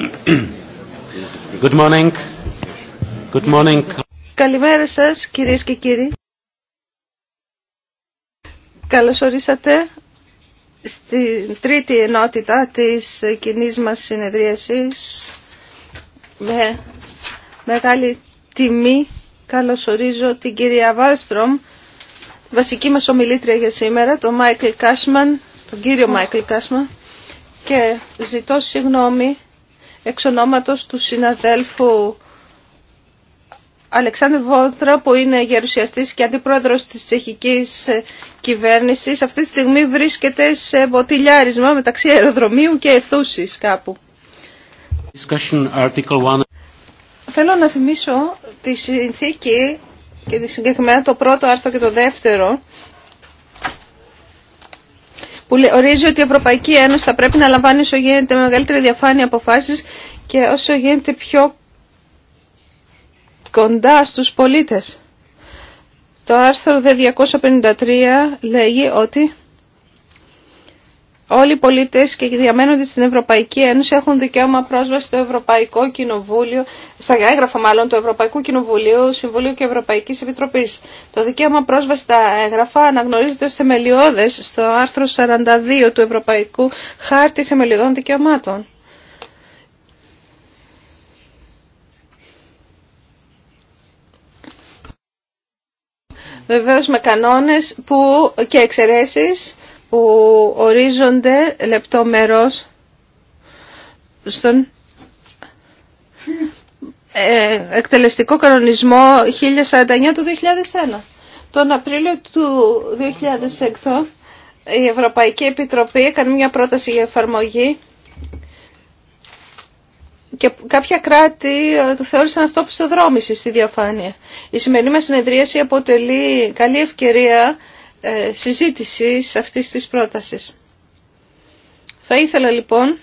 Good morning. Good morning. Καλημέρα σας κυρίες και κύριοι. Καλώς ορίσατε στην τρίτη ενότητα της κοινή μα συνεδρίασης. Με μεγάλη τιμή καλώς ορίζω την κυρία Βάλστρομ, βασική μας ομιλήτρια για σήμερα, τον Μάικλ Κάσμαν, τον κύριο Μάικλ Κάσμαν και ζητώ συγγνώμη εξ ονόματος του συναδέλφου Αλεξάνδρου Βόντρα που είναι γερουσιαστής και αντιπρόεδρος της τσεχικής κυβέρνησης αυτή τη στιγμή βρίσκεται σε βοτιλιάρισμα μεταξύ αεροδρομίου και εθούσης κάπου. Θέλω να θυμίσω τη συνθήκη και συγκεκριμένα το πρώτο άρθρο και το δεύτερο που ορίζει ότι η Ευρωπαϊκή Ένωση θα πρέπει να λαμβάνει όσο γίνεται με μεγαλύτερη διαφάνεια αποφάσεις και όσο γίνεται πιο κοντά στους πολίτες. Το άρθρο 253 λέγει ότι Όλοι οι πολίτες και διαμένοντες στην Ευρωπαϊκή Ένωση έχουν δικαίωμα πρόσβαση στο Ευρωπαϊκό Κοινοβούλιο, στα έγγραφα μάλλον του Ευρωπαϊκού Κοινοβουλίου, Συμβουλίου και Ευρωπαϊκής Επιτροπής. Το δικαίωμα πρόσβαση στα έγγραφα αναγνωρίζεται ως θεμελιώδες στο άρθρο 42 του Ευρωπαϊκού Χάρτη Θεμελιωδών Δικαιωμάτων. Βεβαίως με κανόνες που και εξαιρέσεις που ορίζονται λεπτόμερος στον ε, εκτελεστικό κανονισμό 1049 του 2001. Τον Απρίλιο του 2006 η Ευρωπαϊκή Επιτροπή έκανε μια πρόταση για εφαρμογή και κάποια κράτη ε, το θεώρησαν αυτό που στο στη διαφάνεια. Η σημερινή μας συνεδρίαση αποτελεί καλή ευκαιρία ε, συζήτησης αυτής της πρότασης. Θα ήθελα λοιπόν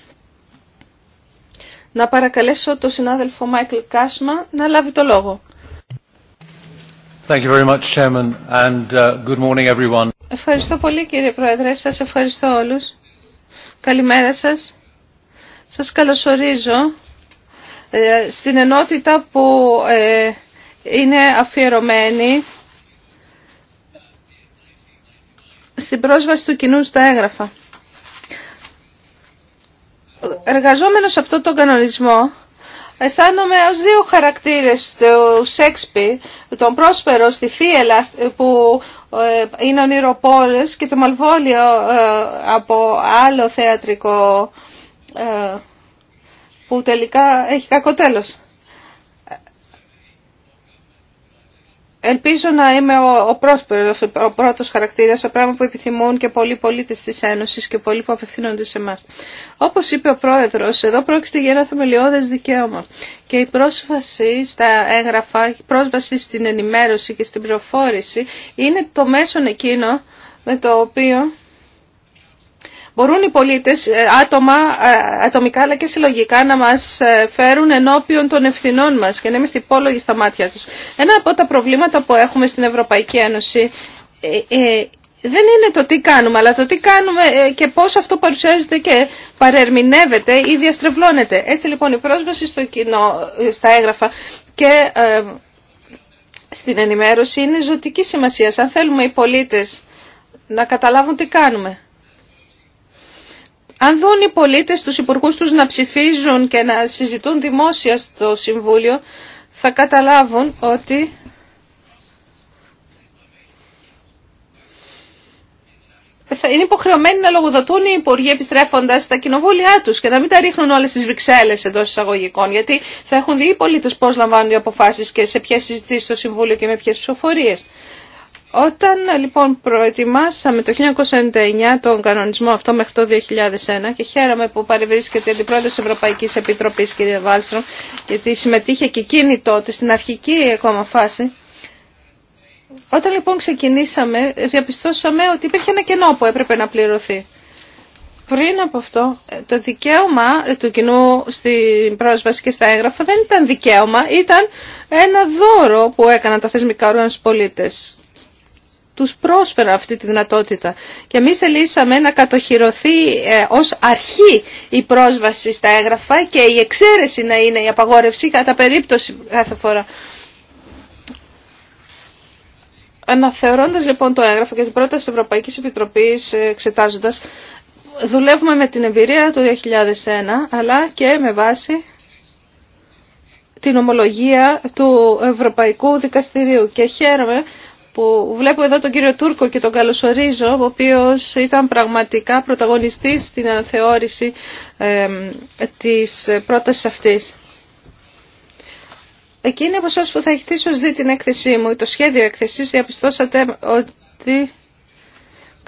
να παρακαλέσω τον συνάδελφο Μάικλ Κάσμα να λάβει το λόγο. Thank you uh, good morning, everyone. Ευχαριστώ πολύ κύριε Πρόεδρε, σας ευχαριστώ όλους. Καλημέρα σας. Σας καλωσορίζω ε, στην ενότητα που ε, είναι αφιερωμένη στην πρόσβαση του κοινού στα έγγραφα. Εργαζόμενος σε αυτόν τον κανονισμό, αισθάνομαι ως δύο χαρακτήρες του Σέξπι, τον Πρόσπερο στη Θίελα που ε, είναι ονειροπόλες και το Μαλβόλιο ε, από άλλο θεατρικό ε, που τελικά έχει κακό τέλος. Ελπίζω να είμαι ο, ο πρόσπερος, ο πρώτος χαρακτήρας, το πράγμα που επιθυμούν και πολλοί πολίτες της Ένωσης και πολλοί που απευθύνονται σε εμά. Όπως είπε ο Πρόεδρος, εδώ πρόκειται για ένα θεμελιώδες δικαίωμα και η πρόσβαση στα έγγραφα, η πρόσβαση στην ενημέρωση και στην πληροφόρηση είναι το μέσον εκείνο με το οποίο Μπορούν οι πολίτες, ε, άτομα, ε, ατομικά αλλά και συλλογικά να μας ε, φέρουν ενώπιον των ευθυνών μας και να είμαστε υπόλογοι στα μάτια τους. Ένα από τα προβλήματα που έχουμε στην Ευρωπαϊκή Ένωση δεν είναι το τι κάνουμε, αλλά το τι κάνουμε και πώς αυτό παρουσιάζεται και παρερμηνεύεται ή διαστρεβλώνεται. Έτσι λοιπόν η πρόσβαση στο στα έγγραφα και στην ενημέρωση είναι ζωτική σημασία. Αν θέλουμε οι πολίτες να καταλάβουν τι κάνουμε. Αν δουν οι πολίτες τους υπουργούς τους να ψηφίζουν και να συζητούν δημόσια στο Συμβούλιο, θα καταλάβουν ότι θα είναι υποχρεωμένοι να λογοδοτούν οι υπουργοί επιστρέφοντα στα κοινοβούλια του και να μην τα ρίχνουν όλε τι Βρυξέλλε εντό εισαγωγικών. Γιατί θα έχουν δει οι πολίτε πώ λαμβάνουν οι αποφάσει και σε ποιε συζητήσει στο Συμβούλιο και με ποιε ψηφοφορίε. Όταν λοιπόν προετοιμάσαμε το 1999 τον κανονισμό αυτό μέχρι το 2001 και χαίρομαι που παρευρίσκεται η Αντιπρόεδρος της Ευρωπαϊκής Επιτροπής κυρία Βάλστρομ γιατί συμμετείχε και εκείνη τότε στην αρχική ακόμα φάση όταν λοιπόν ξεκινήσαμε διαπιστώσαμε ότι υπήρχε ένα κενό που έπρεπε να πληρωθεί. Πριν από αυτό, το δικαίωμα του κοινού στην πρόσβαση και στα έγγραφα δεν ήταν δικαίωμα, ήταν ένα δώρο που έκαναν τα θεσμικά όργανα στους πολίτες τους πρόσφερα αυτή τη δυνατότητα. Και εμείς θελήσαμε να κατοχυρωθεί ε, ως αρχή η πρόσβαση στα έγγραφα και η εξαίρεση να είναι η απαγόρευση κατά περίπτωση κάθε φορά. Αναθεωρώντας λοιπόν το έγγραφο και την πρόταση της Ευρωπαϊκής Επιτροπής ε, εξετάζοντας, δουλεύουμε με την εμπειρία του 2001 αλλά και με βάση την ομολογία του Ευρωπαϊκού Δικαστηρίου και χαίρομαι που βλέπω εδώ τον κύριο Τούρκο και τον καλωσορίζω, ο οποίος ήταν πραγματικά πρωταγωνιστής στην αναθεώρηση ε, της πρότασης αυτής. Εκείνοι από εσάς που θα έχετε ίσως δει την έκθεσή μου ή το σχέδιο έκθεσης, διαπιστώσατε ότι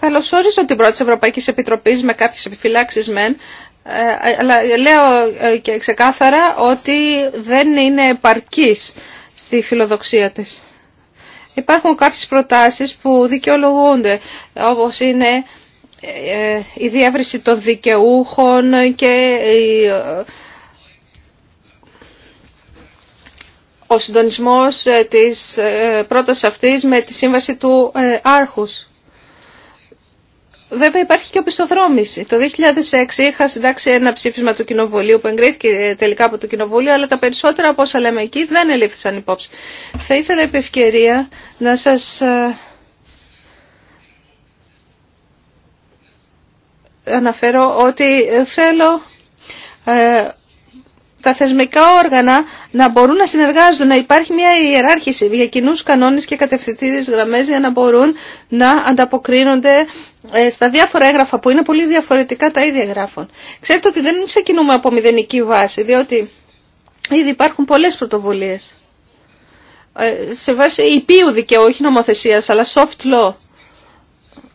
καλωσορίζω την πρώτη Ευρωπαϊκή Επιτροπής με κάποιες επιφυλάξεις μεν, ε, αλλά λέω ε, και ξεκάθαρα ότι δεν είναι παρκής στη φιλοδοξία της. Υπάρχουν κάποιες προτάσεις που δικαιολογούνται, όπως είναι ε, η διεύρυνση των δικαιούχων και ε, ο συντονισμός ε, της πρότασης αυτής με τη σύμβαση του Άρχους. Βέβαια υπάρχει και οπισθοδρόμηση. Το 2006 είχα συντάξει ένα ψήφισμα του Κοινοβουλίου που εγκρίθηκε τελικά από το Κοινοβούλιο, αλλά τα περισσότερα από όσα λέμε εκεί δεν ελήφθησαν υπόψη. Θα ήθελα επί ευκαιρία να σας ε, αναφέρω ότι θέλω ε, τα θεσμικά όργανα να μπορούν να συνεργάζονται, να υπάρχει μια ιεράρχηση για κοινού κανόνε και κατευθυντήριε γραμμέ για να μπορούν να ανταποκρίνονται ε, στα διάφορα έγγραφα που είναι πολύ διαφορετικά τα ίδια εγγράφων. Ξέρετε ότι δεν ξεκινούμε από μηδενική βάση, διότι ήδη υπάρχουν πολλές πρωτοβουλίες. Ε, σε βάση υπείου δικαίου, όχι νομοθεσία, αλλά soft law.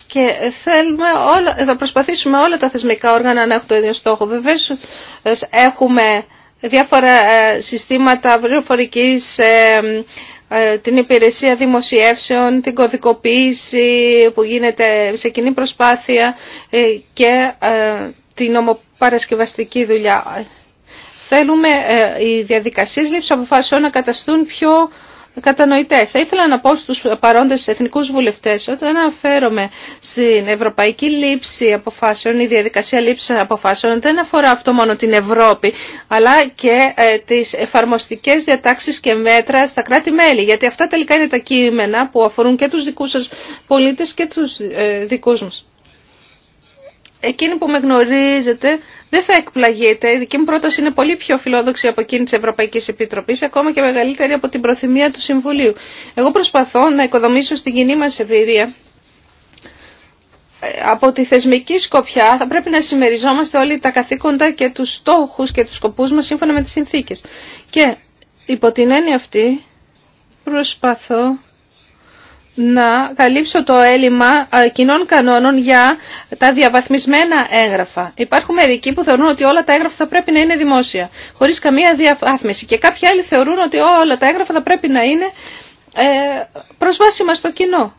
Και θέλουμε όλα, θα προσπαθήσουμε όλα τα θεσμικά όργανα να έχουν το ίδιο στόχο. βεβαίω ε, έχουμε διάφορα ε, συστήματα πληροφορικής, ε, ε, την υπηρεσία δημοσιεύσεων, την κωδικοποίηση που γίνεται σε κοινή προσπάθεια και την νομοπαρασκευαστική δουλειά. Θέλουμε οι διαδικασίες λήψης αποφάσεων να καταστούν πιο Κατανοητέ. Θα ήθελα να πω στους παρόντες εθνικούς βουλευτές όταν αναφέρομαι στην ευρωπαϊκή λήψη αποφάσεων, η διαδικασία λήψη αποφάσεων δεν αφορά αυτό μόνο την Ευρώπη αλλά και ε, τις εφαρμοστικέ διατάξεις και μέτρα στα κράτη-μέλη γιατί αυτά τελικά είναι τα κείμενα που αφορούν και τους δικού σα πολίτε και τους ε, δικού μα. Εκείνη που με γνωρίζετε δεν θα εκπλαγείτε. Η δική μου πρόταση είναι πολύ πιο φιλόδοξη από εκείνη της Ευρωπαϊκής Επιτροπής, ακόμα και μεγαλύτερη από την προθυμία του Συμβουλίου. Εγώ προσπαθώ να οικοδομήσω στην κοινή μας εμπειρία ε, από τη θεσμική σκοπιά θα πρέπει να συμμεριζόμαστε όλοι τα καθήκοντα και τους στόχους και τους σκοπούς μας σύμφωνα με τις συνθήκες. Και υπό την έννοια αυτή προσπαθώ να καλύψω το έλλειμμα ε, κοινών κανόνων για τα διαβαθμισμένα έγγραφα. Υπάρχουν μερικοί που θεωρούν ότι όλα τα έγγραφα θα πρέπει να είναι δημόσια, χωρίς καμία διαβάθμιση. Και κάποιοι άλλοι θεωρούν ότι όλα τα έγγραφα θα πρέπει να είναι ε, προσβάσιμα στο κοινό.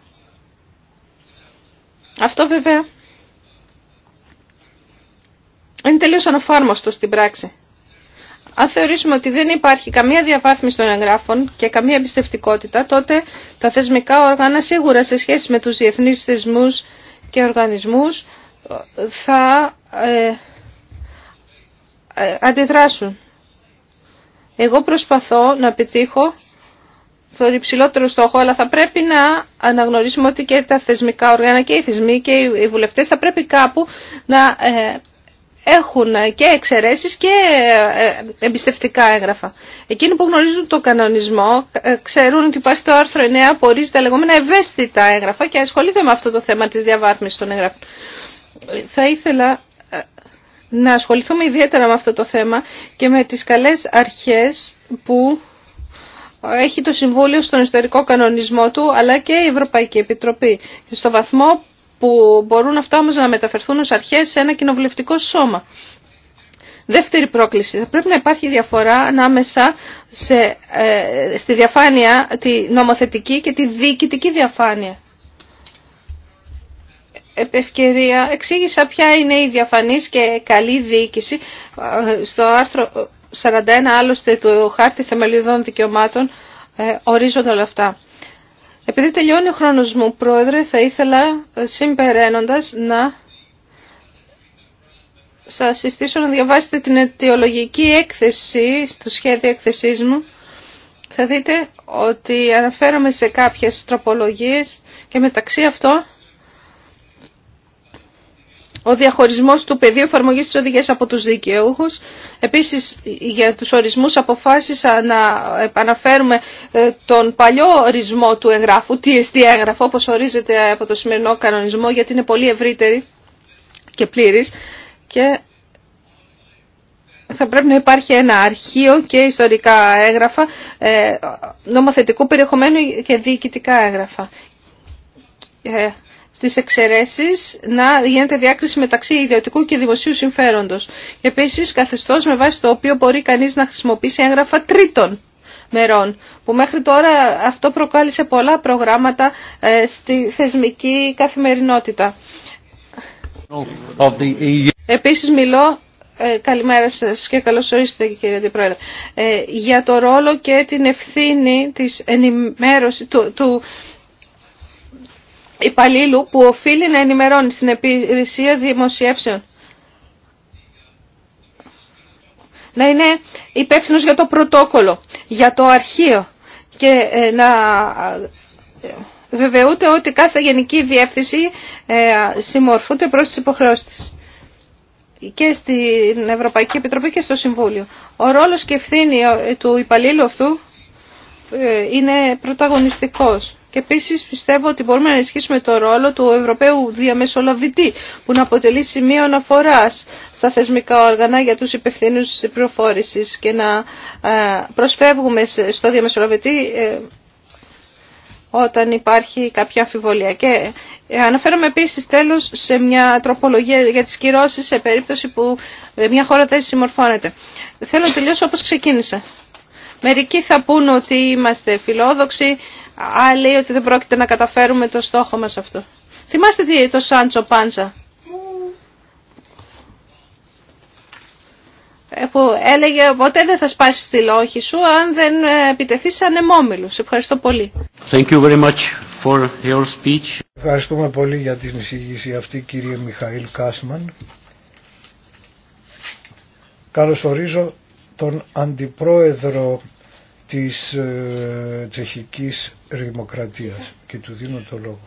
Αυτό βέβαια είναι τελείως αναφάρμοστο στην πράξη. Αν θεωρήσουμε ότι δεν υπάρχει καμία διαβάθμιση των εγγράφων και καμία εμπιστευτικότητα, τότε τα θεσμικά όργανα σίγουρα σε σχέση με τους διεθνείς θεσμούς και οργανισμούς θα ε, ε, αντιδράσουν. Εγώ προσπαθώ να πετύχω τον υψηλότερο στόχο, αλλά θα πρέπει να αναγνωρίσουμε ότι και τα θεσμικά όργανα και οι θεσμοί και οι βουλευτές θα πρέπει κάπου να ε, έχουν και εξαιρέσει και ε, ε, εμπιστευτικά έγγραφα. Εκείνοι που γνωρίζουν το κανονισμό ε, ξέρουν ότι υπάρχει το άρθρο 9 που ορίζει τα λεγόμενα ευαίσθητα έγγραφα και ασχολείται με αυτό το θέμα της διαβάθμισης των έγγραφων. Θα ήθελα να ασχοληθούμε ιδιαίτερα με αυτό το θέμα και με τις καλές αρχές που έχει το Συμβούλιο στον ιστορικό κανονισμό του αλλά και η Ευρωπαϊκή Επιτροπή. στο βαθμό που μπορούν αυτά όμως να μεταφερθούν ως αρχές σε ένα κοινοβουλευτικό σώμα. Δεύτερη πρόκληση. Θα πρέπει να υπάρχει διαφορά ανάμεσα σε, ε, στη διαφάνεια, τη νομοθετική και τη διοικητική διαφάνεια. Ευκαιρία, εξήγησα ποια είναι η διαφανής και καλή διοίκηση ε, στο άρθρο 41 άλλωστε του Χάρτη Θεμελιωδών Δικαιωμάτων ε, ορίζονται όλα αυτά. Επειδή τελειώνει ο χρόνος μου, Πρόεδρε, θα ήθελα ε, συμπεραίνοντας να σας συστήσω να διαβάσετε την αιτιολογική έκθεση στο σχέδιο έκθεσής μου. Θα δείτε ότι αναφέρομαι σε κάποιες τροπολογίες και μεταξύ αυτών ο διαχωρισμός του πεδίου εφαρμογή τη οδηγία από τους δικαιούχου. Επίσης, για τους ορισμούς αποφάσισα να επαναφέρουμε ε, τον παλιό ορισμό του εγγράφου, TST έγγραφο, όπω ορίζεται από το σημερινό κανονισμό, γιατί είναι πολύ ευρύτερη και πλήρης και θα πρέπει να υπάρχει ένα αρχείο και ιστορικά έγγραφα, ε, νομοθετικού περιεχομένου και διοικητικά έγγραφα. Ε, στις εξαιρέσεις να γίνεται διάκριση μεταξύ ιδιωτικού και δημοσίου συμφέροντος. Επίσης, καθεστώς με βάση το οποίο μπορεί κανείς να χρησιμοποιήσει έγγραφα τρίτων μερών, που μέχρι τώρα αυτό προκάλεσε πολλά προγράμματα ε, στη θεσμική καθημερινότητα. Επίσης, μιλώ ε, καλημέρα σας και καλώς ορίστε κύριε Αντιπρόεδρε. Ε, για το ρόλο και την ευθύνη της ενημέρωση, του, του υπαλλήλου που οφείλει να ενημερώνει στην υπηρεσία δημοσιεύσεων. Να είναι υπεύθυνος για το πρωτόκολλο, για το αρχείο και ε, να ε, βεβαιούται ότι κάθε γενική διεύθυνση ε, συμμορφούνται προς τις υποχρεώσεις της και στην Ευρωπαϊκή Επιτροπή και στο Συμβούλιο. Ο ρόλος και ευθύνη του υπαλλήλου αυτού είναι πρωταγωνιστικός επίση πιστεύω ότι μπορούμε να ενισχύσουμε το ρόλο του Ευρωπαίου Διαμεσολαβητή που να αποτελεί σημείο αναφορά στα θεσμικά όργανα για του υπευθύνου τη πληροφόρηση και να ε, προσφεύγουμε στο Διαμεσολαβητή ε, όταν υπάρχει κάποια αμφιβολία. Και ε, αναφέρομαι επίση τέλο σε μια τροπολογία για τι κυρώσει σε περίπτωση που μια χώρα δεν συμμορφώνεται. Θέλω να τελειώσω όπω ξεκίνησα. Μερικοί θα πούν ότι είμαστε φιλόδοξοι, Α, ότι δεν πρόκειται να καταφέρουμε το στόχο μας αυτό. Θυμάστε τι το Σάντσο Πάντσα. που έλεγε ποτέ δεν θα σπάσεις τη λόγη σου αν δεν ε, επιτεθείς σαν Σε ευχαριστώ πολύ. Thank you very much for your speech. Ευχαριστούμε πολύ για την εισήγηση αυτή κύριε Μιχαήλ Κάσμαν. Καλωσορίζω τον Αντιπρόεδρο της ε, τσεχικής δημοκρατίας και του δίνω το λόγο.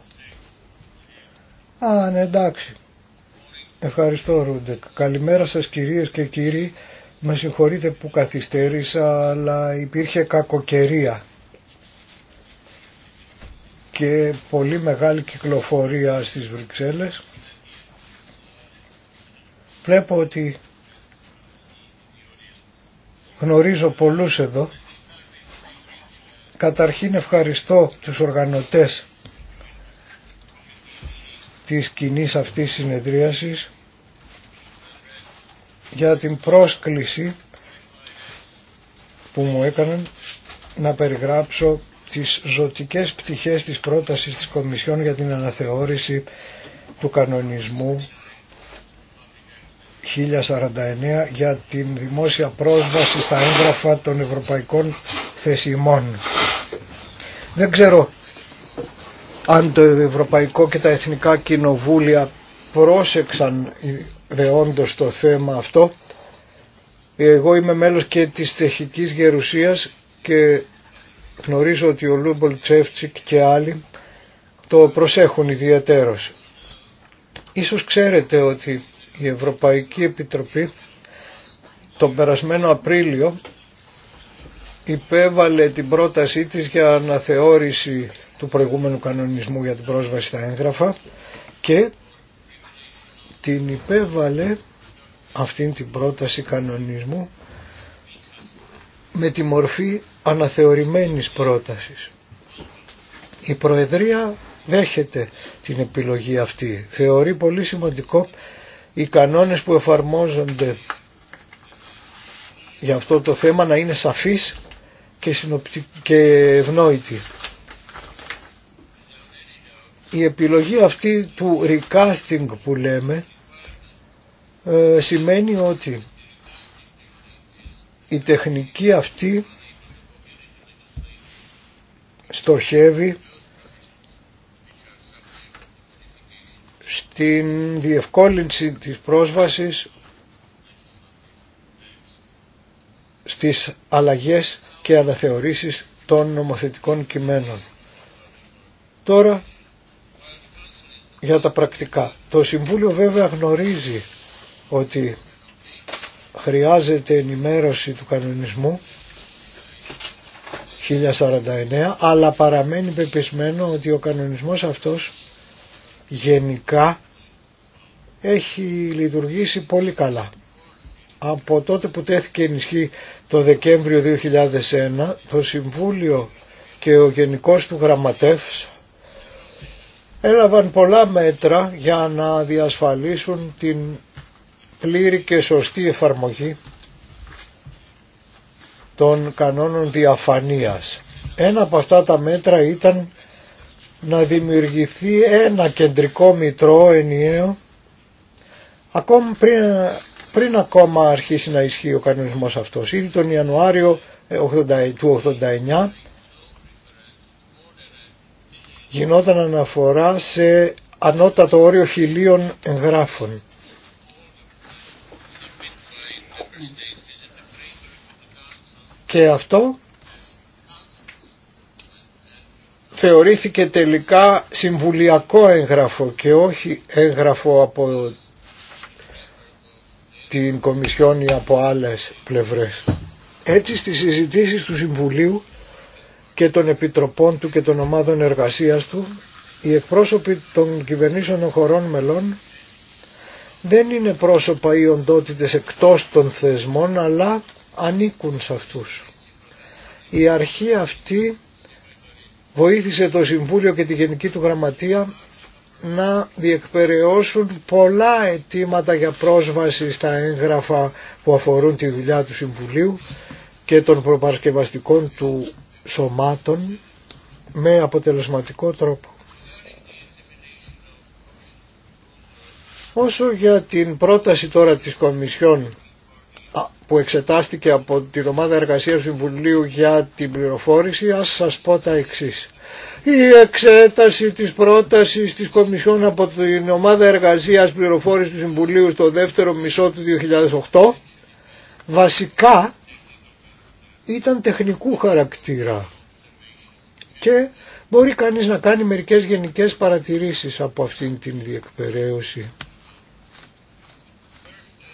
Α, ναι, εντάξει. Ευχαριστώ Ρούντεκ. Καλημέρα σας κυρίες και κύριοι. Με συγχωρείτε που καθυστέρησα αλλά υπήρχε κακοκαιρία και πολύ μεγάλη κυκλοφορία στις Βρυξέλλες. Βλέπω ότι γνωρίζω πολλούς εδώ Καταρχήν ευχαριστώ τους οργανωτές της κοινή αυτής συνεδρίασης για την πρόσκληση που μου έκαναν να περιγράψω τις ζωτικές πτυχές της πρότασης της Κομισιόν για την αναθεώρηση του κανονισμού 1049 για την δημόσια πρόσβαση στα έγγραφα των ευρωπαϊκών θεσιμών. Δεν ξέρω αν το Ευρωπαϊκό και τα Εθνικά Κοινοβούλια πρόσεξαν δεόντως το θέμα αυτό. Εγώ είμαι μέλος και της Τσεχικής Γερουσίας και γνωρίζω ότι ο Λούμπολ Τσέφτσικ και άλλοι το προσέχουν ιδιαίτερος. Ίσως ξέρετε ότι η Ευρωπαϊκή Επιτροπή τον περασμένο Απρίλιο υπέβαλε την πρότασή της για αναθεώρηση του προηγούμενου κανονισμού για την πρόσβαση στα έγγραφα και την υπέβαλε αυτήν την πρόταση κανονισμού με τη μορφή αναθεωρημένης πρότασης. Η Προεδρία δέχεται την επιλογή αυτή. Θεωρεί πολύ σημαντικό οι κανόνες που εφαρμόζονται για αυτό το θέμα να είναι σαφείς και, και ευνόητοι. Η επιλογή αυτή του recasting που λέμε ε, σημαίνει ότι η τεχνική αυτή στοχεύει στην διευκόλυνση της πρόσβασης στις αλλαγές και αναθεωρήσεις των νομοθετικών κειμένων. Τώρα για τα πρακτικά. Το Συμβούλιο βέβαια γνωρίζει ότι χρειάζεται ενημέρωση του κανονισμού 1049 αλλά παραμένει πεπισμένο ότι ο κανονισμός αυτός γενικά έχει λειτουργήσει πολύ καλά. Από τότε που τέθηκε ενισχύ το Δεκέμβριο 2001, το Συμβούλιο και ο Γενικός του Γραμματεύς έλαβαν πολλά μέτρα για να διασφαλίσουν την πλήρη και σωστή εφαρμογή των κανόνων διαφανείας. Ένα από αυτά τα μέτρα ήταν να δημιουργηθεί ένα κεντρικό μητρό ενιαίο ακόμη πριν, πριν ακόμα αρχίσει να ισχύει ο κανονισμός αυτός. Ήδη τον Ιανουάριο ε, του 89 γινόταν αναφορά σε ανώτατο όριο χιλίων εγγράφων. Και αυτό θεωρήθηκε τελικά συμβουλιακό έγγραφο και όχι έγγραφο από την Κομισιόν ή από άλλες πλευρές. Έτσι στις συζητήσεις του Συμβουλίου και των επιτροπών του και των ομάδων εργασίας του οι εκπρόσωποι των κυβερνήσεων των χωρών μελών δεν είναι πρόσωπα ή οντότητες εκτός των θεσμών αλλά ανήκουν σε αυτούς. Η αρχή αυτή βοήθησε το Συμβούλιο και τη Γενική του Γραμματεία να διεκπαιρεώσουν πολλά αιτήματα για πρόσβαση στα έγγραφα που αφορούν τη δουλειά του Συμβουλίου και των προπαρασκευαστικών του σωμάτων με αποτελεσματικό τρόπο. Όσο για την πρόταση τώρα της Κομισιόν που εξετάστηκε από την ομάδα εργασίας του Συμβουλίου για την πληροφόρηση, ας σας πω τα εξής. Η εξέταση της πρότασης της Κομισιόν από την ομάδα εργασίας πληροφόρησης του Συμβουλίου στο δεύτερο μισό του 2008 βασικά ήταν τεχνικού χαρακτήρα και μπορεί κανείς να κάνει μερικές γενικές παρατηρήσεις από αυτήν την διεκπαιρέωση.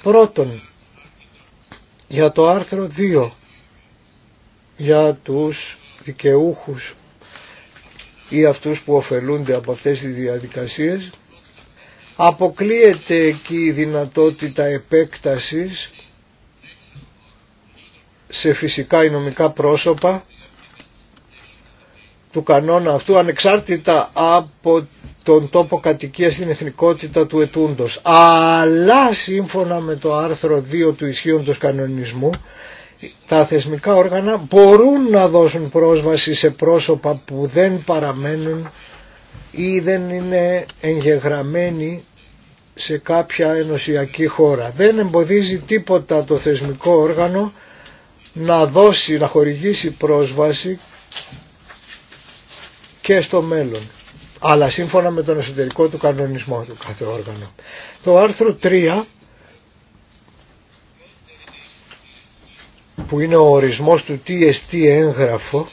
Πρώτον, για το άρθρο 2 για τους δικαιούχους ή αυτούς που ωφελούνται από αυτές τις διαδικασίες αποκλείεται εκεί η δυνατότητα επέκτασης σε φυσικά ή νομικά πρόσωπα του κανόνα αυτού ανεξάρτητα από τον τόπο κατοικία στην εθνικότητα του ετούντος. Αλλά σύμφωνα με το άρθρο 2 του ισχύοντος κανονισμού τα θεσμικά όργανα μπορούν να δώσουν πρόσβαση σε πρόσωπα που δεν παραμένουν ή δεν είναι εγγεγραμμένοι σε κάποια ενωσιακή χώρα. Δεν εμποδίζει τίποτα το θεσμικό όργανο να δώσει, να χορηγήσει πρόσβαση και στο μέλλον αλλά σύμφωνα με τον εσωτερικό του κανονισμό του κάθε όργανο. Το άρθρο 3 που είναι ο ορισμός του TST έγγραφο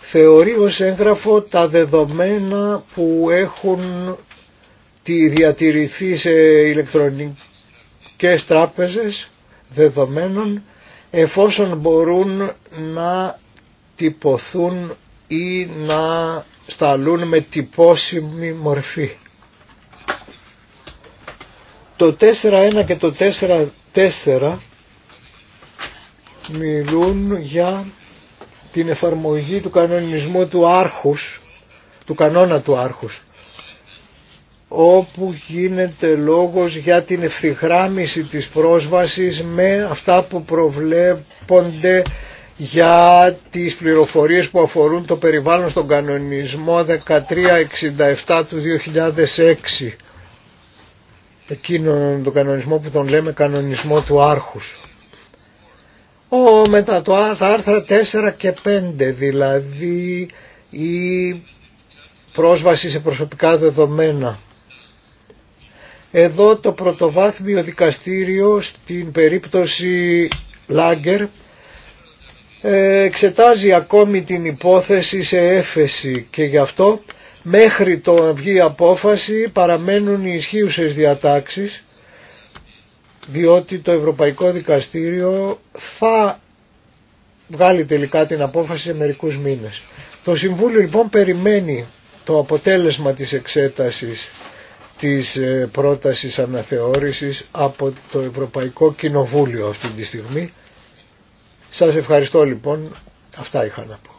θεωρεί ως έγγραφο τα δεδομένα που έχουν τη διατηρηθεί σε ηλεκτρονικές τράπεζες δεδομένων εφόσον μπορούν να τυπωθούν ή να σταλούν με τυπώσιμη μορφή. Το 4.1 και το 4.4 μιλούν για την εφαρμογή του κανονισμού του άρχους, του κανόνα του άρχους, όπου γίνεται λόγος για την ευθυγράμμιση της πρόσβασης με αυτά που προβλέπονται για τις πληροφορίες που αφορούν το περιβάλλον στον κανονισμό 1367 του 2006 Εκείνο τον κανονισμό που τον λέμε κανονισμό του άρχους ο, μετά το, τα άρθρα 4 και 5 δηλαδή η πρόσβαση σε προσωπικά δεδομένα εδώ το πρωτοβάθμιο δικαστήριο στην περίπτωση Λάγκερ εξετάζει ακόμη την υπόθεση σε έφεση και γι' αυτό μέχρι το βγει απόφαση παραμένουν οι ισχύουσες διατάξεις διότι το Ευρωπαϊκό Δικαστήριο θα βγάλει τελικά την απόφαση σε μερικούς μήνες. Το Συμβούλιο λοιπόν περιμένει το αποτέλεσμα της εξέτασης της ε, πρότασης αναθεώρησης από το Ευρωπαϊκό Κοινοβούλιο αυτή τη στιγμή σας ευχαριστώ λοιπόν. Αυτά είχα να πω.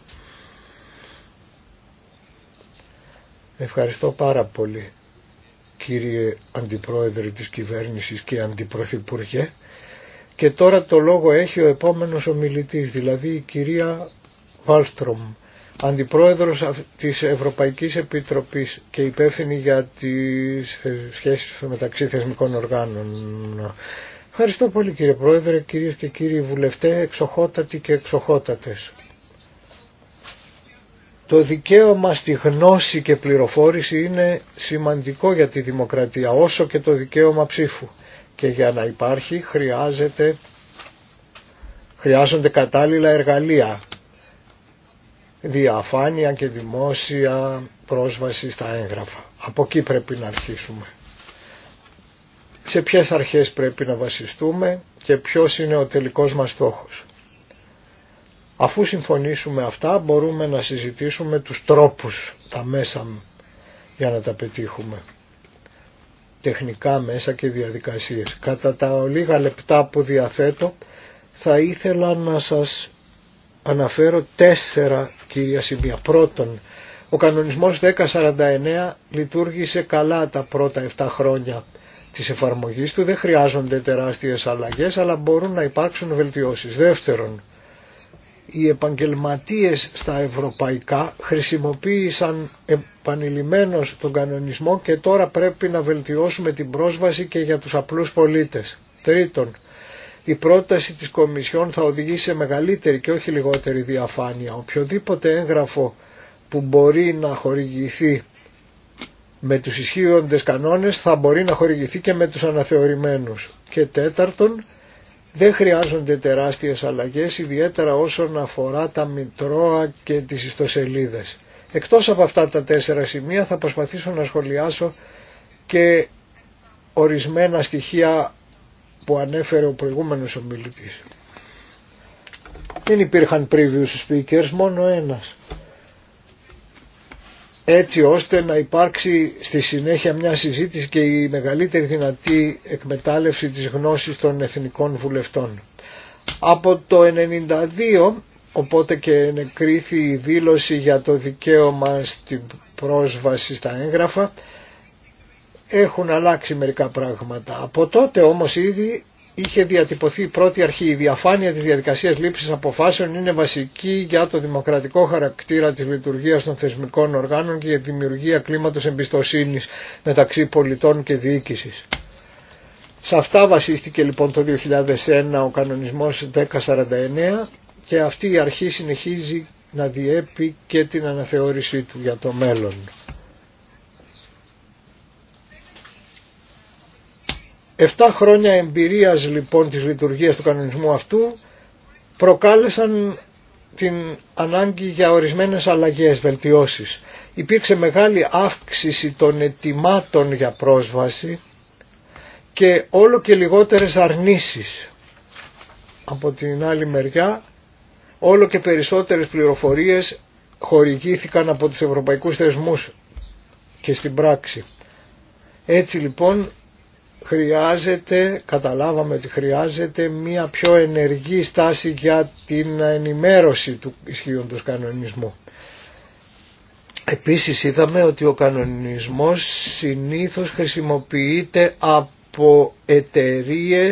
Ευχαριστώ πάρα πολύ κύριε Αντιπρόεδρε της Κυβέρνησης και Αντιπρωθυπουργέ. Και τώρα το λόγο έχει ο επόμενος ομιλητής, δηλαδή η κυρία Βάλστρομ, Αντιπρόεδρος της Ευρωπαϊκής Επιτροπής και υπεύθυνη για τις ε, σχέσεις μεταξύ θεσμικών οργάνων. Ευχαριστώ πολύ κύριε Πρόεδρε, κυρίες και κύριοι βουλευτέ, εξοχότατοι και εξοχότατες. Το δικαίωμα στη γνώση και πληροφόρηση είναι σημαντικό για τη δημοκρατία, όσο και το δικαίωμα ψήφου. Και για να υπάρχει χρειάζεται, χρειάζονται κατάλληλα εργαλεία, διαφάνεια και δημόσια πρόσβαση στα έγγραφα. Από εκεί πρέπει να αρχίσουμε σε ποιες αρχές πρέπει να βασιστούμε και ποιος είναι ο τελικός μας στόχος. Αφού συμφωνήσουμε αυτά μπορούμε να συζητήσουμε τους τρόπους, τα μέσα για να τα πετύχουμε. Τεχνικά μέσα και διαδικασίες. Κατά τα λίγα λεπτά που διαθέτω θα ήθελα να σας αναφέρω τέσσερα κύρια σημεία. Πρώτον, ο κανονισμός 1049 λειτουργήσε καλά τα πρώτα 7 χρόνια της εφαρμογής του δεν χρειάζονται τεράστιες αλλαγές αλλά μπορούν να υπάρξουν βελτιώσεις. Δεύτερον, οι επαγγελματίες στα ευρωπαϊκά χρησιμοποίησαν επανειλημμένως τον κανονισμό και τώρα πρέπει να βελτιώσουμε την πρόσβαση και για τους απλούς πολίτες. Τρίτον, η πρόταση της Κομισιόν θα οδηγήσει σε μεγαλύτερη και όχι λιγότερη διαφάνεια. Οποιοδήποτε έγγραφο που μπορεί να χορηγηθεί με τους ισχύοντες κανόνες θα μπορεί να χορηγηθεί και με τους αναθεωρημένους. Και τέταρτον, δεν χρειάζονται τεράστιες αλλαγές, ιδιαίτερα όσον αφορά τα μητρώα και τις ιστοσελίδες. Εκτός από αυτά τα τέσσερα σημεία θα προσπαθήσω να σχολιάσω και ορισμένα στοιχεία που ανέφερε ο προηγούμενος ομιλητής. Δεν υπήρχαν previous speakers, μόνο ένας έτσι ώστε να υπάρξει στη συνέχεια μια συζήτηση και η μεγαλύτερη δυνατή εκμετάλλευση της γνώσης των εθνικών βουλευτών. Από το 1992 οπότε και νεκρήθη η δήλωση για το δικαίωμα στην πρόσβαση στα έγγραφα έχουν αλλάξει μερικά πράγματα. Από τότε όμως ήδη είχε διατυπωθεί η πρώτη αρχή. Η διαφάνεια της διαδικασίας λήψης αποφάσεων είναι βασική για το δημοκρατικό χαρακτήρα της λειτουργίας των θεσμικών οργάνων και για τη δημιουργία κλίματος εμπιστοσύνης μεταξύ πολιτών και διοίκησης. Σε αυτά βασίστηκε λοιπόν το 2001 ο κανονισμός 1049 και αυτή η αρχή συνεχίζει να διέπει και την αναθεώρησή του για το μέλλον. Εφτά χρόνια εμπειρίας λοιπόν της λειτουργίας του κανονισμού αυτού προκάλεσαν την ανάγκη για ορισμένες αλλαγές, βελτιώσεις. Υπήρξε μεγάλη αύξηση των ετοιμάτων για πρόσβαση και όλο και λιγότερες αρνήσεις. Από την άλλη μεριά όλο και περισσότερες πληροφορίες χορηγήθηκαν από τους ευρωπαϊκούς θεσμούς και στην πράξη. Έτσι λοιπόν χρειάζεται, καταλάβαμε ότι χρειάζεται μία πιο ενεργή στάση για την ενημέρωση του ισχύοντος κανονισμού. Επίσης είδαμε ότι ο κανονισμός συνήθως χρησιμοποιείται από εταιρείε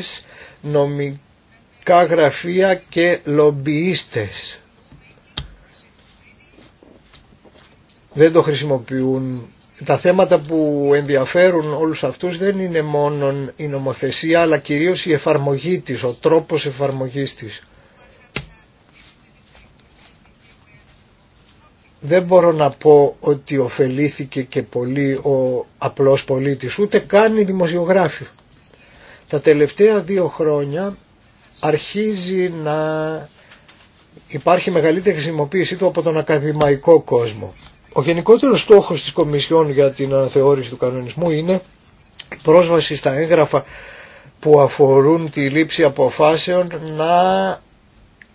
νομικά γραφεία και λομπιίστες. Δεν το χρησιμοποιούν τα θέματα που ενδιαφέρουν όλους αυτούς δεν είναι μόνο η νομοθεσία αλλά κυρίως η εφαρμογή της, ο τρόπος εφαρμογής της. Δεν μπορώ να πω ότι ωφελήθηκε και πολύ ο απλός πολίτης, ούτε καν η δημοσιογράφη. Τα τελευταία δύο χρόνια αρχίζει να υπάρχει μεγαλύτερη χρησιμοποίησή του από τον ακαδημαϊκό κόσμο. Ο γενικότερος στόχος της Κομισιόν για την αναθεώρηση του κανονισμού είναι πρόσβαση στα έγγραφα που αφορούν τη λήψη αποφάσεων να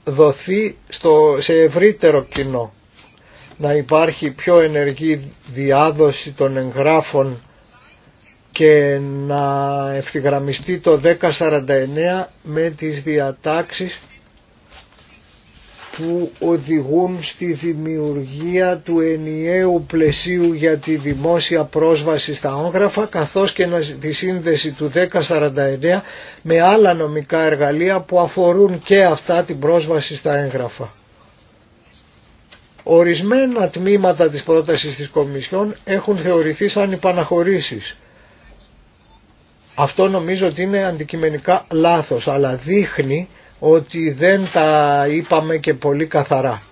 δοθεί στο, σε ευρύτερο κοινό. Να υπάρχει πιο ενεργή διάδοση των εγγράφων και να ευθυγραμμιστεί το 1049 με τις διατάξεις που οδηγούν στη δημιουργία του ενιαίου πλαισίου για τη δημόσια πρόσβαση στα έγγραφα καθώς και τη σύνδεση του 1049 με άλλα νομικά εργαλεία που αφορούν και αυτά την πρόσβαση στα έγγραφα. Ορισμένα τμήματα της πρότασης της Κομισιόν έχουν θεωρηθεί σαν υπαναχωρήσεις. Αυτό νομίζω ότι είναι αντικειμενικά λάθος, αλλά δείχνει ότι δεν τα είπαμε και πολύ καθαρά.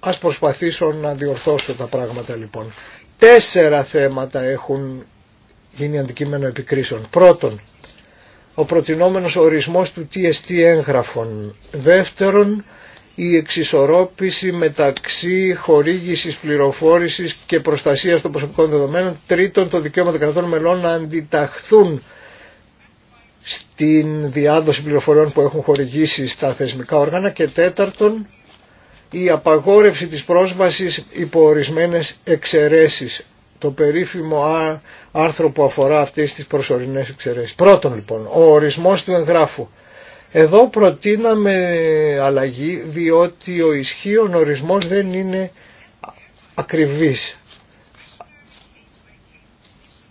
Ας προσπαθήσω να διορθώσω τα πράγματα λοιπόν. Τέσσερα θέματα έχουν γίνει αντικείμενο επικρίσεων. Πρώτον, ο προτινόμενος ορισμός του TST έγγραφων. Δεύτερον, η εξισορρόπηση μεταξύ χορήγησης πληροφόρησης και προστασίας των προσωπικών δεδομένων. Τρίτον, το δικαίωμα των κρατών μελών να αντιταχθούν στην διάδοση πληροφοριών που έχουν χορηγήσει στα θεσμικά όργανα και τέταρτον η απαγόρευση της πρόσβασης υπό ορισμένε εξαιρέσεις. Το περίφημο άρθρο που αφορά αυτές τις προσωρινές εξαιρέσεις. Πρώτον λοιπόν, ο ορισμός του εγγράφου. Εδώ προτείναμε αλλαγή διότι ο ισχύων ορισμός δεν είναι ακριβής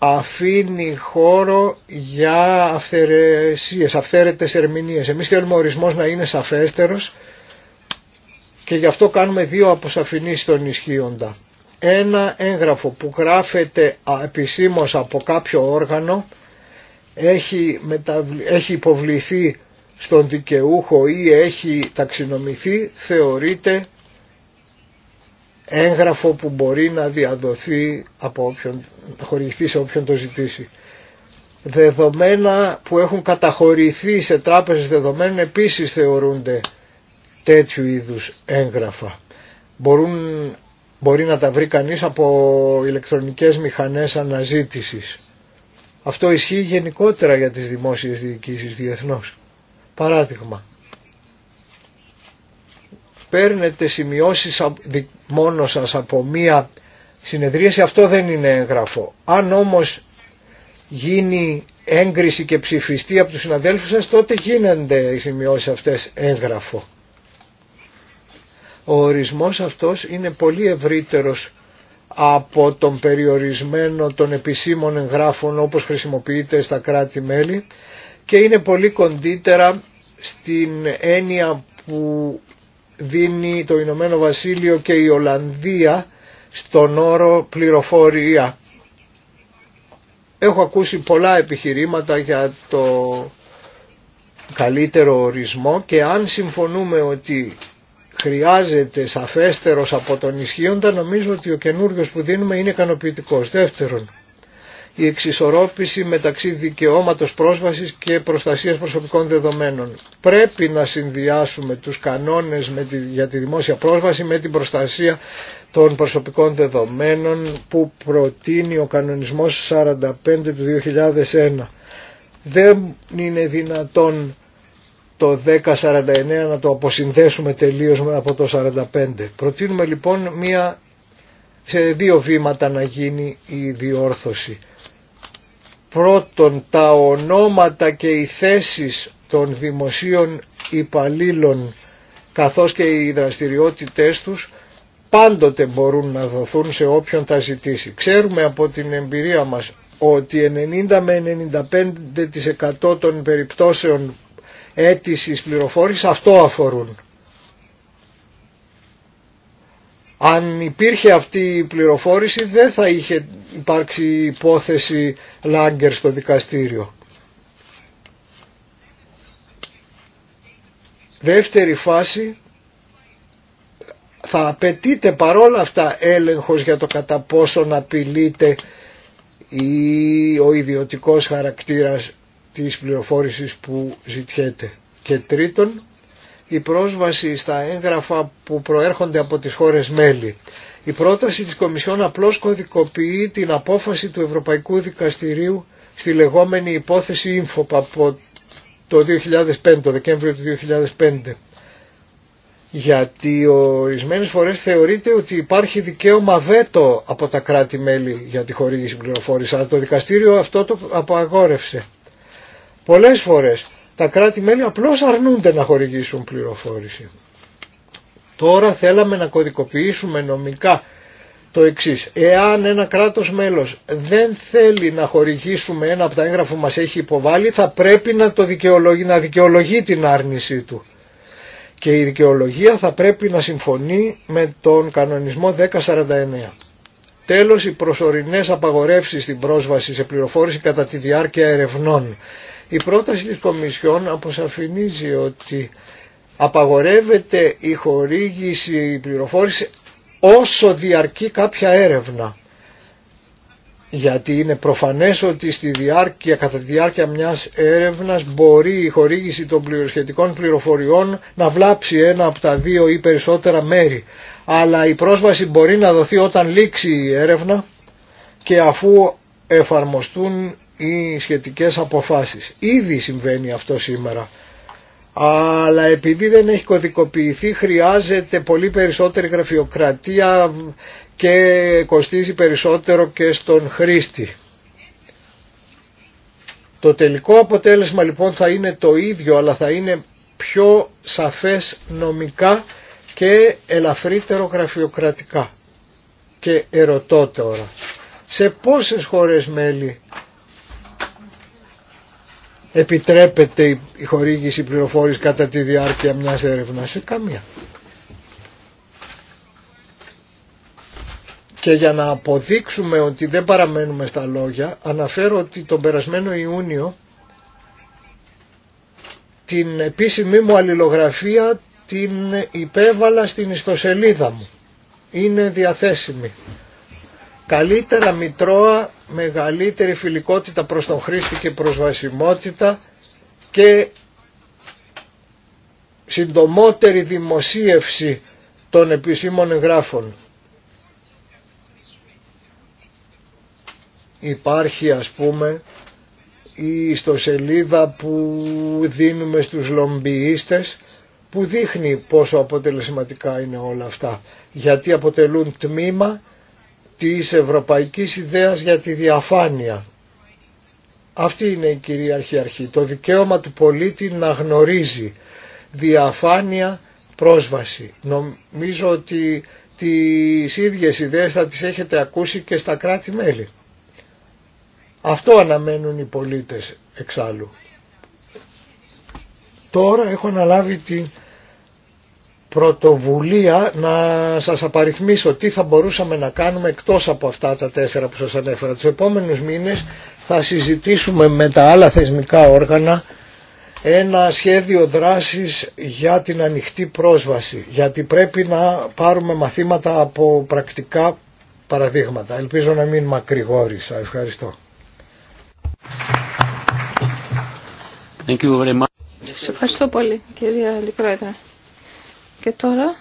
αφήνει χώρο για αυθαιρεσίες, αυθαίρετες ερμηνείες. Εμείς θέλουμε ο να είναι σαφέστερος και γι' αυτό κάνουμε δύο αποσαφηνείς των ισχύοντα. Ένα έγγραφο που γράφεται επισήμως από κάποιο όργανο έχει, έχει υποβληθεί στον δικαιούχο ή έχει ταξινομηθεί θεωρείται έγγραφο που μπορεί να διαδοθεί από όποιον, να χορηγηθεί σε όποιον το ζητήσει. Δεδομένα που έχουν καταχωρηθεί σε τράπεζες δεδομένων επίσης θεωρούνται τέτοιου είδους έγγραφα. Μπορούν, μπορεί να τα βρει κανείς από ηλεκτρονικές μηχανές αναζήτησης. Αυτό ισχύει γενικότερα για τις δημόσιες διοικήσεις διεθνώς. Παράδειγμα, παίρνετε σημειώσεις μόνο σας από μία συνεδρίαση, αυτό δεν είναι έγγραφο. Αν όμως γίνει έγκριση και ψηφιστεί από τους συναδέλφους σας, τότε γίνονται οι σημειώσεις αυτές έγγραφο. Ο ορισμός αυτός είναι πολύ ευρύτερος από τον περιορισμένο των επισήμων εγγράφων όπως χρησιμοποιείται στα κράτη-μέλη και είναι πολύ κοντύτερα στην έννοια που δίνει το Ηνωμένο Βασίλειο και η Ολλανδία στον όρο πληροφορία. Έχω ακούσει πολλά επιχειρήματα για το καλύτερο ορισμό και αν συμφωνούμε ότι χρειάζεται σαφέστερος από τον ισχύοντα νομίζω ότι ο καινούριος που δίνουμε είναι ικανοποιητικό. Δεύτερον, η εξισορρόπηση μεταξύ δικαιώματος πρόσβασης και προστασίας προσωπικών δεδομένων. Πρέπει να συνδυάσουμε τους κανόνες με τη, για τη δημόσια πρόσβαση με την προστασία των προσωπικών δεδομένων που προτείνει ο κανονισμός 45 του 2001. Δεν είναι δυνατόν το 1049 να το αποσυνδέσουμε τελείως από το 45. Προτείνουμε λοιπόν μία σε δύο βήματα να γίνει η διόρθωση πρώτον τα ονόματα και οι θέσεις των δημοσίων υπαλλήλων καθώς και οι δραστηριότητές τους πάντοτε μπορούν να δοθούν σε όποιον τα ζητήσει. Ξέρουμε από την εμπειρία μας ότι 90 με 95% των περιπτώσεων αίτησης πληροφόρησης αυτό αφορούν. Αν υπήρχε αυτή η πληροφόρηση δεν θα είχε υπάρξει υπόθεση Λάγκερ στο δικαστήριο. Δεύτερη φάση θα απαιτείται παρόλα αυτά έλεγχος για το κατά να απειλείται ή ο ιδιωτικός χαρακτήρας της πληροφόρησης που ζητιέται. Και τρίτον, η πρόσβαση στα έγγραφα που προέρχονται από τις χώρες μέλη. Η πρόταση της Κομισιόν απλώς κωδικοποιεί την απόφαση του Ευρωπαϊκού Δικαστηρίου στη λεγόμενη υπόθεση INFOP από το 2005, το Δεκέμβριο του 2005. Γιατί ορισμένε φορές θεωρείται ότι υπάρχει δικαίωμα βέτο από τα κράτη-μέλη για τη χορήγηση πληροφόρηση, αλλά το δικαστήριο αυτό το απαγόρευσε. Πολλές φορές τα κράτη-μέλη απλώς αρνούνται να χορηγήσουν πληροφόρηση. Τώρα θέλαμε να κωδικοποιήσουμε νομικά το εξής. Εάν ένα κράτος μέλος δεν θέλει να χορηγήσουμε ένα από τα έγγραφα που μας έχει υποβάλει θα πρέπει να, το δικαιολογεί, να δικαιολογεί την άρνησή του. Και η δικαιολογία θα πρέπει να συμφωνεί με τον κανονισμό 1049. Τέλος, οι προσωρινές απαγορεύσεις στην πρόσβαση σε πληροφόρηση κατά τη διάρκεια ερευνών η πρόταση της Κομισιόν αποσαφηνίζει ότι απαγορεύεται η χορήγηση η πληροφόρηση όσο διαρκεί κάποια έρευνα. Γιατί είναι προφανές ότι στη διάρκεια, κατά τη διάρκεια μιας έρευνας μπορεί η χορήγηση των πληροσχετικών πληροφοριών να βλάψει ένα από τα δύο ή περισσότερα μέρη. Αλλά η πρόσβαση μπορεί να δοθεί όταν λήξει η έρευνα και αφού εφαρμοστούν ή σχετικές αποφάσεις. Ήδη συμβαίνει αυτό σήμερα. Αλλά επειδή δεν έχει κωδικοποιηθεί χρειάζεται πολύ περισσότερη γραφειοκρατία και κοστίζει περισσότερο και στον χρήστη. Το τελικό αποτέλεσμα λοιπόν θα είναι το ίδιο αλλά θα είναι πιο σαφές νομικά και ελαφρύτερο γραφειοκρατικά. Και ερωτώ τώρα, σε πόσες χώρες μέλη επιτρέπεται η χορήγηση πληροφόρηση κατά τη διάρκεια μιας έρευνας σε καμία. Και για να αποδείξουμε ότι δεν παραμένουμε στα λόγια, αναφέρω ότι τον περασμένο Ιούνιο την επίσημη μου αλληλογραφία την υπέβαλα στην ιστοσελίδα μου. Είναι διαθέσιμη. Καλύτερα μητρώα, μεγαλύτερη φιλικότητα προς τον χρήστη και προσβασιμότητα και συντομότερη δημοσίευση των επισήμων εγγράφων. Υπάρχει ας πούμε η ιστοσελίδα που δίνουμε στους λομπιίστες που δείχνει πόσο αποτελεσματικά είναι όλα αυτά γιατί αποτελούν τμήμα της ευρωπαϊκής ιδέας για τη διαφάνεια. Αυτή είναι η κυρίαρχη αρχή. Το δικαίωμα του πολίτη να γνωρίζει διαφάνεια πρόσβαση. Νομίζω ότι τις ίδιες ιδέες θα τις έχετε ακούσει και στα κράτη-μέλη. Αυτό αναμένουν οι πολίτες εξάλλου. Τώρα έχω αναλάβει την πρωτοβουλία να σας απαριθμίσω τι θα μπορούσαμε να κάνουμε εκτός από αυτά τα τέσσερα που σας ανέφερα. Τους επόμενους μήνες θα συζητήσουμε με τα άλλα θεσμικά όργανα ένα σχέδιο δράσης για την ανοιχτή πρόσβαση, γιατί πρέπει να πάρουμε μαθήματα από πρακτικά παραδείγματα. Ελπίζω να μην μακρηγόρησα. Ευχαριστώ. ευχαριστώ πολύ κυρία Αντιπρόεδρε. Και τώρα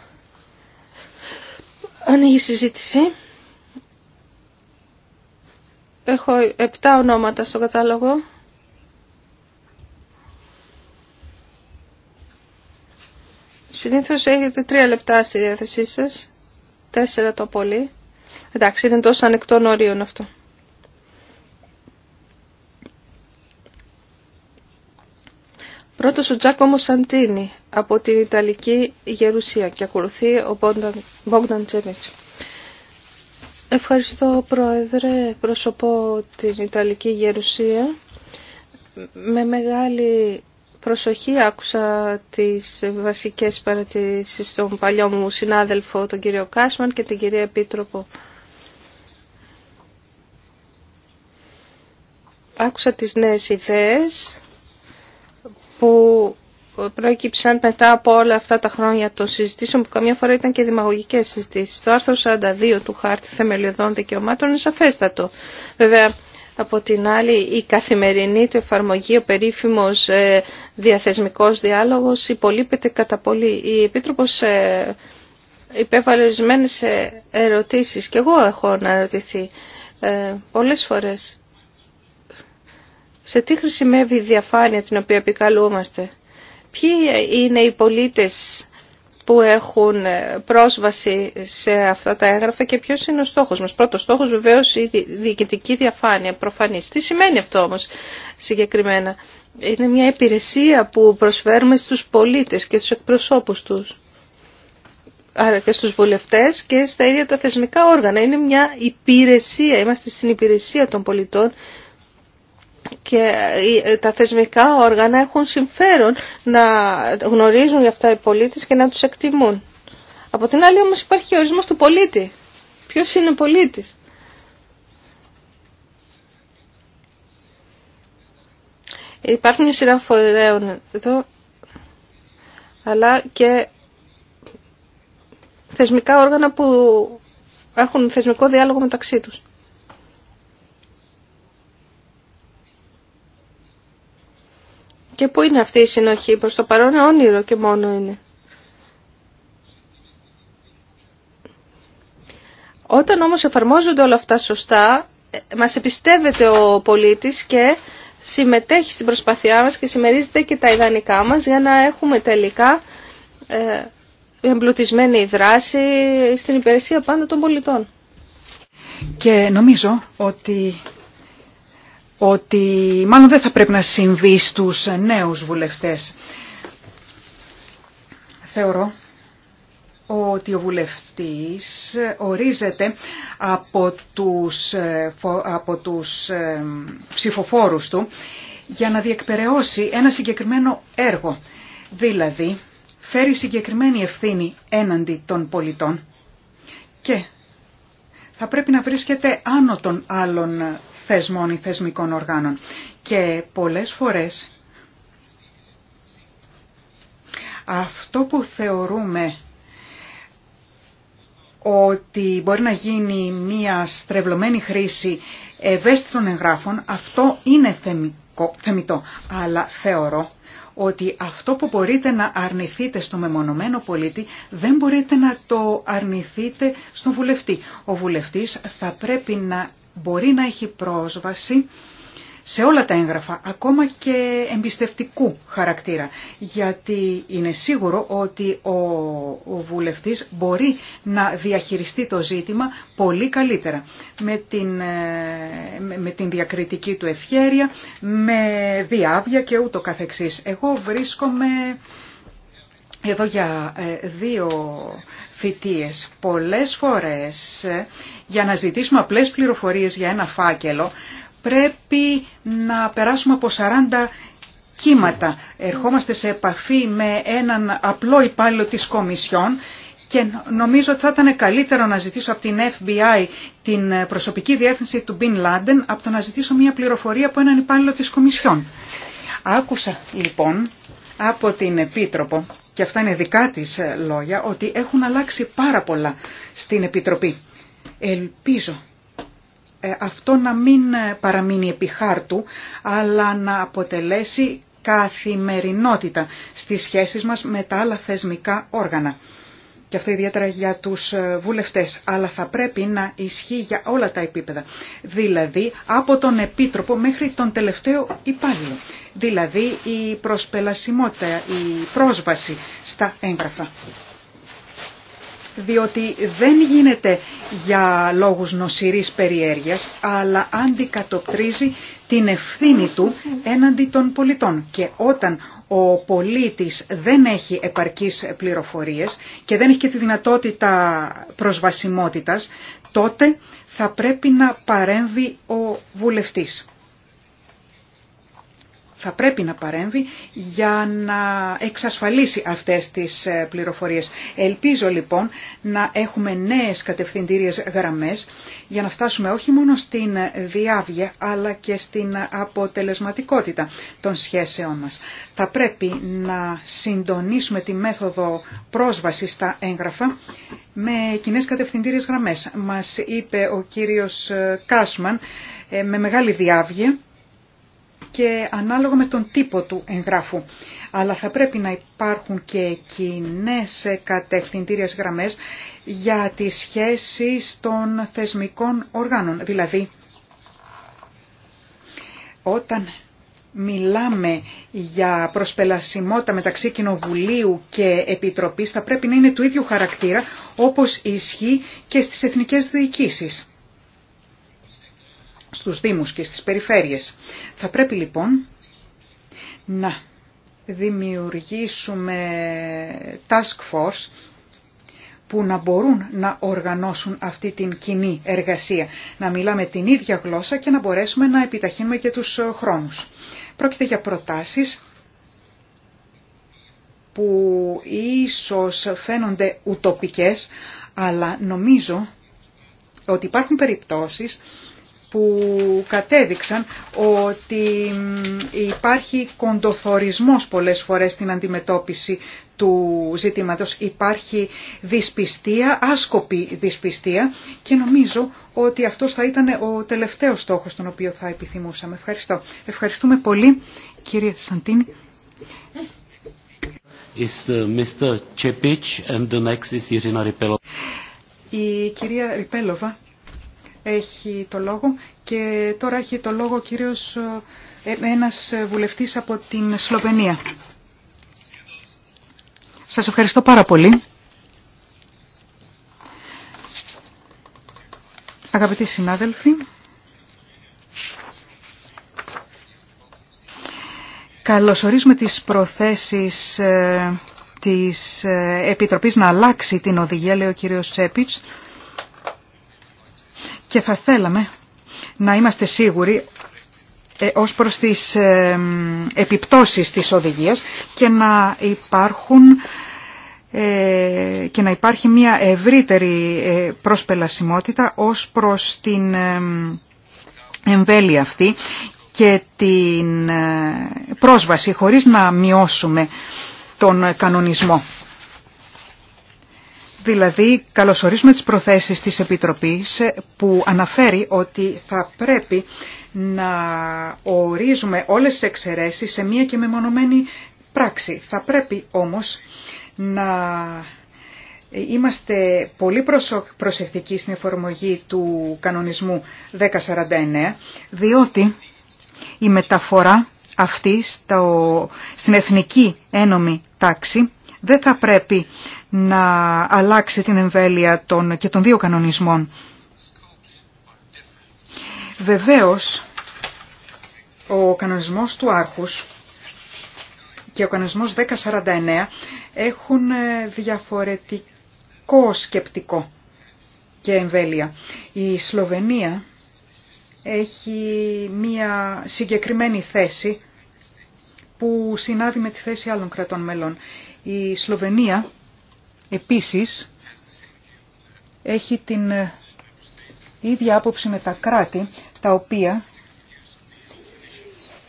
ανοίγει η συζήτηση. Έχω επτά ονόματα στο κατάλογο. Συνήθως έχετε τρία λεπτά στη διάθεσή σας. Τέσσερα το πολύ. Εντάξει, είναι τόσο ανεκτών ορίων αυτό. Πρώτος ο Τζάκομο Σαντίνη από την Ιταλική Γερουσία και ακολουθεί ο Μπόγκταν Τζέμιτς. Ευχαριστώ Πρόεδρε, προσωπώ την Ιταλική Γερουσία. Με μεγάλη προσοχή άκουσα τις βασικές παρατηρήσεις στον παλιό μου συνάδελφο τον κύριο Κάσμαν και την κυρία Επίτροπο. Άκουσα τις νέες ιδέες που προέκυψαν μετά από όλα αυτά τα χρόνια των συζητήσεων που καμιά φορά ήταν και δημαγωγικές συζητήσεις. Το άρθρο 42 του Χάρτη Θεμελιωδών Δικαιωμάτων είναι σαφέστατο. Βέβαια, από την άλλη, η καθημερινή του εφαρμογή, ο περίφημος ε, διαθεσμικός διάλογος υπολείπεται κατά πολύ. Η Επίτροπος ε, υπέβαλε ορισμένε ε, ερωτήσεις και εγώ έχω να ερωτηθεί πολλές φορές. Σε τι χρησιμεύει η διαφάνεια την οποία επικαλούμαστε. Ποιοι είναι οι πολίτες που έχουν πρόσβαση σε αυτά τα έγγραφα και ποιος είναι ο στόχος μας. Πρώτος στόχος βεβαίως η διοικητική διαφάνεια, προφανής. Τι σημαίνει αυτό όμως συγκεκριμένα. Είναι μια υπηρεσία που προσφέρουμε στους πολίτες και στους εκπροσώπους τους. Άρα και στους βουλευτές και στα ίδια τα θεσμικά όργανα. Είναι μια υπηρεσία, είμαστε στην υπηρεσία των πολιτών και ε, τα θεσμικά όργανα έχουν συμφέρον να γνωρίζουν γι' αυτά οι πολίτες και να τους εκτιμούν. Από την άλλη όμως υπάρχει ορισμός του πολίτη. Ποιος είναι πολίτης. Υπάρχουν μια σειρά φορέων εδώ, αλλά και θεσμικά όργανα που έχουν θεσμικό διάλογο μεταξύ τους. Και πού είναι αυτή η συνοχή, προς το παρόν όνειρο και μόνο είναι. Όταν όμως εφαρμόζονται όλα αυτά σωστά, ε, μας εμπιστεύεται ο πολίτης και συμμετέχει στην προσπάθειά μας και συμμερίζεται και τα ιδανικά μας για να έχουμε τελικά ε, εμπλουτισμένη δράση στην υπηρεσία πάντα των πολιτών. Και νομίζω ότι ότι μάλλον δεν θα πρέπει να συμβεί στους νέους βουλευτές. Θεωρώ ότι ο βουλευτής ορίζεται από τους, από τους ε, ψηφοφόρους του για να διεκπαιρεώσει ένα συγκεκριμένο έργο. Δηλαδή, φέρει συγκεκριμένη ευθύνη έναντι των πολιτών και θα πρέπει να βρίσκεται άνω των άλλων θεσμών ή θεσμικών οργάνων. Και πολλές φορές αυτό που θεωρούμε ότι μπορεί να γίνει μια στρεβλωμένη χρήση ευαίσθητων εγγράφων, αυτό είναι θεμικό, θεμητό. Αλλά θεωρώ ότι αυτό που μπορείτε να αρνηθείτε στο μεμονωμένο πολίτη δεν μπορείτε να το αρνηθείτε στον βουλευτή. Ο βουλευτής θα πρέπει να μπορεί να έχει πρόσβαση σε όλα τα έγγραφα, ακόμα και εμπιστευτικού χαρακτήρα, γιατί είναι σίγουρο ότι ο βουλευτής μπορεί να διαχειριστεί το ζήτημα πολύ καλύτερα, με την, ε, με την διακριτική του ευχέρεια, με διάβια και ούτω καθεξής. Εγώ βρίσκομαι εδώ για ε, δύο θητείες. Πολλές φορές ε, για να ζητήσουμε απλές πληροφορίες για ένα φάκελο πρέπει να περάσουμε από 40 κύματα. Ερχόμαστε σε επαφή με έναν απλό υπάλληλο της Κομισιόν και νομίζω ότι θα ήταν καλύτερο να ζητήσω από την FBI την προσωπική διεύθυνση του Μπιν Λάντεν από το να ζητήσω μια πληροφορία από έναν υπάλληλο της Κομισιόν. Άκουσα λοιπόν από την Επίτροπο και αυτά είναι δικά της ε, λόγια, ότι έχουν αλλάξει πάρα πολλά στην Επιτροπή. Ελπίζω ε, αυτό να μην ε, παραμείνει επί χάρτου, αλλά να αποτελέσει καθημερινότητα στις σχέσεις μας με τα άλλα θεσμικά όργανα. Και αυτό ιδιαίτερα για τους βουλευτές, αλλά θα πρέπει να ισχύει για όλα τα επίπεδα. Δηλαδή από τον Επίτροπο μέχρι τον τελευταίο υπάλληλο δηλαδή η προσπελασιμότητα, η πρόσβαση στα έγγραφα. Διότι δεν γίνεται για λόγους νοσηρής περιέργειας, αλλά αντικατοπτρίζει την ευθύνη του έναντι των πολιτών. Και όταν ο πολίτης δεν έχει επαρκείς πληροφορίες και δεν έχει και τη δυνατότητα προσβασιμότητας, τότε θα πρέπει να παρέμβει ο βουλευτής θα πρέπει να παρέμβει για να εξασφαλίσει αυτές τις ε, πληροφορίες. Ελπίζω λοιπόν να έχουμε νέες κατευθυντήριες γραμμές για να φτάσουμε όχι μόνο στην διάβγεια αλλά και στην αποτελεσματικότητα των σχέσεών μας. Θα πρέπει να συντονίσουμε τη μέθοδο πρόσβαση στα έγγραφα με κοινέ κατευθυντήριες γραμμές. Μας είπε ο κύριος ε, Κάσμαν ε, με μεγάλη διάβγεια και ανάλογα με τον τύπο του εγγράφου. Αλλά θα πρέπει να υπάρχουν και κοινέ κατευθυντήριε γραμμές για τι σχέσει των θεσμικών οργάνων. Δηλαδή, όταν μιλάμε για προσπελασιμότητα μεταξύ Κοινοβουλίου και Επιτροπής θα πρέπει να είναι του ίδιου χαρακτήρα όπως ισχύει και στις εθνικές διοικήσεις στους Δήμους και στις περιφέρειες. Θα πρέπει λοιπόν να δημιουργήσουμε task force που να μπορούν να οργανώσουν αυτή την κοινή εργασία. Να μιλάμε την ίδια γλώσσα και να μπορέσουμε να επιταχύνουμε και τους ε, χρόνους. Πρόκειται για προτάσεις που ίσως φαίνονται ουτοπικές, αλλά νομίζω ότι υπάρχουν περιπτώσεις που κατέδειξαν ότι υπάρχει κοντοθορισμός πολλές φορές στην αντιμετώπιση του ζητήματος. Υπάρχει δυσπιστία, άσκοπη δυσπιστία και νομίζω ότι αυτό θα ήταν ο τελευταίος στόχος τον οποίο θα επιθυμούσαμε. Ευχαριστώ. Ευχαριστούμε πολύ κύριε Σαντίνη. Uh, Η κυρία Ριπέλοβα έχει το λόγο και τώρα έχει το λόγο ο κύριος ε, ένας βουλευτής από την Σλοβενία. Σας ευχαριστώ πάρα πολύ. Αγαπητοί συνάδελφοι, καλωσορίζουμε τις προθέσεις ε, της ε, Επιτροπής να αλλάξει την οδηγία, λέει ο κύριος Τσέπιτς, και θα θέλαμε να είμαστε σίγουροι ε, ως προς τις ε, επιπτώσεις της οδηγίας και να υπάρχουν ε, και να υπάρχει μια ευρύτερη προσπελασιμότητα ως προς την εμβέλεια αυτή και την πρόσβαση χωρίς να μειώσουμε τον κανονισμό. Δηλαδή, καλωσορίζουμε τις προθέσεις της Επιτροπής ε, που αναφέρει ότι θα πρέπει να ορίζουμε όλες τις εξαιρέσεις σε μία και μεμονωμένη πράξη. Θα πρέπει όμως να είμαστε πολύ προσεκτικοί στην εφαρμογή του κανονισμού 1049, διότι η μεταφορά αυτή στο, στην εθνική ένομη τάξη δεν θα πρέπει να αλλάξει την εμβέλεια των, και των δύο κανονισμών. Βεβαίως, ο κανονισμός του άρχους και ο κανονισμός 1049 έχουν ε, διαφορετικό σκεπτικό και εμβέλεια. Η Σλοβενία έχει μία συγκεκριμένη θέση που συνάδει με τη θέση άλλων κρατών μελών. Η Σλοβενία επίσης έχει την ε, ίδια άποψη με τα κράτη τα οποία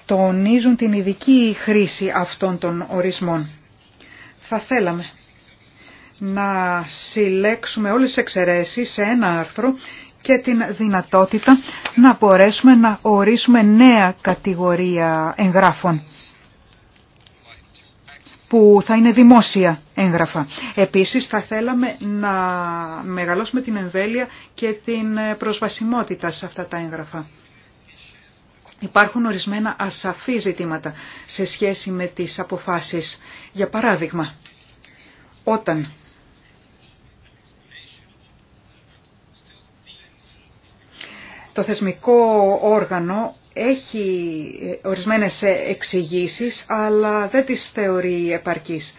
τονίζουν την ειδική χρήση αυτών των ορισμών. Θα θέλαμε να συλλέξουμε όλες τις εξαιρέσεις σε ένα άρθρο και την δυνατότητα να μπορέσουμε να ορίσουμε νέα κατηγορία εγγράφων που θα είναι δημόσια έγγραφα. Επίσης θα θέλαμε να μεγαλώσουμε την εμβέλεια και την ε, προσβασιμότητα σε αυτά τα έγγραφα. Υπάρχουν ορισμένα ασαφή ζητήματα σε σχέση με τις αποφάσεις. Για παράδειγμα, όταν το θεσμικό όργανο έχει ε, ορισμένες ε, εξηγήσει, αλλά δεν τις θεωρεί επαρκείς.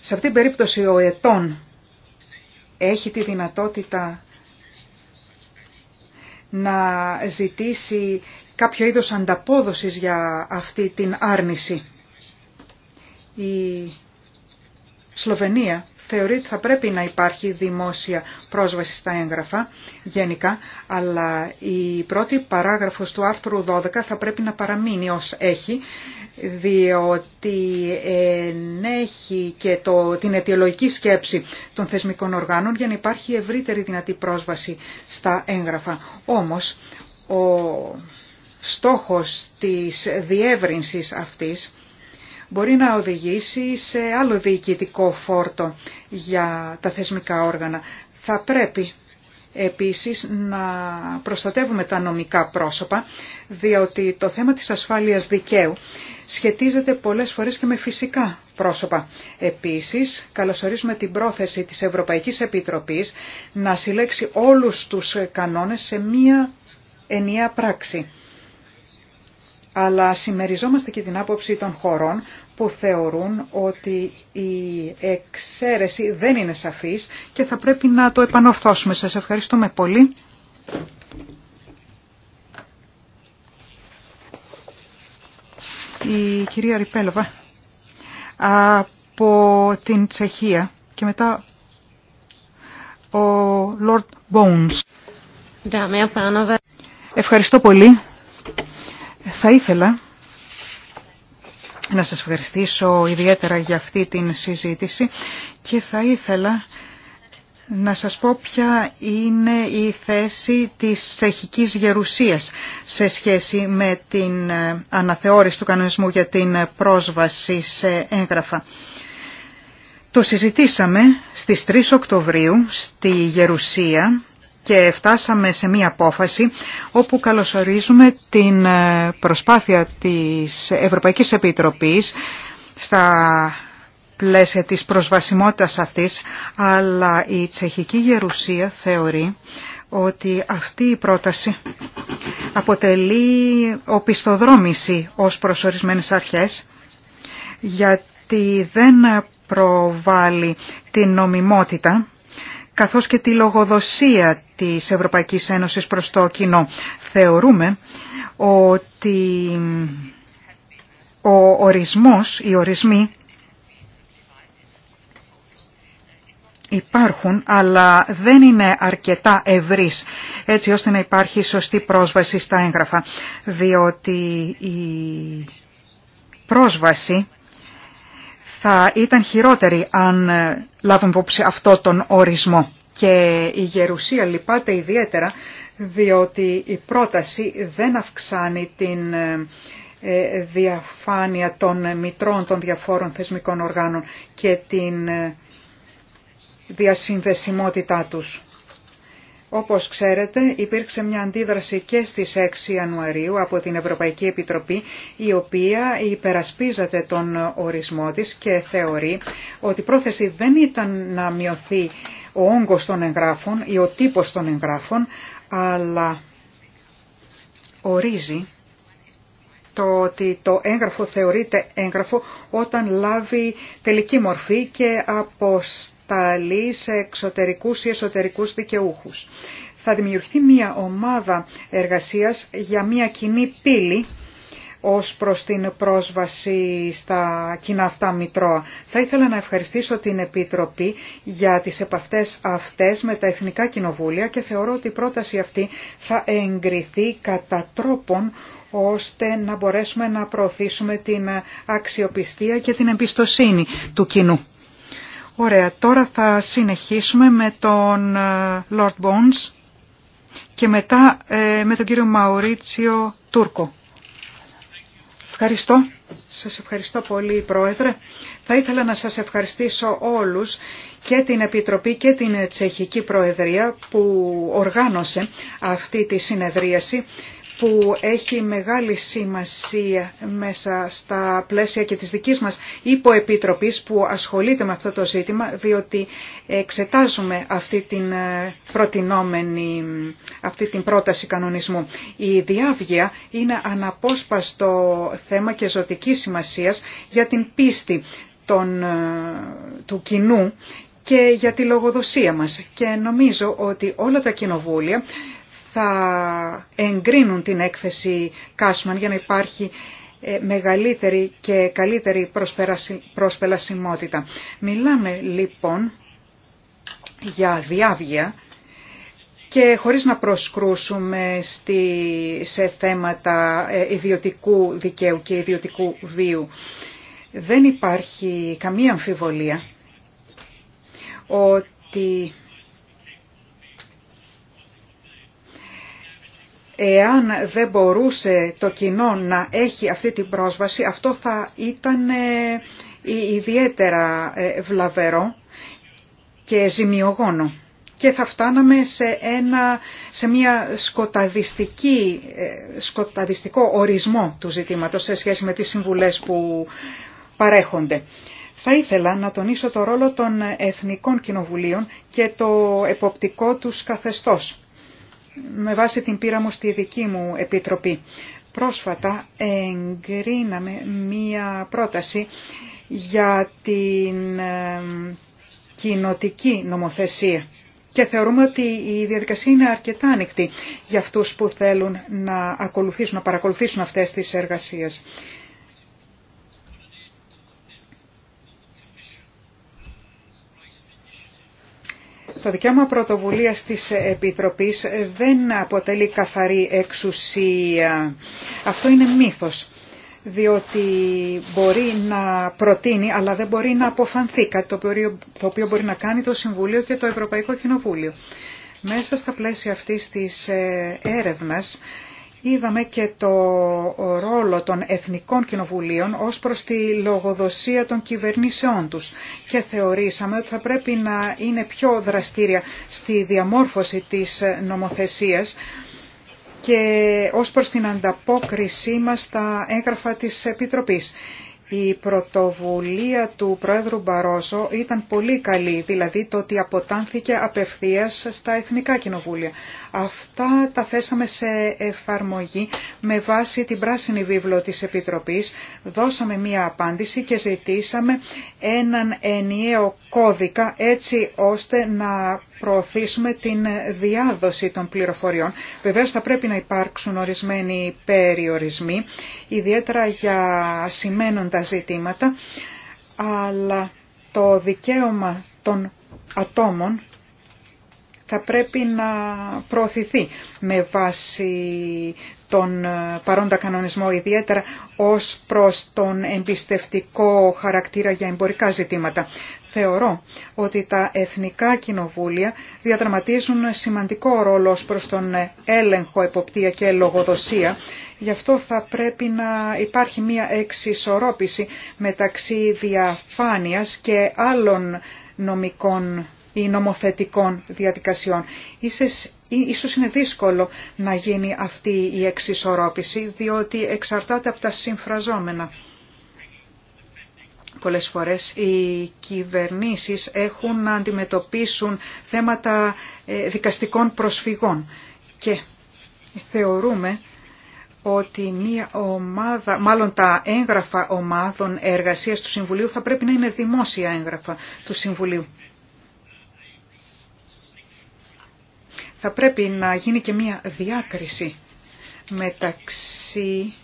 Σε αυτήν την περίπτωση ο ετών έχει τη δυνατότητα να ζητήσει κάποιο είδος ανταπόδοσης για αυτή την άρνηση. Η Σλοβενία θεωρεί ότι θα πρέπει να υπάρχει δημόσια πρόσβαση στα έγγραφα γενικά, αλλά η πρώτη παράγραφος του άρθρου 12 θα πρέπει να παραμείνει ως έχει, διότι ενέχει και το, την αιτιολογική σκέψη των θεσμικών οργάνων για να υπάρχει ευρύτερη δυνατή πρόσβαση στα έγγραφα. Όμως, ο στόχος της διεύρυνσης αυτής μπορεί να οδηγήσει σε άλλο διοικητικό φόρτο για τα θεσμικά όργανα. Θα πρέπει επίσης να προστατεύουμε τα νομικά πρόσωπα, διότι το θέμα της ασφάλειας δικαίου σχετίζεται πολλές φορές και με φυσικά πρόσωπα. Επίσης, καλωσορίζουμε την πρόθεση της Ευρωπαϊκής Επιτροπής να συλλέξει όλους τους κανόνες σε μία ενιαία πράξη αλλά συμμεριζόμαστε και την άποψη των χωρών που θεωρούν ότι η εξαίρεση δεν είναι σαφής και θα πρέπει να το επανορθώσουμε. Σας ευχαριστούμε πολύ. Η κυρία Ριπέλοβα από την Τσεχία και μετά ο Λόρτ Bones. Ευχαριστώ πολύ. Θα ήθελα να σας ευχαριστήσω ιδιαίτερα για αυτή την συζήτηση και θα ήθελα να σας πω ποια είναι η θέση της τσεχικής γερουσίας σε σχέση με την ε, αναθεώρηση του κανονισμού για την πρόσβαση σε έγγραφα. Το συζητήσαμε στις 3 Οκτωβρίου στη Γερουσία και φτάσαμε σε μία απόφαση όπου καλωσορίζουμε την ε, προσπάθεια της Ευρωπαϊκής Επιτροπής στα πλαίσια της προσβασιμότητας αυτής, αλλά η τσεχική γερουσία θεωρεί ότι αυτή η πρόταση αποτελεί οπισθοδρόμηση ως προσορισμένες αρχές, γιατί δεν προβάλλει την νομιμότητα καθώς και τη λογοδοσία της Ευρωπαϊκής Ένωσης προς το κοινό. Θεωρούμε ότι ο ορισμός, οι ορισμοί υπάρχουν, αλλά δεν είναι αρκετά ευρύς, έτσι ώστε να υπάρχει σωστή πρόσβαση στα έγγραφα, διότι η πρόσβαση θα ήταν χειρότερη αν λάβουμε υπόψη αυτό τον ορισμό. Και η Γερουσία λυπάται ιδιαίτερα διότι η πρόταση δεν αυξάνει την ε, διαφάνεια των μητρών των διαφόρων θεσμικών οργάνων και την ε, διασυνδεσιμότητά τους. Όπως ξέρετε, υπήρξε μια αντίδραση και στις 6 Ιανουαρίου από την Ευρωπαϊκή Επιτροπή, η οποία υπερασπίζεται τον ορισμό της και θεωρεί ότι η πρόθεση δεν ήταν να μειωθεί ο όγκος των εγγράφων ή ο τύπος των εγγράφων, αλλά ορίζει το ότι το έγγραφο θεωρείται έγγραφο όταν λάβει τελική μορφή και αποσταλεί σε εξωτερικούς ή εσωτερικούς δικαιούχους. Θα δημιουργηθεί μια ομάδα εργασίας για μια κοινή πύλη ως προς την πρόσβαση στα κοινά αυτά μητρώα. Θα ήθελα να ευχαριστήσω την Επίτροπη για τις επαυτές αυτές με τα Εθνικά Κοινοβούλια και θεωρώ ότι η πρόταση αυτή θα εγκριθεί κατά τρόπον ώστε να μπορέσουμε να προωθήσουμε την αξιοπιστία και την εμπιστοσύνη του κοινού. Ωραία, τώρα θα συνεχίσουμε με τον ε, Lord Bones και μετά ε, με τον κύριο Μαουρίτσιο Τούρκο. Ευχαριστώ. Σας ευχαριστώ πολύ, Πρόεδρε. Θα ήθελα να σας ευχαριστήσω όλους και την Επιτροπή και την Τσεχική Προεδρία που οργάνωσε αυτή τη συνεδρίαση που έχει μεγάλη σημασία μέσα στα πλαίσια και της δικής μας υποεπίτροπης που ασχολείται με αυτό το ζήτημα, διότι εξετάζουμε αυτή την ε, προτινόμενη, αυτή την πρόταση κανονισμού. Η διάβγεια είναι αναπόσπαστο θέμα και ζωτική σημασίας για την πίστη των, ε, του κοινού και για τη λογοδοσία μας. Και νομίζω ότι όλα τα κοινοβούλια θα εγκρίνουν την έκθεση Κάσμαν για να υπάρχει ε, μεγαλύτερη και καλύτερη προσπελασιμότητα. Μιλάμε λοιπόν για διάβια και χωρίς να προσκρούσουμε στη, σε θέματα ε, ιδιωτικού δικαίου και ιδιωτικού βίου. Δεν υπάρχει καμία αμφιβολία ότι Εάν δεν μπορούσε το κοινό να έχει αυτή την πρόσβαση, αυτό θα ήταν ε, ιδιαίτερα ε, βλαβερό και ζημιογόνο και θα φτάναμε σε, ένα, σε μια σκοταδιστική, ε, σκοταδιστικό ορισμό του ζητήματος σε σχέση με τις συμβουλές που παρέχονται. Θα ήθελα να τονίσω το ρόλο των Εθνικών Κοινοβουλίων και το εποπτικό τους καθεστώς με βάση την πείρα μου στη δική μου επιτροπή. Πρόσφατα εγκρίναμε μία πρόταση για την κοινοτική νομοθεσία και θεωρούμε ότι η διαδικασία είναι αρκετά ανοιχτή για αυτούς που θέλουν να, ακολουθήσουν, να παρακολουθήσουν αυτές τις εργασίες. Το δικαίωμα πρωτοβουλίας της Επιτροπής δεν αποτελεί καθαρή εξουσία. Αυτό είναι μύθος διότι μπορεί να προτείνει αλλά δεν μπορεί να αποφανθεί κάτι το οποίο μπορεί να κάνει το Συμβούλιο και το Ευρωπαϊκό Κοινοβούλιο. Μέσα στα πλαίσια αυτής της ε, έρευνας Είδαμε και το ρόλο των εθνικών κοινοβουλίων ως προς τη λογοδοσία των κυβερνήσεών τους και θεωρήσαμε ότι θα πρέπει να είναι πιο δραστήρια στη διαμόρφωση της νομοθεσίας και ως προς την ανταπόκρισή μας στα έγγραφα της Επιτροπής. Η πρωτοβουλία του Πρόεδρου Μπαρόζο ήταν πολύ καλή, δηλαδή το ότι αποτάνθηκε απευθείας στα Εθνικά Κοινοβούλια. Αυτά τα θέσαμε σε εφαρμογή με βάση την πράσινη βίβλο της Επιτροπής. Δώσαμε μία απάντηση και ζητήσαμε έναν ενιαίο κώδικα έτσι ώστε να προωθήσουμε την διάδοση των πληροφοριών. Βεβαίως θα πρέπει να υπάρξουν ορισμένοι περιορισμοί, ιδιαίτερα για σημαίνοντα ζητήματα, αλλά το δικαίωμα των ατόμων θα πρέπει να προωθηθεί με βάση τον παρόντα κανονισμό ιδιαίτερα ως προς τον εμπιστευτικό χαρακτήρα για εμπορικά ζητήματα. Θεωρώ ότι τα εθνικά κοινοβούλια διαδραματίζουν σημαντικό ρόλο ως προς τον έλεγχο, εποπτεία και λογοδοσία. Γι' αυτό θα πρέπει να υπάρχει μία εξισορρόπηση μεταξύ διαφάνειας και άλλων νομικών ή νομοθετικών διαδικασιών. Ίσως, ίσως είναι δύσκολο να γίνει αυτή η εξισορρόπηση, διότι εξαρτάται από τα συμφραζόμενα. Πολλές φορές οι κυβερνήσεις έχουν να αντιμετωπίσουν θέματα ε, δικαστικών προσφυγών και θεωρούμε ότι μία ομάδα, μάλλον τα έγγραφα ομάδων εργασίας του Συμβουλίου θα πρέπει να είναι δημόσια έγγραφα του Συμβουλίου. θα πρέπει να γίνει και μία διάκριση μεταξύ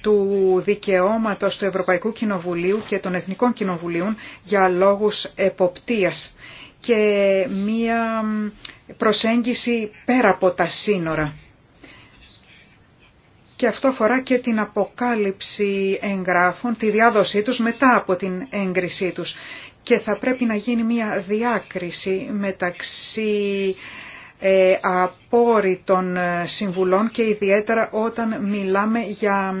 του δικαιώματος του Ευρωπαϊκού Κοινοβουλίου και των Εθνικών Κοινοβουλίων για λόγους εποπτείας και μία προσέγγιση πέρα από τα σύνορα. Και αυτό αφορά και την αποκάλυψη εγγράφων, τη διάδοσή τους μετά από την έγκρισή τους. Και θα πρέπει να γίνει μία διάκριση μεταξύ ε, των ε, συμβουλών και ιδιαίτερα όταν μιλάμε για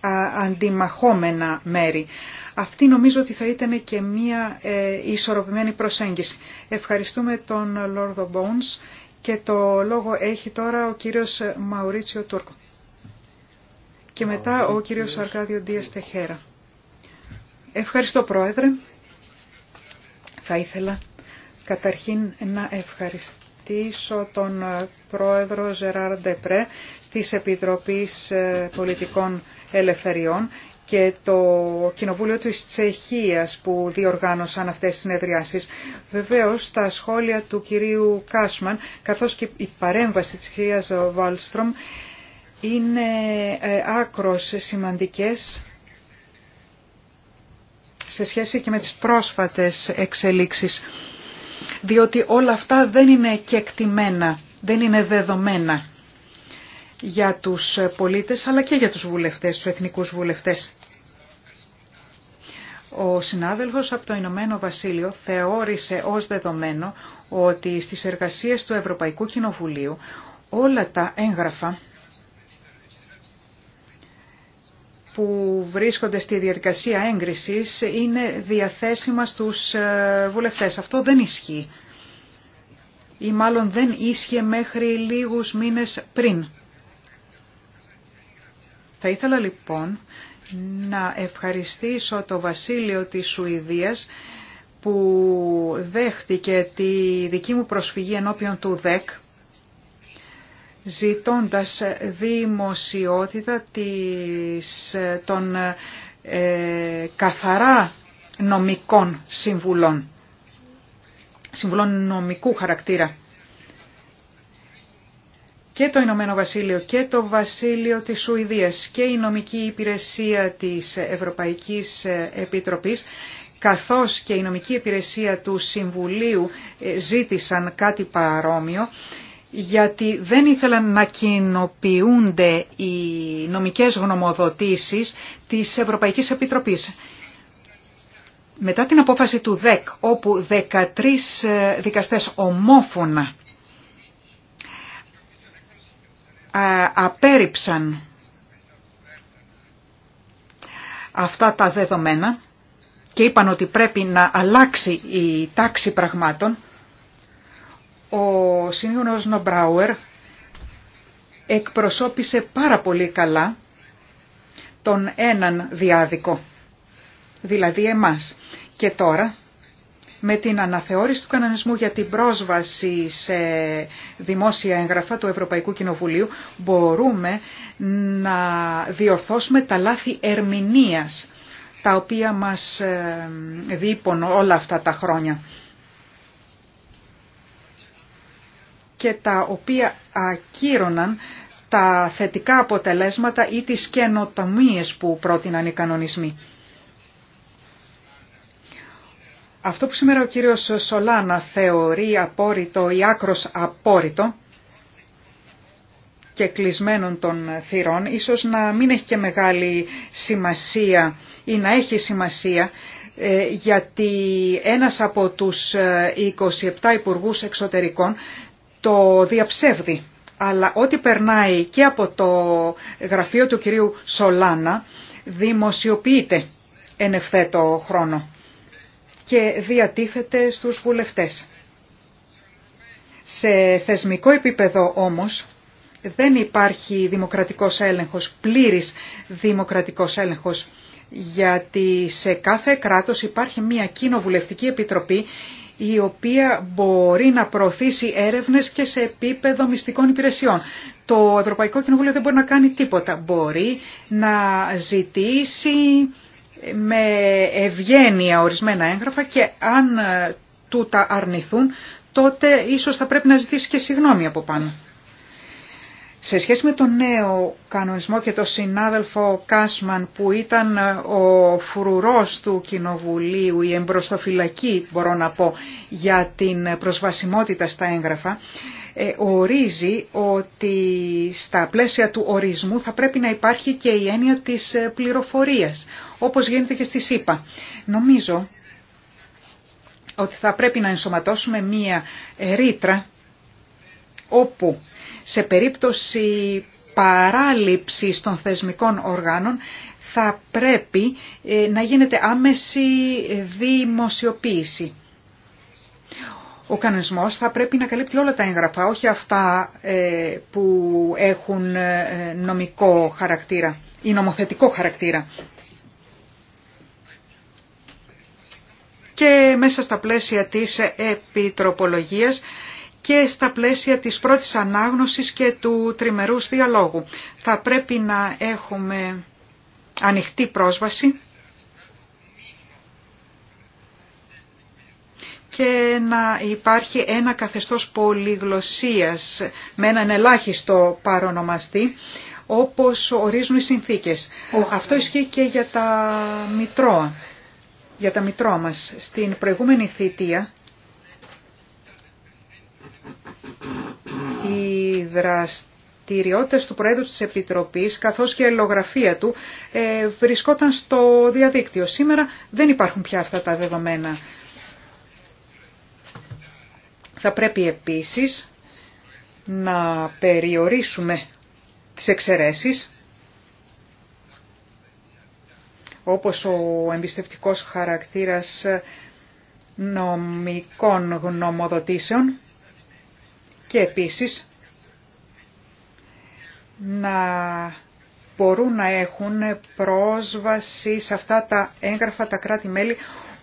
ε, αντιμαχόμενα μέρη. Αυτή νομίζω ότι θα ήταν και μία ε, ισορροπημένη προσέγγιση. Ευχαριστούμε τον Λόρδο Bones και το λόγο έχει τώρα ο κύριος Μαουρίτσιο Τούρκο. Και μετά ο κύριος Αρκάδιο Ντίας Τεχέρα. Ευχαριστώ Πρόεδρε. Θα ήθελα καταρχήν να ευχαριστήσω τον ε, πρόεδρο Ζεράρ Ντεπρέ της Επιτροπής ε, Πολιτικών Ελευθεριών και το Κοινοβούλιο της Τσεχίας που διοργάνωσαν αυτές τις συνεδριάσεις. Βεβαίως, τα σχόλια του κυρίου Κάσμαν, καθώς και η παρέμβαση της κυρίας Βάλστρομ, είναι ε, άκρος σημαντικές σε σχέση και με τις πρόσφατες εξελίξεις διότι όλα αυτά δεν είναι κεκτημένα, δεν είναι δεδομένα για τους πολίτες αλλά και για τους βουλευτές, τους εθνικούς βουλευτές. Ο συνάδελφος από το Ηνωμένο Βασίλειο θεώρησε ως δεδομένο ότι στις εργασίες του Ευρωπαϊκού Κοινοβουλίου όλα τα έγγραφα που βρίσκονται στη διαδικασία έγκρισης είναι διαθέσιμα στους ε, βουλευτές. Αυτό δεν ισχύει ή μάλλον δεν ίσχυε μέχρι λίγους μήνες πριν. Θα ήθελα λοιπόν να ευχαριστήσω το Βασίλειο της Σουηδίας που δέχτηκε τη δική μου προσφυγή ενώπιον του ΔΕΚ ζητώντας δημοσιότητα της, των ε, καθαρά νομικών συμβουλών, συμβουλών νομικού χαρακτήρα. Και το Ηνωμένο Βασίλειο και το Βασίλειο της Σουηδίας και η νομική υπηρεσία της Ευρωπαϊκής Επιτροπής καθώς και η νομική υπηρεσία του Συμβουλίου ε, ζήτησαν κάτι παρόμοιο γιατί δεν ήθελαν να κοινοποιούνται οι νομικές γνωμοδοτήσεις της Ευρωπαϊκής Επιτροπής. Μετά την απόφαση του ΔΕΚ, όπου 13 ε, δικαστές ομόφωνα ε, απέρριψαν αυτά τα δεδομένα και είπαν ότι πρέπει να αλλάξει η τάξη πραγμάτων, ο σύγχρονος Νομπράουερ εκπροσώπησε πάρα πολύ καλά τον έναν διάδικο, δηλαδή εμάς. Και τώρα, με την αναθεώρηση του κανονισμού για την πρόσβαση σε δημόσια έγγραφα του Ευρωπαϊκού Κοινοβουλίου, μπορούμε να διορθώσουμε τα λάθη ερμηνείας, τα οποία μας ε, δίπουν όλα αυτά τα χρόνια. και τα οποία ακύρωναν τα θετικά αποτελέσματα ή τις καινοτομίες που πρότειναν οι κανονισμοί. Αυτό που σήμερα ο κύριος Σολάνα θεωρεί απόρριτο ή άκρος απόρριτο και κλεισμένων των θυρών, ίσως να μην έχει και μεγάλη σημασία ή να έχει σημασία, ε, γιατί ένας από τους 27 ε, υπουργούς εξωτερικών το διαψεύδει. Αλλά ό,τι περνάει και από το γραφείο του κυρίου Σολάνα δημοσιοποιείται εν ευθέτω χρόνο και διατίθεται στους βουλευτές. Σε θεσμικό επίπεδο όμως δεν υπάρχει δημοκρατικός έλεγχος, πλήρης δημοκρατικός έλεγχος, γιατί σε κάθε κράτος υπάρχει μια κοινοβουλευτική επιτροπή η οποία μπορεί να προωθήσει έρευνες και σε επίπεδο μυστικών υπηρεσιών. Το Ευρωπαϊκό Κοινοβούλιο δεν μπορεί να κάνει τίποτα. Μπορεί να ζητήσει με ευγένεια ορισμένα έγγραφα και αν ε, τα αρνηθούν τότε ίσως θα πρέπει να ζητήσει και συγγνώμη από πάνω. Σε σχέση με τον νέο κανονισμό και τον συνάδελφο Κάσμαν που ήταν ε, ο φρουρός του Κοινοβουλίου, η εμπροστοφυλακή μπορώ να πω για την προσβασιμότητα στα έγγραφα, ε, ορίζει ότι στα πλαίσια του ορισμού θα πρέπει να υπάρχει και η έννοια της ε, πληροφορίας, όπως γίνεται και στη ΣΥΠΑ. Νομίζω ότι θα πρέπει να ενσωματώσουμε μία ρήτρα όπου σε περίπτωση παράληψης των θεσμικών οργάνων θα πρέπει ε, να γίνεται άμεση ε, δημοσιοποίηση. Ο κανονισμός θα πρέπει να καλύπτει όλα τα έγγραφα, όχι αυτά ε, που έχουν νομικό χαρακτήρα ή νομοθετικό χαρακτήρα. Και μέσα στα πλαίσια της επιτροπολογίας και στα πλαίσια της πρώτης ανάγνωσης και του τριμερούς διαλόγου. Θα πρέπει να έχουμε ανοιχτή πρόσβαση και να υπάρχει ένα καθεστώς πολυγλωσσίας με έναν ελάχιστο παρονομαστή όπως ορίζουν οι συνθήκες. Αυτό ισχύει και για τα μητρώα, για τα μητρώα μας. Στην προηγούμενη θητεία οι δραστηριότητες του Προέδρου της Επιτροπής καθώς και η ελογραφία του ε, βρισκόταν στο διαδίκτυο. Σήμερα δεν υπάρχουν πια αυτά τα δεδομένα. Θα πρέπει επίσης να περιορίσουμε τις εξαιρέσεις όπως ο εμπιστευτικός χαρακτήρας νομικών γνωμοδοτήσεων και επίσης να μπορούν να έχουν πρόσβαση σε αυτά τα έγγραφα τα κράτη-μέλη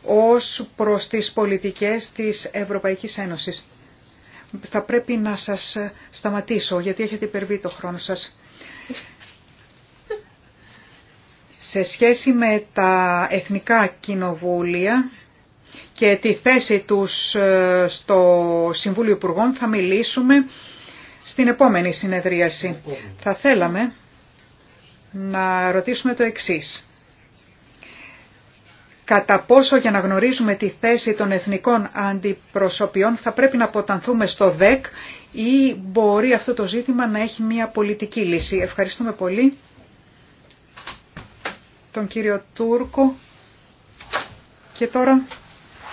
ως προς τις πολιτικές της Ευρωπαϊκής Ένωσης. Θα πρέπει να σας σταματήσω γιατί έχετε υπερβεί το χρόνο σας. Σε σχέση με τα εθνικά κοινοβούλια και τη θέση τους ε, στο Συμβούλιο Υπουργών θα μιλήσουμε στην επόμενη συνεδρίαση. Θα θέλαμε να ρωτήσουμε το εξής. Κατά πόσο για να γνωρίζουμε τη θέση των εθνικών αντιπροσωπιών θα πρέπει να αποτανθούμε στο ΔΕΚ ή μπορεί αυτό το ζήτημα να έχει μια πολιτική λύση. Ευχαριστούμε πολύ τον κύριο Τούρκο και τώρα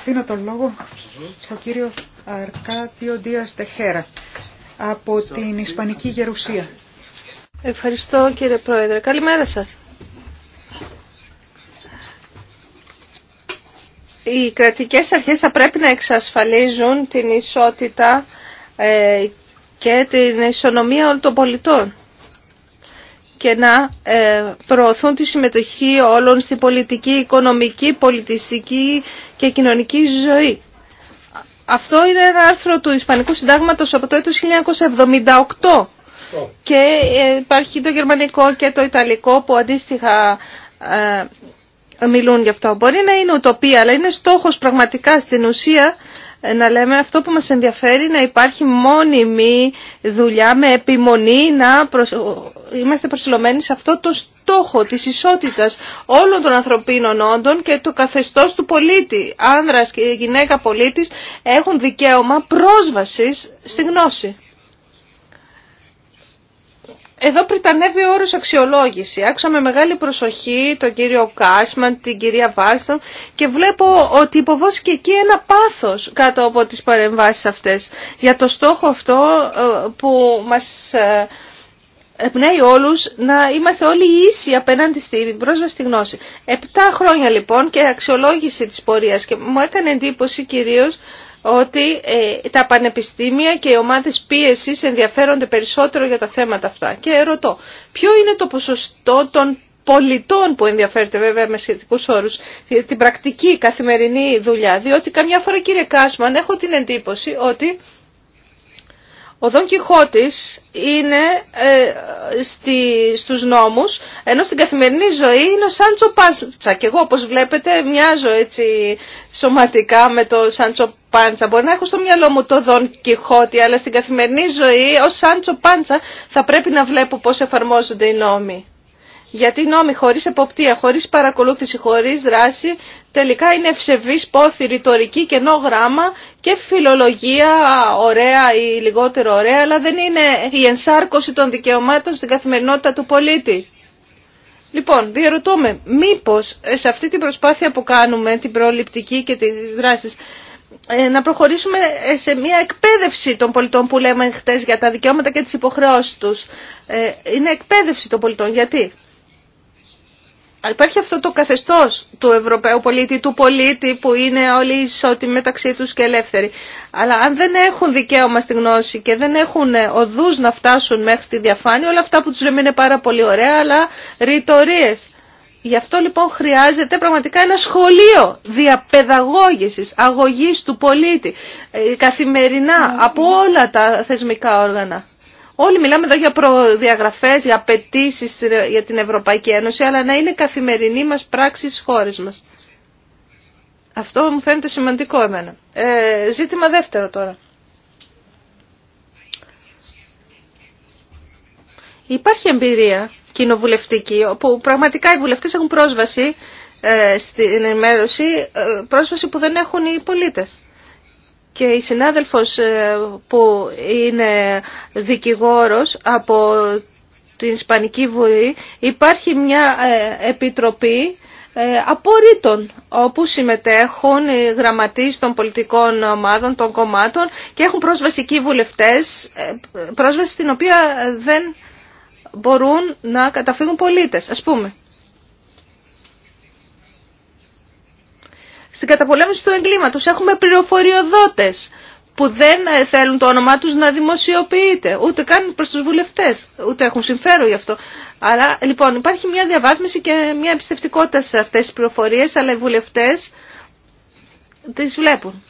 Δίνω τον λόγο στον κύριο Αρκάτιο Ντίας Τεχέρα από την Ισπανική Γερουσία. Ευχαριστώ κύριε Πρόεδρε. Καλημέρα σας. Οι κρατικές αρχές θα πρέπει να εξασφαλίζουν την ισότητα ε, και την ισονομία όλων των πολιτών και να ε, προωθούν τη συμμετοχή όλων στην πολιτική, οικονομική, πολιτιστική και κοινωνική ζωή. Αυτό είναι ένα άρθρο του Ισπανικού Συντάγματος από το έτος 1978 και ε, υπάρχει το γερμανικό και το ιταλικό που αντίστοιχα ε, μιλούν γι' αυτό. Μπορεί να είναι ουτοπία, αλλά είναι στόχος πραγματικά στην ουσία ε, να λέμε αυτό που μας ενδιαφέρει να υπάρχει μόνιμη δουλειά με επιμονή να είμαστε προσυλλομένοι σε αυτό το στόχο της ισότητας όλων των ανθρωπίνων όντων και το καθεστώς του πολίτη. Άνδρας και γυναίκα πολίτης έχουν δικαίωμα πρόσβασης στη γνώση. Εδώ πριτανεύει ο όρος αξιολόγηση. Άκουσα με μεγάλη προσοχή τον κύριο Κάσμαν, την κυρία Βάλστον και βλέπω ότι υποβόσκει εκεί ένα πάθος κάτω από τις παρεμβάσεις αυτές για το στόχο αυτό ε, που μας ε, εμπνέει όλους να είμαστε όλοι ίσοι απέναντι στην πρόσβαση στη γνώση. Επτά χρόνια λοιπόν και αξιολόγηση της πορείας και μου έκανε εντύπωση κυρίως ότι ε, τα πανεπιστήμια και οι ομάδες πίεσης ενδιαφέρονται περισσότερο για τα θέματα αυτά. Και ρωτώ, ποιο είναι το ποσοστό των πολιτών που ενδιαφέρεται βέβαια με σχετικούς όρους στην πρακτική καθημερινή δουλειά, διότι καμιά φορά κύριε Κάσμαν έχω την εντύπωση ότι ο Δον Κιχώτης είναι ε, στη, στους νόμους, ενώ στην καθημερινή ζωή είναι ο Σάντσο Πάντσα. Και εγώ, όπως βλέπετε, μοιάζω έτσι σωματικά με το Σάντσο Πάντσα. Μπορεί να έχω στο μυαλό μου το Δον Κιχώτη, αλλά στην καθημερινή ζωή ως Σάντσο Πάντσα θα πρέπει να βλέπω πώς εφαρμόζονται οι νόμοι. Γιατί νόμοι χωρίς εποπτεία, χωρίς παρακολούθηση, χωρίς δράση τελικά είναι ευσεβής πόθη, ρητορική, κενό γράμμα και φιλολογία ωραία ή λιγότερο ωραία αλλά δεν είναι η ενσάρκωση των δικαιωμάτων στην καθημερινότητα του πολίτη. Λοιπόν, διαρωτούμε, μήπως σε αυτή την προσπάθεια που κάνουμε, την προληπτική και τις δράσεις, ε, να προχωρήσουμε σε μια εκπαίδευση των πολιτών που λέμε χτες για τα δικαιώματα και τις υποχρεώσεις τους. Ε, είναι εκπαίδευση των πολιτών. Γιατί? Υπάρχει αυτό το καθεστώς του Ευρωπαίου πολίτη, του πολίτη που είναι όλοι ισότιμοι μεταξύ τους και ελεύθεροι. Αλλά αν δεν έχουν δικαίωμα στη γνώση και δεν έχουν οδούς να φτάσουν μέχρι τη διαφάνεια, όλα αυτά που τους λέμε είναι πάρα πολύ ωραία, αλλά ρητορίες. Γι' αυτό λοιπόν χρειάζεται πραγματικά ένα σχολείο διαπαιδαγώγησης, αγωγής του πολίτη, ε, καθημερινά, ναι. από όλα τα θεσμικά όργανα. Όλοι μιλάμε εδώ για προδιαγραφές, για απαιτήσει για την Ευρωπαϊκή Ένωση, αλλά να είναι καθημερινή μας πράξη στι χώρες μα. Αυτό μου φαίνεται σημαντικό εμένα. Ε, ζήτημα δεύτερο τώρα. Υπάρχει εμπειρία κοινοβουλευτική, όπου πραγματικά οι βουλευτές έχουν πρόσβαση ε, στην ενημέρωση, ε, πρόσβαση που δεν έχουν οι πολίτες και η συνάδελφος ε, που είναι δικηγόρος από την Ισπανική Βουλή υπάρχει μια ε, επιτροπή ε, απορρίτων όπου συμμετέχουν οι γραμματείς των πολιτικών ομάδων, των κομμάτων και έχουν πρόσβαση εκεί βουλευτές, πρόσβαση στην οποία δεν μπορούν να καταφύγουν πολίτες. Ας πούμε, στην καταπολέμηση του εγκλήματος. Έχουμε πληροφοριοδότες που δεν ε, θέλουν το όνομά τους να δημοσιοποιείται, ούτε καν προς τους βουλευτές, ούτε έχουν συμφέρον γι' αυτό. Άρα, λοιπόν, υπάρχει μια διαβάθμιση και μια εμπιστευτικότητα σε αυτές τις πληροφορίες, αλλά οι βουλευτές τις βλέπουν.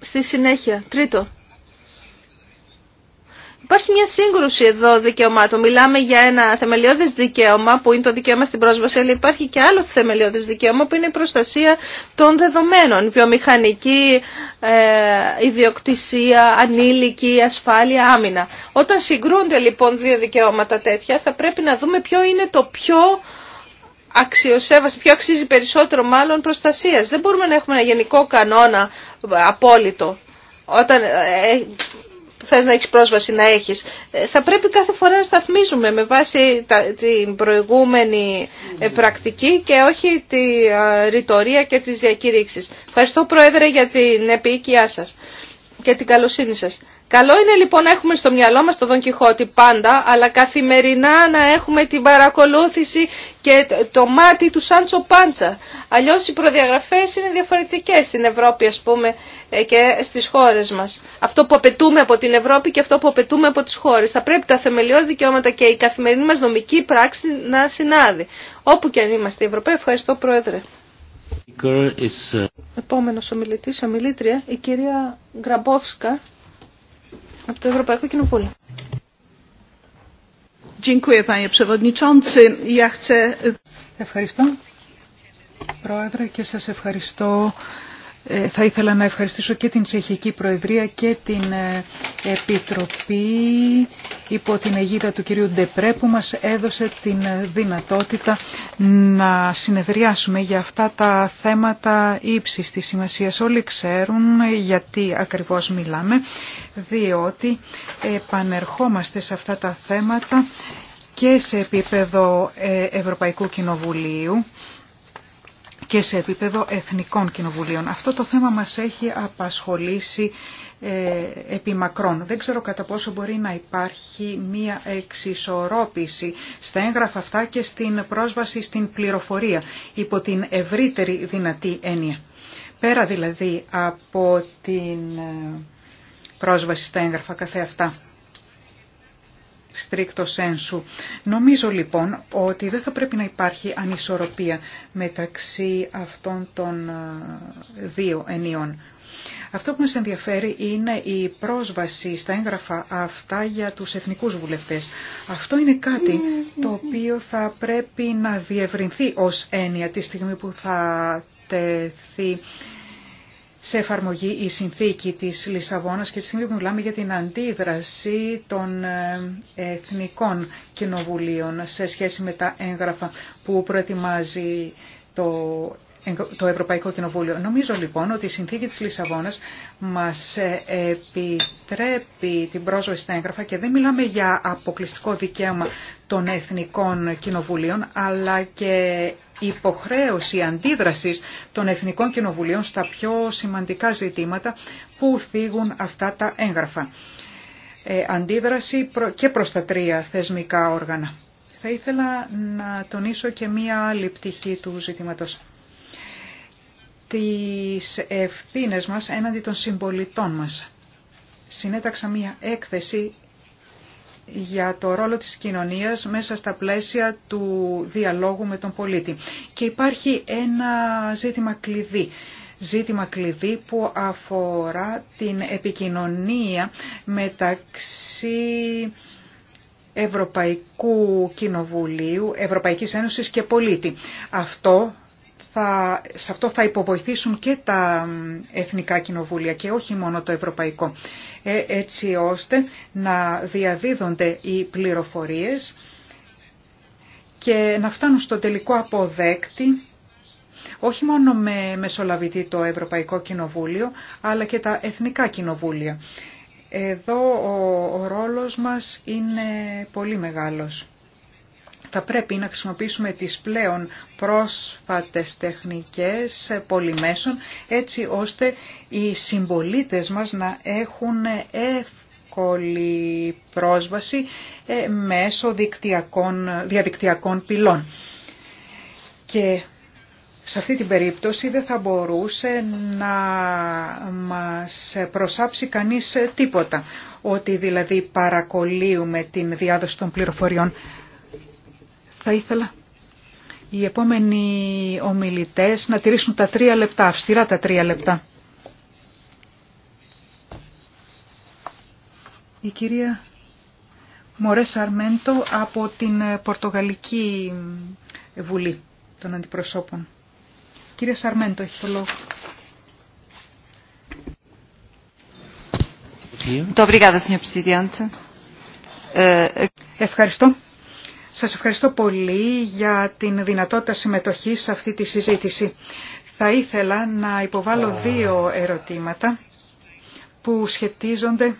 Στη συνέχεια, τρίτο, Υπάρχει μια σύγκρουση εδώ δικαιωμάτων. Μιλάμε για ένα θεμελιώδες δικαίωμα που είναι το δικαίωμα στην πρόσβαση, αλλά υπάρχει και άλλο θεμελιώδες δικαίωμα που είναι η προστασία των δεδομένων. βιομηχανική ε, ιδιοκτησία, ανήλικη, ασφάλεια, άμυνα. Όταν συγκρούνται λοιπόν δύο δικαιώματα τέτοια θα πρέπει να δούμε ποιο είναι το πιο αξιοσέβαση, ποιο αξίζει περισσότερο μάλλον προστασίας. Δεν μπορούμε να έχουμε ένα γενικό κανόνα απόλυτο. Όταν ε, θες να έχεις πρόσβαση να έχεις. Ε, θα πρέπει κάθε φορά να σταθμίζουμε με βάση την προηγούμενη ε, πρακτική και όχι τη ε, ρητορία και τις διακήρυξεις. Ευχαριστώ Πρόεδρε για την επίοικιά σας και την καλοσύνη σας. Καλό είναι λοιπόν να έχουμε στο μυαλό μας το Δον Κιχώτη πάντα, αλλά καθημερινά να έχουμε την παρακολούθηση και το μάτι του Σάντσο Πάντσα. Αλλιώς οι προδιαγραφές είναι διαφορετικές στην Ευρώπη ας πούμε ε, και στις χώρες μας. Αυτό που απαιτούμε από την Ευρώπη και αυτό που απαιτούμε από τις χώρες. Θα πρέπει τα θεμελιώδη δικαιώματα και η καθημερινή μας νομική πράξη να συνάδει. Όπου και αν είμαστε Ευρωπαίοι, ευχαριστώ Πρόεδρε. Ε, Επόμενος ομιλητής, ομιλήτρια, η κυρία Γκραμπόφσκα από το Ευρωπαϊκό Κοινοβούλιο. Ευχαριστώ, Πρόεδρε, και σας ευχαριστώ ε, θα ήθελα να ευχαριστήσω και την Τσεχική Προεδρία και την ε, Επιτροπή υπό την αιγίδα του κυρίου Ντεπρέ που μας έδωσε την ε, δυνατότητα να συνεδριάσουμε για αυτά τα θέματα ύψης της σημασίας. Όλοι ξέρουν γιατί ακριβώς μιλάμε, διότι επανερχόμαστε σε αυτά τα θέματα και σε επίπεδο Ευρωπαϊκού Κοινοβουλίου και σε επίπεδο εθνικών κοινοβουλίων. Αυτό το θέμα μας έχει απασχολήσει ε, μακρόν. Δεν ξέρω κατά πόσο μπορεί να υπάρχει μία εξισορρόπηση στα έγγραφα αυτά και στην πρόσβαση στην πληροφορία υπό την ευρύτερη δυνατή έννοια. Πέρα δηλαδή από την ε, πρόσβαση στα έγγραφα αυτά, στρίκτο σένσου. Νομίζω λοιπόν ότι δεν θα πρέπει να υπάρχει ανισορροπία μεταξύ αυτών των ε, δύο ενιών. Αυτό που μας ενδιαφέρει είναι η πρόσβαση στα έγγραφα αυτά για τους εθνικούς βουλευτές. Αυτό είναι κάτι το οποίο θα πρέπει να διευρυνθεί ως έννοια τη στιγμή που θα τεθεί σε εφαρμογή η συνθήκη της Λισαβόνας και τη στιγμή που μιλάμε για την αντίδραση των ε, εθνικών κοινοβουλίων σε σχέση με τα έγγραφα που προετοιμάζει το το Ευρωπαϊκό Κοινοβούλιο. Νομίζω λοιπόν ότι η συνθήκη της Λισαβόνας μας ε, επιτρέπει την πρόσβαση στα έγγραφα και δεν μιλάμε για αποκλειστικό δικαίωμα των εθνικών κοινοβουλίων, αλλά και υποχρέωση αντίδρασης των εθνικών κοινοβουλίων στα πιο σημαντικά ζητήματα που θίγουν αυτά τα έγγραφα. Ε, αντίδραση και προς τα τρία θεσμικά όργανα. Θα ήθελα να τονίσω και μία άλλη πτυχή του ζητήματος τις ευθύνες μας έναντι των συμπολιτών μας. Συνέταξα μία έκθεση για το ρόλο της κοινωνίας μέσα στα πλαίσια του διαλόγου με τον πολίτη. Και υπάρχει ένα ζήτημα κλειδί. Ζήτημα κλειδί που αφορά την επικοινωνία μεταξύ Ευρωπαϊκού Κοινοβουλίου, Ευρωπαϊκής Ένωσης και πολίτη. Αυτό θα, σε αυτό θα υποβοηθήσουν και τα εθνικά κοινοβούλια και όχι μόνο το ευρωπαϊκό, ε, έτσι ώστε να διαδίδονται οι πληροφορίες και να φτάνουν στο τελικό αποδέκτη όχι μόνο με μεσολαβητή το Ευρωπαϊκό Κοινοβούλιο, αλλά και τα Εθνικά Κοινοβούλια. Εδώ ο, ο ρόλος μας είναι πολύ μεγάλος θα πρέπει να χρησιμοποιήσουμε τις πλέον πρόσφατες τεχνικές πολυμέσων έτσι ώστε οι συμπολίτες μας να έχουν εύκολη πρόσβαση ε, μέσω διαδικτυακών πυλών. Και σε αυτή την περίπτωση δεν θα μπορούσε να μας προσάψει κανείς τίποτα, ότι δηλαδή παρακολύουμε την διάδοση των πληροφοριών. Θα ήθελα οι επόμενοι ομιλητές να τηρήσουν τα τρία λεπτά, αυστηρά τα τρία λεπτά. Η κυρία Μωρέ Σαρμέντο από την Πορτογαλική Βουλή των Αντιπροσώπων. Κύριε Σαρμέντο έχει το λόγο. Ευχαριστώ. Σας ευχαριστώ πολύ για την δυνατότητα συμμετοχής σε αυτή τη συζήτηση. Θα ήθελα να υποβάλω δύο ερωτήματα που σχετίζονται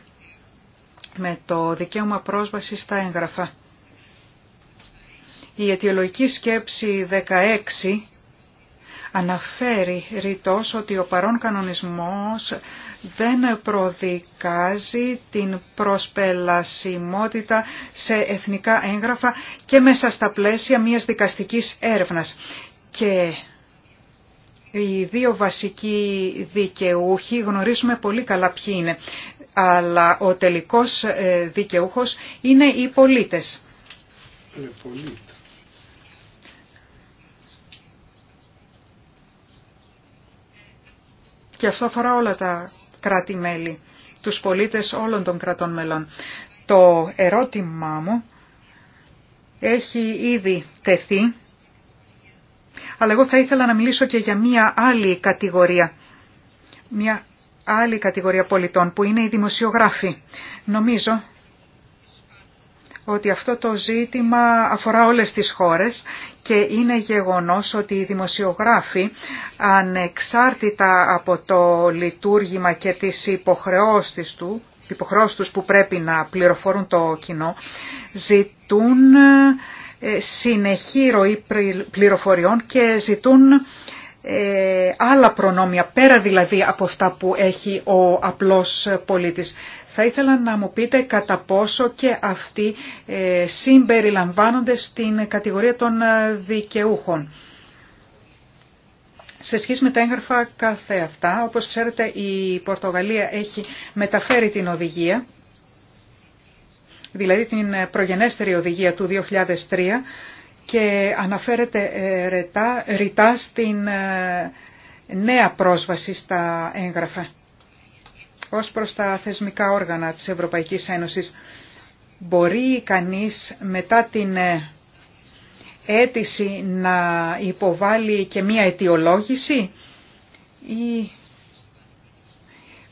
με το δικαίωμα πρόσβαση στα έγγραφα. Η αιτιολογική σκέψη 16 αναφέρει ρητός ότι ο παρόν κανονισμός δεν προδικάζει την προσπελασιμότητα σε εθνικά έγγραφα και μέσα στα πλαίσια μιας δικαστικής έρευνας. Και οι δύο βασικοί δικαιούχοι γνωρίζουμε πολύ καλά ποιοι είναι, αλλά ο τελικός ε, δικαιούχος είναι οι πολίτες. και αυτό αφορά όλα τα κράτη-μέλη, τους πολίτες όλων των κρατών μελών. Το ερώτημά μου έχει ήδη τεθεί, αλλά εγώ θα ήθελα να μιλήσω και για μία άλλη κατηγορία, μία άλλη κατηγορία πολιτών που είναι οι δημοσιογράφοι. Νομίζω ότι αυτό το ζήτημα αφορά όλες τις χώρες και είναι γεγονός ότι οι δημοσιογράφοι ανεξάρτητα από το λειτουργήμα και τις υποχρεώσεις του, υποχρεώσεις τους που πρέπει να πληροφορούν το κοινό, ζητούν ε, συνεχή ροή πληροφοριών και ζητούν ε, άλλα προνόμια, πέρα δηλαδή από αυτά που έχει ο απλός πολίτης. Θα ήθελα να μου πείτε κατά πόσο και αυτοί ε, συμπεριλαμβάνονται στην κατηγορία των ε, δικαιούχων. Σε σχέση με τα έγγραφα κάθε αυτά, όπως ξέρετε η Πορτογαλία έχει μεταφέρει την οδηγία, δηλαδή την προγενέστερη οδηγία του 2003 και αναφέρεται ε, ρητά στην νέα πρόσβαση στα έγγραφα ως προς τα θεσμικά όργανα της Ευρωπαϊκής Ένωσης. Μπορεί κανείς μετά την ε, αίτηση να υποβάλει και μία αιτιολόγηση ή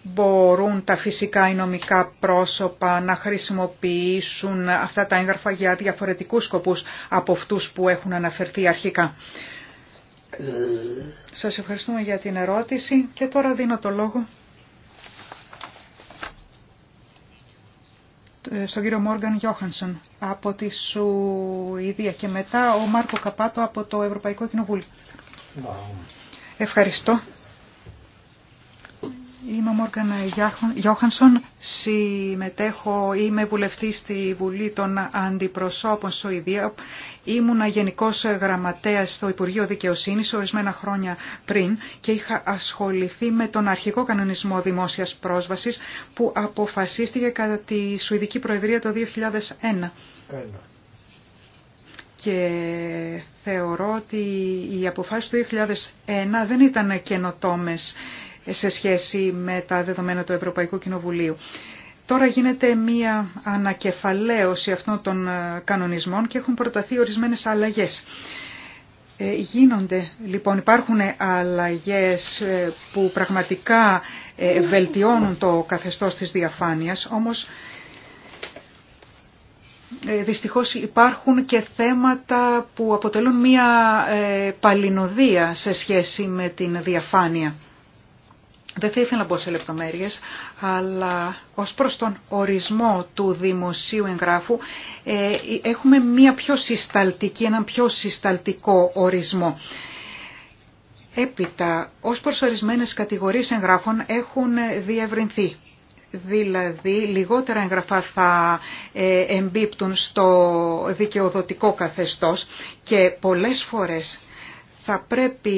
μπορούν τα φυσικά ή νομικά πρόσωπα να χρησιμοποιήσουν αυτά τα έγγραφα για διαφορετικούς σκοπούς από αυτούς που έχουν αναφερθεί αρχικά. Ε. Σας ευχαριστούμε για την ερώτηση και τώρα δίνω το λόγο στον κύριο Μόργαν Γιώχανσον από τη Σουηδία και μετά ο Μάρκο Καπάτο από το Ευρωπαϊκό Κοινοβούλιο. Ευχαριστώ. Είμαι ο Μόργαν Γιώχανσον, συμμετέχω, είμαι βουλευτή στη Βουλή των Αντιπροσώπων Σουηδία. Ήμουνα γενικός γραμματέας στο Υπουργείο Δικαιοσύνης ορισμένα χρόνια πριν και είχα ασχοληθεί με τον αρχικό κανονισμό δημόσιας πρόσβασης που αποφασίστηκε κατά τη Σουηδική Προεδρία το 2001. Και θεωρώ ότι οι αποφάσεις του 2001 δεν ήταν καινοτόμες σε σχέση με τα δεδομένα του Ευρωπαϊκού Κοινοβουλίου. Τώρα γίνεται μία ανακεφαλαίωση αυτών των ε, κανονισμών και έχουν προταθεί ορισμένες αλλαγές. Ε, γίνονται, λοιπόν, υπάρχουν αλλαγές ε, που πραγματικά βελτιώνουν το καθεστώς της διαφάνειας, όμως δυστυχώς υπάρχουν και θέματα που αποτελούν μία παλινοδία σε σχέση με την διαφάνεια. Δεν θα ήθελα να μπω σε λεπτομέρειες, αλλά ως προς τον ορισμό του δημοσίου εγγράφου ε, έχουμε μια πιο συσταλτική, έναν πιο συσταλτικό ορισμό. Έπειτα, ως προς ορισμένες κατηγορίες εγγράφων έχουν διευρυνθεί. Δηλαδή, λιγότερα εγγραφά θα ε, εμπίπτουν στο δικαιοδοτικό καθεστώς και πολλές φορές θα πρέπει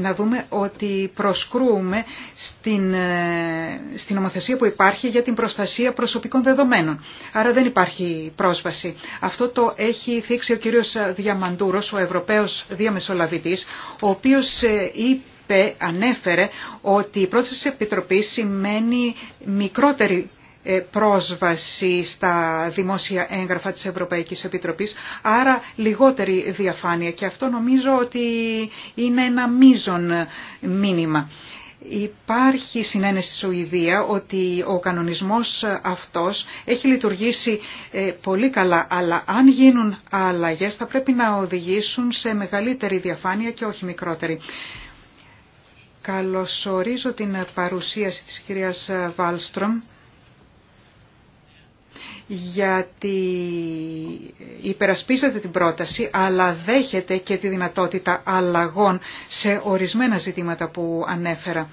να δούμε ότι προσκρούμε στην, ε, στην νομοθεσία που υπάρχει για την προστασία προσωπικών δεδομένων. Άρα δεν υπάρχει πρόσβαση. Αυτό το έχει θίξει ο κύριος Διαμαντούρος, ο Ευρωπαίος Διαμεσολαβητής, ο οποίος ε, είπε, ανέφερε ότι η πρόταση της Επιτροπής σημαίνει μικρότερη ε, πρόσβαση στα δημόσια έγγραφα της Ευρωπαϊκής Επιτροπής, άρα λιγότερη διαφάνεια και αυτό νομίζω ότι είναι ένα μείζον μήνυμα. Υπάρχει συνένεση στη Σουηδία ότι ο κανονισμός αυτός έχει λειτουργήσει ε, πολύ καλά, αλλά αν γίνουν αλλαγές θα πρέπει να οδηγήσουν σε μεγαλύτερη διαφάνεια και όχι μικρότερη. Καλωσορίζω την παρουσίαση της κυρίας Βάλστρομ γιατί υπερασπίζεται την πρόταση αλλά δέχεται και τη δυνατότητα αλλαγών σε ορισμένα ζητήματα που ανέφερα.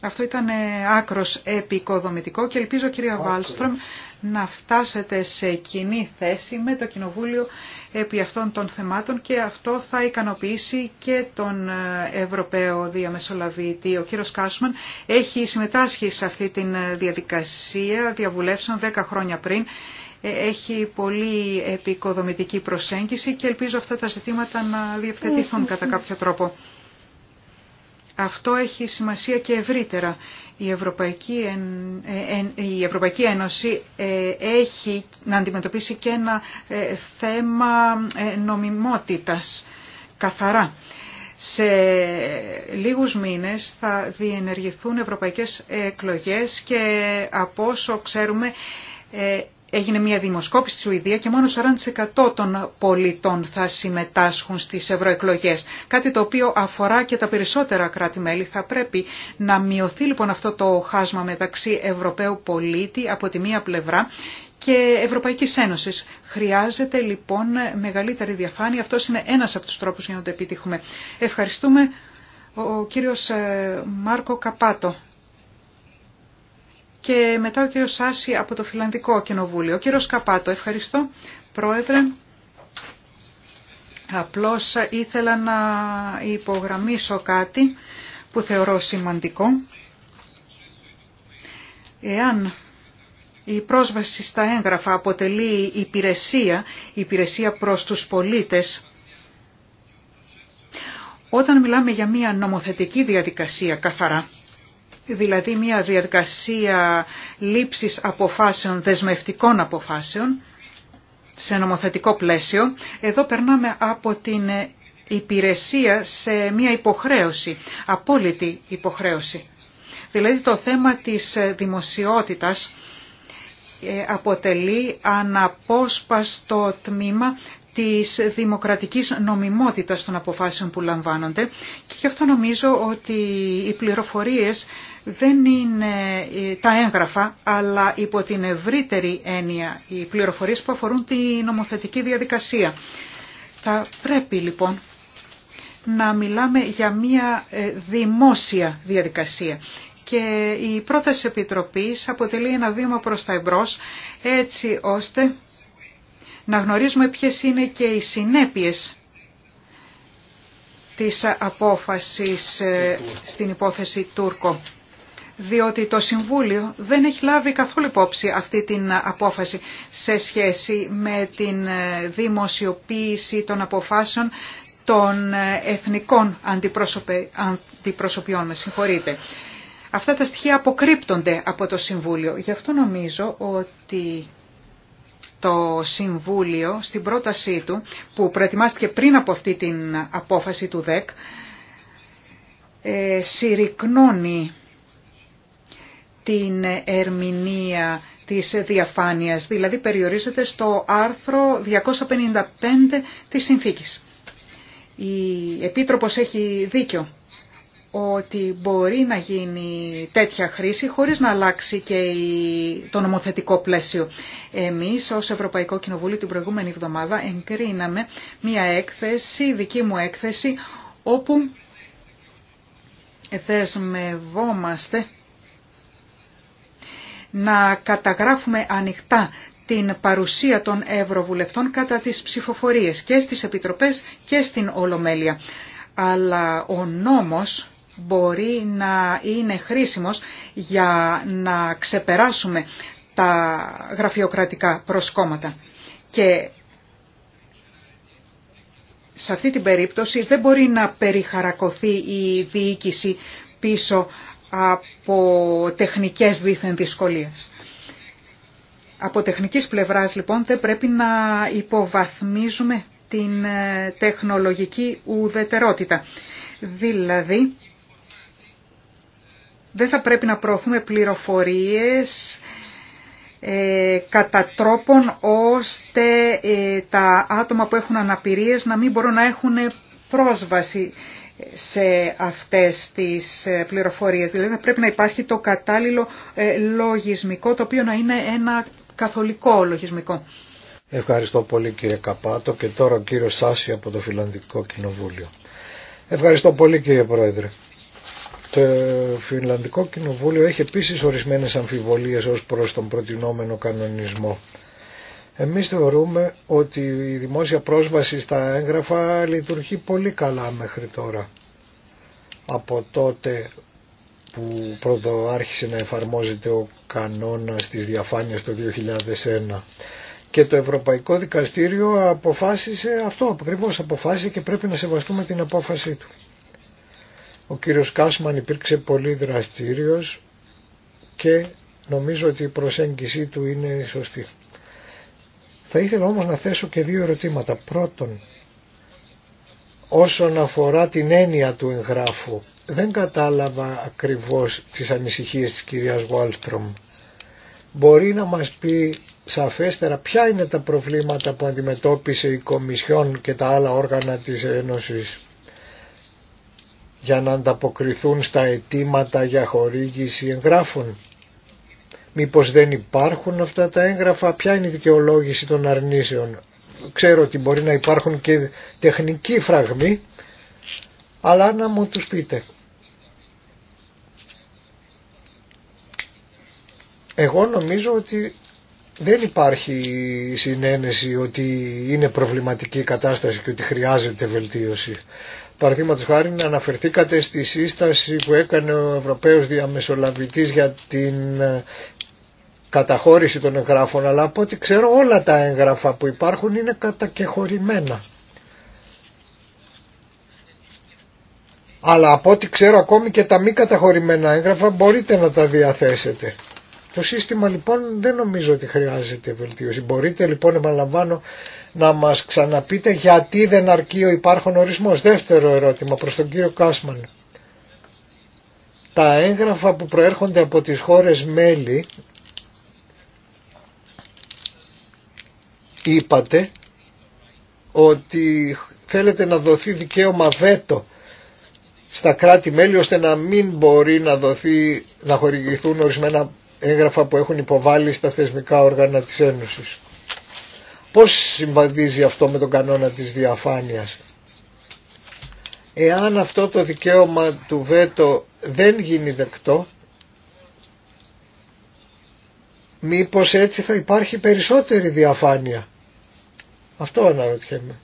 Αυτό ήταν ε, άκρος επικοδομητικό και ελπίζω κυρία Βάλστρομ να φτάσετε σε κοινή θέση με το Κοινοβούλιο επί αυτών των θεμάτων και αυτό θα ικανοποιήσει και τον ε, Ευρωπαίο Διαμεσολαβητή. Ο κύριος Κάσμαν έχει συμμετάσχει σε αυτή τη ε, διαδικασία διαβουλεύσεων 10 χρόνια πριν. Ε, έχει πολύ επικοδομητική προσέγγιση και ελπίζω αυτά τα ζητήματα να διευθετηθούν κατά κάποιο τρόπο. Αυτό έχει σημασία και ευρύτερα. Η Ευρωπαϊκή, ε, ε, η Ευρωπαϊκή Ένωση ε, έχει να αντιμετωπίσει και ένα θέμα νομιμότητας καθαρά. Σε λίγους μήνες θα διενεργηθούν ευρωπαϊκές εκλογές και από όσο ξέρουμε Έγινε μια δημοσκόπηση στη Σουηδία και μόνο 40% των πολιτών θα συμμετάσχουν στις ευρωεκλογές. Κάτι το οποίο αφορά και τα περισσότερα κράτη-μέλη. Θα πρέπει να μειωθεί λοιπόν αυτό το χάσμα μεταξύ Ευρωπαίου πολίτη από τη μία πλευρά και ευρωπαϊκή Ένωση. Χρειάζεται λοιπόν μεγαλύτερη διαφάνεια. Αυτό είναι ένα από του τρόπου για να το επιτύχουμε. Ευχαριστούμε ο κύριος ε, Μάρκο Καπάτο και μετά ο κύριος Σάση από το Φιλανδικό Κοινοβούλιο. Ο κύριος Καπάτο, ευχαριστώ. Πρόεδρε, απλώς ήθελα να υπογραμμίσω κάτι που θεωρώ σημαντικό. Εάν η πρόσβαση στα έγγραφα αποτελεί υπηρεσία, υπηρεσία προς τους πολίτες, όταν μιλάμε για μια νομοθετική διαδικασία καθαρά, δηλαδή μια διαργασία λήψης αποφάσεων, δεσμευτικών αποφάσεων, σε νομοθετικό πλαίσιο, εδώ περνάμε από την υπηρεσία σε μια υποχρέωση, απόλυτη υποχρέωση. Δηλαδή το θέμα της δημοσιότητας ε, αποτελεί αναπόσπαστο τμήμα της δημοκρατικής νομιμότητας των αποφάσεων που λαμβάνονται και γι' αυτό νομίζω ότι οι πληροφορίες δεν είναι ε, τα έγγραφα, αλλά υπό την ευρύτερη έννοια οι πληροφορίες που αφορούν την νομοθετική διαδικασία. Θα πρέπει λοιπόν να μιλάμε για μια ε, δημόσια διαδικασία και η πρόταση επιτροπής αποτελεί ένα βήμα προς τα εμπρός έτσι ώστε να γνωρίζουμε ποιες είναι και οι συνέπειες της απόφασης ε, στην υπόθεση Τούρκο διότι το Συμβούλιο δεν έχει λάβει καθόλου υπόψη αυτή την απόφαση σε σχέση με την ε, δημοσιοποίηση των αποφάσεων των ε, εθνικών αντιπροσωπιών. Με συγχωρείτε. Αυτά τα στοιχεία αποκρύπτονται από το Συμβούλιο. Γι' αυτό νομίζω ότι το Συμβούλιο στην πρότασή του που προετοιμάστηκε πριν από αυτή την απόφαση του ΔΕΚ ε, συρρυκνώνει την ερμηνεία της διαφάνειας, δηλαδή περιορίζεται στο άρθρο 255 της συνθήκης. Η Επίτροπος έχει δίκιο ότι μπορεί να γίνει τέτοια χρήση χωρίς να αλλάξει και το νομοθετικό πλαίσιο. Εμείς ως Ευρωπαϊκό Κοινοβούλιο την προηγούμενη εβδομάδα εγκρίναμε μία έκθεση, δική μου έκθεση, όπου δεσμευόμαστε να καταγράφουμε ανοιχτά την παρουσία των Ευρωβουλευτών κατά τις ψηφοφορίες και στις Επιτροπές και στην Ολομέλεια. Αλλά ο νόμος μπορεί να είναι χρήσιμος για να ξεπεράσουμε τα γραφειοκρατικά προσκόμματα. Και σε αυτή την περίπτωση δεν μπορεί να περιχαρακωθεί η διοίκηση πίσω από τεχνικές δίθεν δυσκολίες. Από τεχνικής πλευράς λοιπόν δεν πρέπει να υποβαθμίζουμε την ε, τεχνολογική ουδετερότητα. Δηλαδή δεν θα πρέπει να προωθούμε πληροφορίες ε, κατά τρόπον ώστε ε, τα άτομα που έχουν αναπηρίες να μην μπορούν να έχουν πρόσβαση σε αυτές τις ε, πληροφορίες. Δηλαδή πρέπει να υπάρχει το κατάλληλο ε, λογισμικό, το οποίο να είναι ένα καθολικό λογισμικό. Ευχαριστώ πολύ κύριε Καπάτο και τώρα ο κύριος Σάση από το Φιλανδικό Κοινοβούλιο. Ευχαριστώ πολύ κύριε Πρόεδρε. Το Φιλανδικό Κοινοβούλιο έχει επίσης ορισμένες αμφιβολίες ως προς τον προτινόμενο κανονισμό εμείς θεωρούμε ότι η δημόσια πρόσβαση στα έγγραφα λειτουργεί πολύ καλά μέχρι τώρα. Από τότε που πρώτο άρχισε να εφαρμόζεται ο κανόνας της διαφάνειας το 2001 και το Ευρωπαϊκό Δικαστήριο αποφάσισε αυτό, ακριβώ αποφάσισε και πρέπει να σεβαστούμε την απόφασή του. Ο κύριος Κάσμαν υπήρξε πολύ δραστήριος και νομίζω ότι η προσέγγιση του είναι σωστή. Θα ήθελα όμως να θέσω και δύο ερωτήματα. Πρώτον, όσον αφορά την έννοια του εγγράφου, δεν κατάλαβα ακριβώς τις ανησυχίες της κυρίας Γουάλτρομ. Μπορεί να μας πει σαφέστερα ποια είναι τα προβλήματα που αντιμετώπισε η Κομισιόν και τα άλλα όργανα της Ένωσης για να ανταποκριθούν στα αιτήματα για χορήγηση εγγράφων. Μήπως δεν υπάρχουν αυτά τα έγγραφα, ποια είναι η δικαιολόγηση των αρνήσεων. Ξέρω ότι μπορεί να υπάρχουν και τεχνικοί φραγμοί, αλλά να μου τους πείτε. Εγώ νομίζω ότι δεν υπάρχει συνένεση ότι είναι προβληματική η κατάσταση και ότι χρειάζεται βελτίωση. Παραδείγματο χάρη να αναφερθήκατε στη σύσταση που έκανε ο Ευρωπαίος Διαμεσολαβητής για την καταχώρηση των εγγράφων, αλλά από ό,τι ξέρω όλα τα έγγραφα που υπάρχουν είναι κατακεχωρημένα. Αλλά από ό,τι ξέρω ακόμη και τα μη καταχωρημένα έγγραφα μπορείτε να τα διαθέσετε. Το σύστημα λοιπόν δεν νομίζω ότι χρειάζεται βελτίωση. Μπορείτε λοιπόν επαναλαμβάνω να μας ξαναπείτε γιατί δεν αρκεί ο υπάρχον ορισμός. Δεύτερο ερώτημα προς τον κύριο Κάσμαν. Τα έγγραφα που προέρχονται από τις χώρες μέλη είπατε ότι θέλετε να δοθεί δικαίωμα βέτο στα κράτη-μέλη ώστε να μην μπορεί να, δοθεί, να χορηγηθούν ορισμένα έγγραφα που έχουν υποβάλει στα θεσμικά όργανα της Ένωσης. Πώς συμβαδίζει αυτό με τον κανόνα της διαφάνειας. Εάν αυτό το δικαίωμα του βέτο δεν γίνει δεκτό, μήπως έτσι θα υπάρχει περισσότερη διαφάνεια. Αυτό αναρωτιέμαι.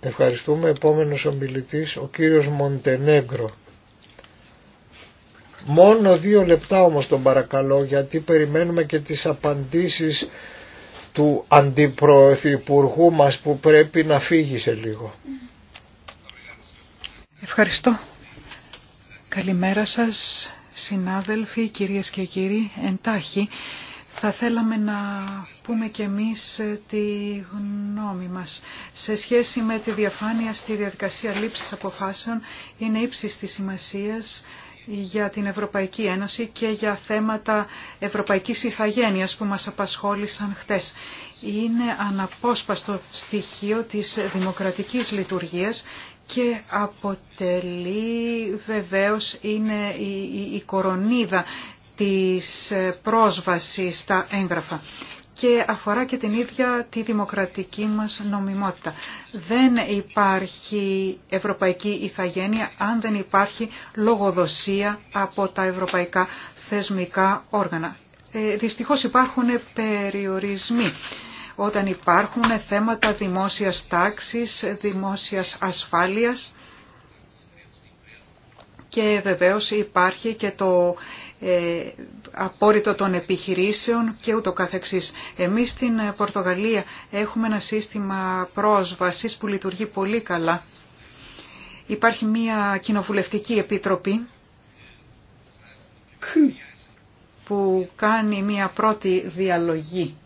Ευχαριστούμε. Επόμενος ομιλητής, ο κύριος Μοντενέγκρο. Μόνο δύο λεπτά όμως τον παρακαλώ γιατί περιμένουμε και τις απαντήσεις του αντιπροθυπουργού μας που πρέπει να φύγει σε λίγο. Ευχαριστώ. Καλημέρα σας συνάδελφοι, κυρίες και κύριοι. Εντάχει θα θέλαμε να πούμε και εμείς ε, τη γνώμη μας. Σε σχέση με τη διαφάνεια στη διαδικασία λήψης αποφάσεων είναι ύψης της σημασίας για την Ευρωπαϊκή Ένωση και για θέματα ευρωπαϊκής ηθαγένειας που μας απασχόλησαν χτες. Είναι αναπόσπαστο στοιχείο της δημοκρατικής λειτουργίας και αποτελεί βεβαίως είναι η, η, η κορονίδα της πρόσβασης στα έγγραφα και αφορά και την ίδια τη δημοκρατική μας νομιμότητα. Δεν υπάρχει ευρωπαϊκή ηθαγένεια αν δεν υπάρχει λογοδοσία από τα ευρωπαϊκά θεσμικά όργανα. Ε, δυστυχώς υπάρχουν περιορισμοί όταν υπάρχουν θέματα δημόσιας τάξης, δημόσιας ασφάλειας και βεβαίως υπάρχει και το ε, απόρριτο των επιχειρήσεων και ούτω καθεξής. Εμείς στην Πορτογαλία έχουμε ένα σύστημα πρόσβασης που λειτουργεί πολύ καλά. Υπάρχει μια κοινοβουλευτική επιτροπή που κάνει μια πρώτη διαλογή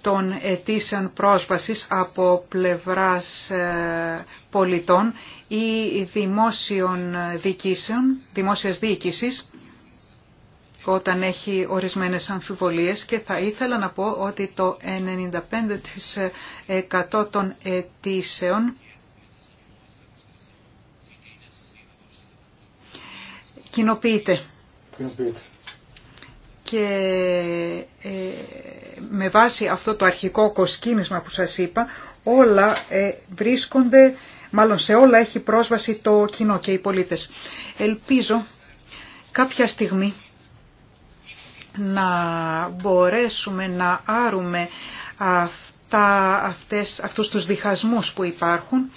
των αιτήσεων πρόσβασης από πλευράς ε, πολιτών ή δημόσιων διοικήσεων, δημόσιας διοίκησης, όταν έχει ορισμένες αμφιβολίες και θα ήθελα να πω ότι το 95% των αιτήσεων κοινοποιείται. Και ε, με βάση αυτό το αρχικό κοσκίνισμα που σας είπα, όλα ε, βρίσκονται Μάλλον σε όλα έχει πρόσβαση το κοινό και οι πολίτες. Ελπίζω κάποια στιγμή να μπορέσουμε να άρουμε αυτά, αυτές, αυτούς τους διχασμούς που υπάρχουν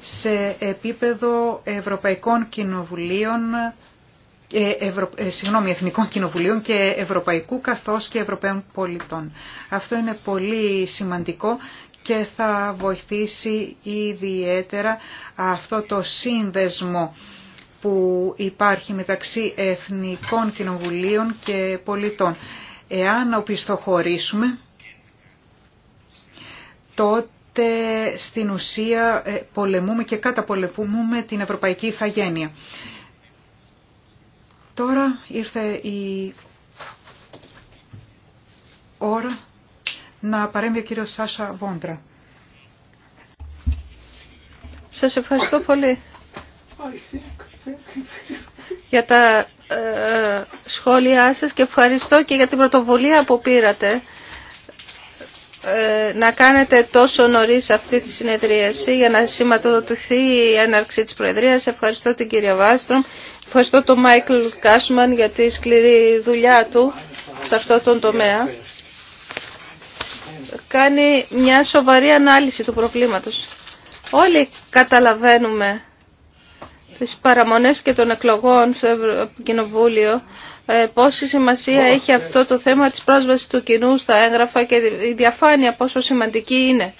σε επίπεδο Ευρωπαϊκών Κοινοβουλίων, ε, Ευρω, ε, Εθνικών Κοινοβουλίων και Ευρωπαϊκού καθώς και Ευρωπαίων πολιτών. Αυτό είναι πολύ σημαντικό και θα βοηθήσει ιδιαίτερα αυτό το σύνδεσμο που υπάρχει μεταξύ εθνικών κοινοβουλίων και πολιτών. Εάν οπισθοχωρήσουμε, τότε στην ουσία ε, πολεμούμε και καταπολεμούμε την ευρωπαϊκή ηθαγένεια. Τώρα ήρθε η ώρα να παρέμβει ο κύριο Σάσα Βόντρα. Σα ευχαριστώ πολύ για τα ε, σχόλιά σας και ευχαριστώ και για την πρωτοβουλία που πήρατε ε, να κάνετε τόσο νωρίς αυτή τη συνεδρίαση για να σηματοδοτηθεί η έναρξη της Προεδρίας. Ευχαριστώ την κυρία Βάστρομ, ευχαριστώ τον Μάικλ Κάσμαν για τη σκληρή δουλειά του σε αυτό τον τομέα κάνει μια σοβαρή ανάλυση του προβλήματος. Όλοι καταλαβαίνουμε τις παραμονές και των εκλογών στο Κοινοβούλιο, ε, πόση σημασία έχει αυτό το θέμα της πρόσβασης του κοινού στα έγγραφα και η διαφάνεια πόσο σημαντική είναι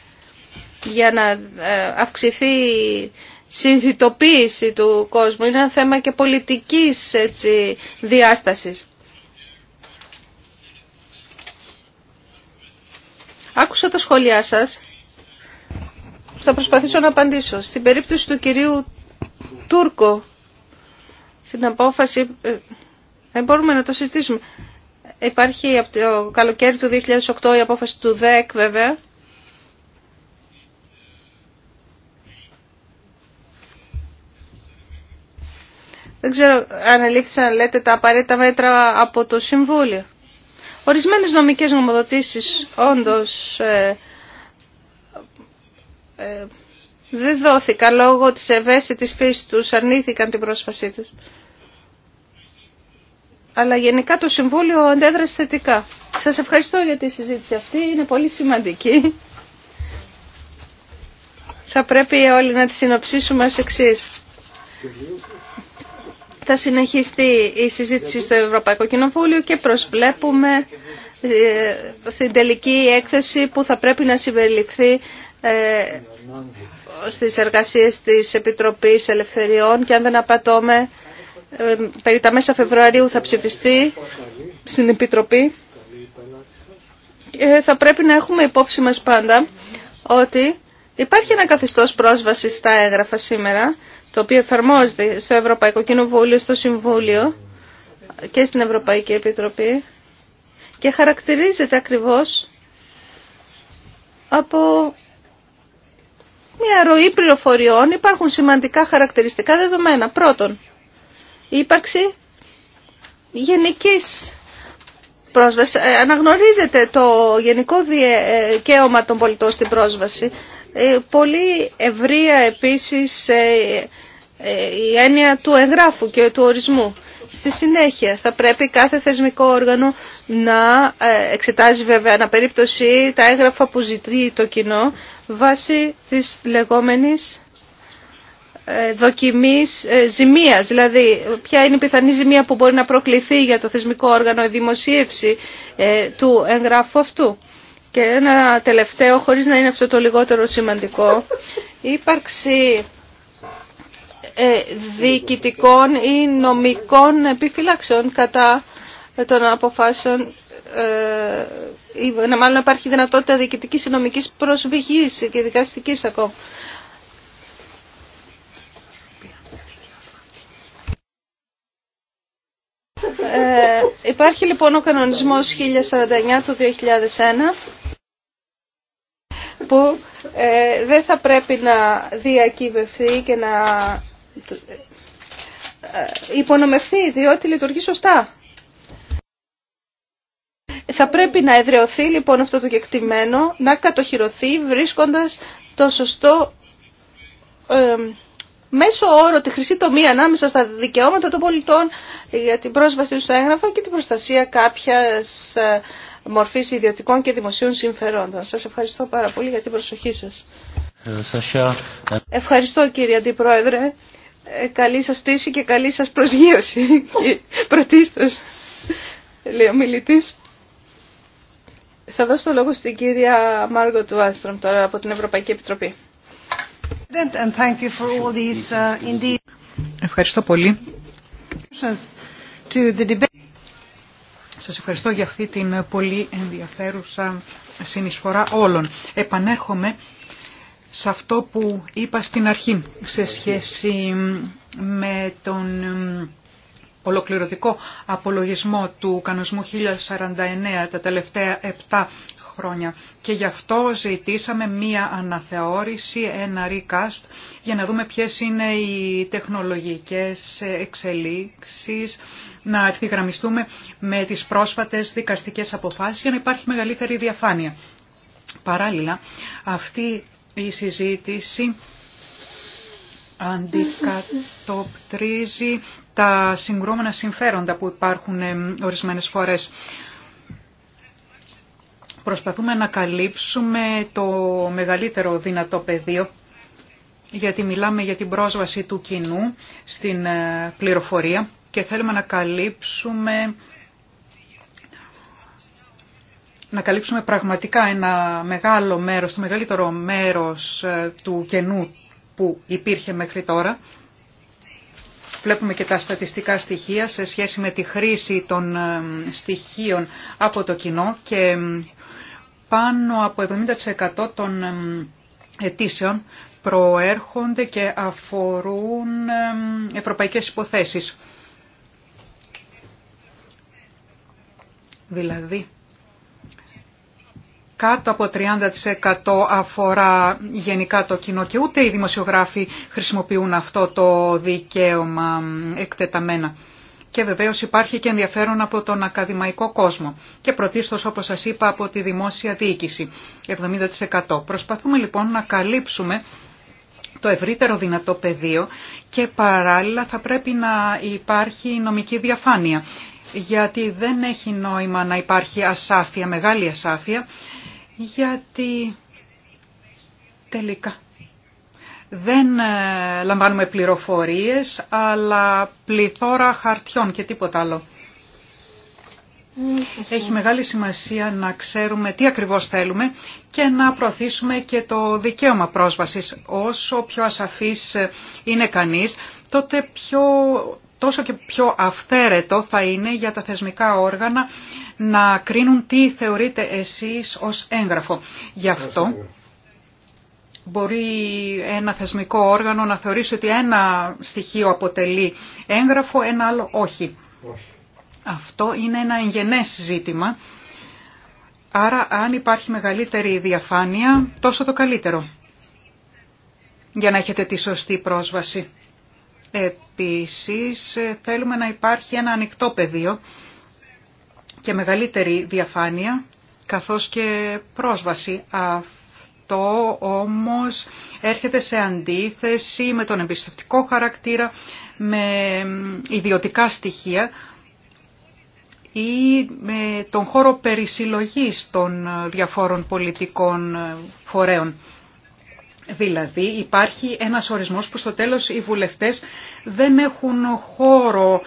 για να ε, αυξηθεί η συνθητοποίηση του κόσμου. Είναι ένα θέμα και πολιτικής έτσι, διάστασης. Άκουσα τα σχόλιά σας. Θα προσπαθήσω να απαντήσω. Στην περίπτωση του κυρίου Τούρκο, στην απόφαση, δεν ε, μπορούμε να το συζητήσουμε. Υπάρχει από το καλοκαίρι του 2008 η απόφαση του ΔΕΚ βέβαια. Δεν ξέρω αν ελήφθησαν, λέτε, τα απαραίτητα μέτρα από το Συμβούλιο. Ορισμένες νομικές νομοδοτήσεις όντως ε, ε δεν δόθηκαν λόγω της ευαίσθητης φύσης τους, αρνήθηκαν την πρόσφασή τους. Αλλά γενικά το Συμβούλιο αντέδρασε θετικά. Σας ευχαριστώ για τη συζήτηση αυτή, είναι πολύ σημαντική. Θα πρέπει όλοι να τη συνοψίσουμε ως εξής. Θα συνεχιστεί η συζήτηση στο Ευρωπαϊκό Κοινοβούλιο και προσβλέπουμε ε, στην τελική έκθεση που θα πρέπει να συμπεριληφθεί ε, στις εργασίες της Επιτροπής Ελευθεριών και αν δεν απατώμε ε, περί τα μέσα Φεβρουαρίου θα ψηφιστεί στην Επιτροπή θα πρέπει να έχουμε υπόψη μας πάντα ότι υπάρχει ένα καθεστώς πρόσβασης στα έγγραφα σήμερα το οποίο εφαρμόζεται στο Ευρωπαϊκό Κοινοβούλιο, στο Συμβούλιο και στην Ευρωπαϊκή Επιτροπή και χαρακτηρίζεται ακριβώς από μια ροή πληροφοριών. Υπάρχουν σημαντικά χαρακτηριστικά δεδομένα. Πρώτον, η ύπαρξη γενικής πρόσβαση. Ε, αναγνωρίζεται το γενικό δικαίωμα των πολιτών στην πρόσβαση. Ε, πολύ ευρεία επίσης ε, ε, η έννοια του εγγράφου και του ορισμού. Στη συνέχεια θα πρέπει κάθε θεσμικό όργανο να ε, εξετάζει βέβαια περίπτωση τα έγγραφα που ζητεί το κοινό βάσει της λεγόμενης ε, δοκιμής ζημίας, δηλαδή ποια είναι η πιθανή ζημία που μπορεί να προκληθεί για το θεσμικό όργανο η δημοσίευση του εγγράφου αυτού. Και ένα τελευταίο, χωρίς να είναι αυτό το λιγότερο σημαντικό, η ύπαρξη ε, διοικητικών ή νομικών επιφυλάξεων κατά των αποφάσεων ε, ή μάλλον υπάρχει δυνατότητα διοικητικής ή νομικής προσβηγής και δικαστικής ακόμα. Ε, υπάρχει λοιπόν ο κανονισμός 1049 του 2001 που δεν θα πρέπει να διακυβευτεί και να υπονομευθεί διότι λειτουργεί σωστά. Θα πρέπει να εδραιωθεί λοιπόν αυτό το κεκτημένο, να κατοχυρωθεί βρίσκοντας το σωστό ε, μέσο όρο, τη χρυσή τομή ανάμεσα στα δικαιώματα των πολιτών για την πρόσβαση του έγγραφα και την προστασία κάποιας ε, μορφής ιδιωτικών και δημοσίων συμφερόντων. Σας ευχαριστώ πάρα πολύ για την προσοχή σας. Ε, ε, ευχαριστώ κύριε Αντιπρόεδρε. Ε, καλή σας πτήση και καλή σας προσγείωση. Πρωτίστως, λέει ο μιλητής. Θα δώσω το λόγο στην κυρία Μάργο του τώρα από την Ευρωπαϊκή Επιτροπή. Uh, ευχαριστώ πολύ. Σας ευχαριστώ για αυτή την πολύ ενδιαφέρουσα συνεισφορά όλων. Επανέρχομαι σε αυτό που είπα στην αρχή σε σχέση με τον ολοκληρωτικό απολογισμό του κανονισμού 1049 τα τελευταία 7 χρόνια και γι' αυτό ζητήσαμε μία αναθεώρηση, ένα recast για να δούμε ποιες είναι οι τεχνολογικές εξελίξεις, να ευθυγραμμιστούμε με τις πρόσφατες δικαστικές αποφάσεις για να υπάρχει μεγαλύτερη διαφάνεια. Παράλληλα, αυτή η συζήτηση αντικατοπτρίζει τα συγκρόμενα συμφέροντα που υπάρχουν ορισμένες φορές. Προσπαθούμε να καλύψουμε το μεγαλύτερο δυνατό πεδίο, γιατί μιλάμε για την πρόσβαση του κοινού στην ε, πληροφορία και θέλουμε να καλύψουμε να καλύψουμε πραγματικά ένα μεγάλο μέρος, το μεγαλύτερο μέρος ε, του κενού που υπήρχε μέχρι τώρα. Βλέπουμε και τα στατιστικά στοιχεία σε σχέση με τη χρήση των ε, στοιχείων από το κοινό και ε, πάνω από 70% των αιτήσεων προέρχονται και αφορούν ευρωπαϊκές υποθέσεις. Δηλαδή, κάτω από 30% αφορά γενικά το κοινό και ούτε οι δημοσιογράφοι χρησιμοποιούν αυτό το δικαίωμα εκτεταμένα. Και βεβαίως υπάρχει και ενδιαφέρον από τον ακαδημαϊκό κόσμο και πρωτίστως όπως σας είπα από τη δημόσια διοίκηση 70%. Προσπαθούμε λοιπόν να καλύψουμε το ευρύτερο δυνατό πεδίο και παράλληλα θα πρέπει να υπάρχει νομική διαφάνεια γιατί δεν έχει νόημα να υπάρχει ασάφεια, μεγάλη ασάφεια γιατί τελικά δεν ε, λαμβάνουμε πληροφορίες, αλλά πληθώρα χαρτιών και τίποτα άλλο. Έχει μεγάλη σημασία να ξέρουμε τι ακριβώς θέλουμε και να προωθήσουμε και το δικαίωμα πρόσβασης. Όσο πιο ασαφής ε, είναι κανείς, τότε πιο, τόσο και πιο αυθαίρετο θα είναι για τα θεσμικά όργανα να κρίνουν τι θεωρείτε εσείς ως έγγραφο. Γι' αυτό μπορεί ένα θεσμικό όργανο να θεωρήσει ότι ένα στοιχείο αποτελεί έγγραφο, ένα άλλο όχι. Αυτό είναι ένα εγγενές ζήτημα. Άρα αν υπάρχει μεγαλύτερη διαφάνεια, τόσο το καλύτερο. Για να έχετε τη σωστή πρόσβαση. Επίσης ε, θέλουμε να υπάρχει ένα ανοιχτό πεδίο και μεγαλύτερη διαφάνεια καθώς και πρόσβαση. Αυτό όμως έρχεται σε αντίθεση με τον εμπιστευτικό χαρακτήρα, με ιδιωτικά στοιχεία ή με τον χώρο περισυλλογής των διαφόρων πολιτικών φορέων. Δηλαδή υπάρχει ένας ορισμός που στο τέλος οι βουλευτές δεν έχουν χώρο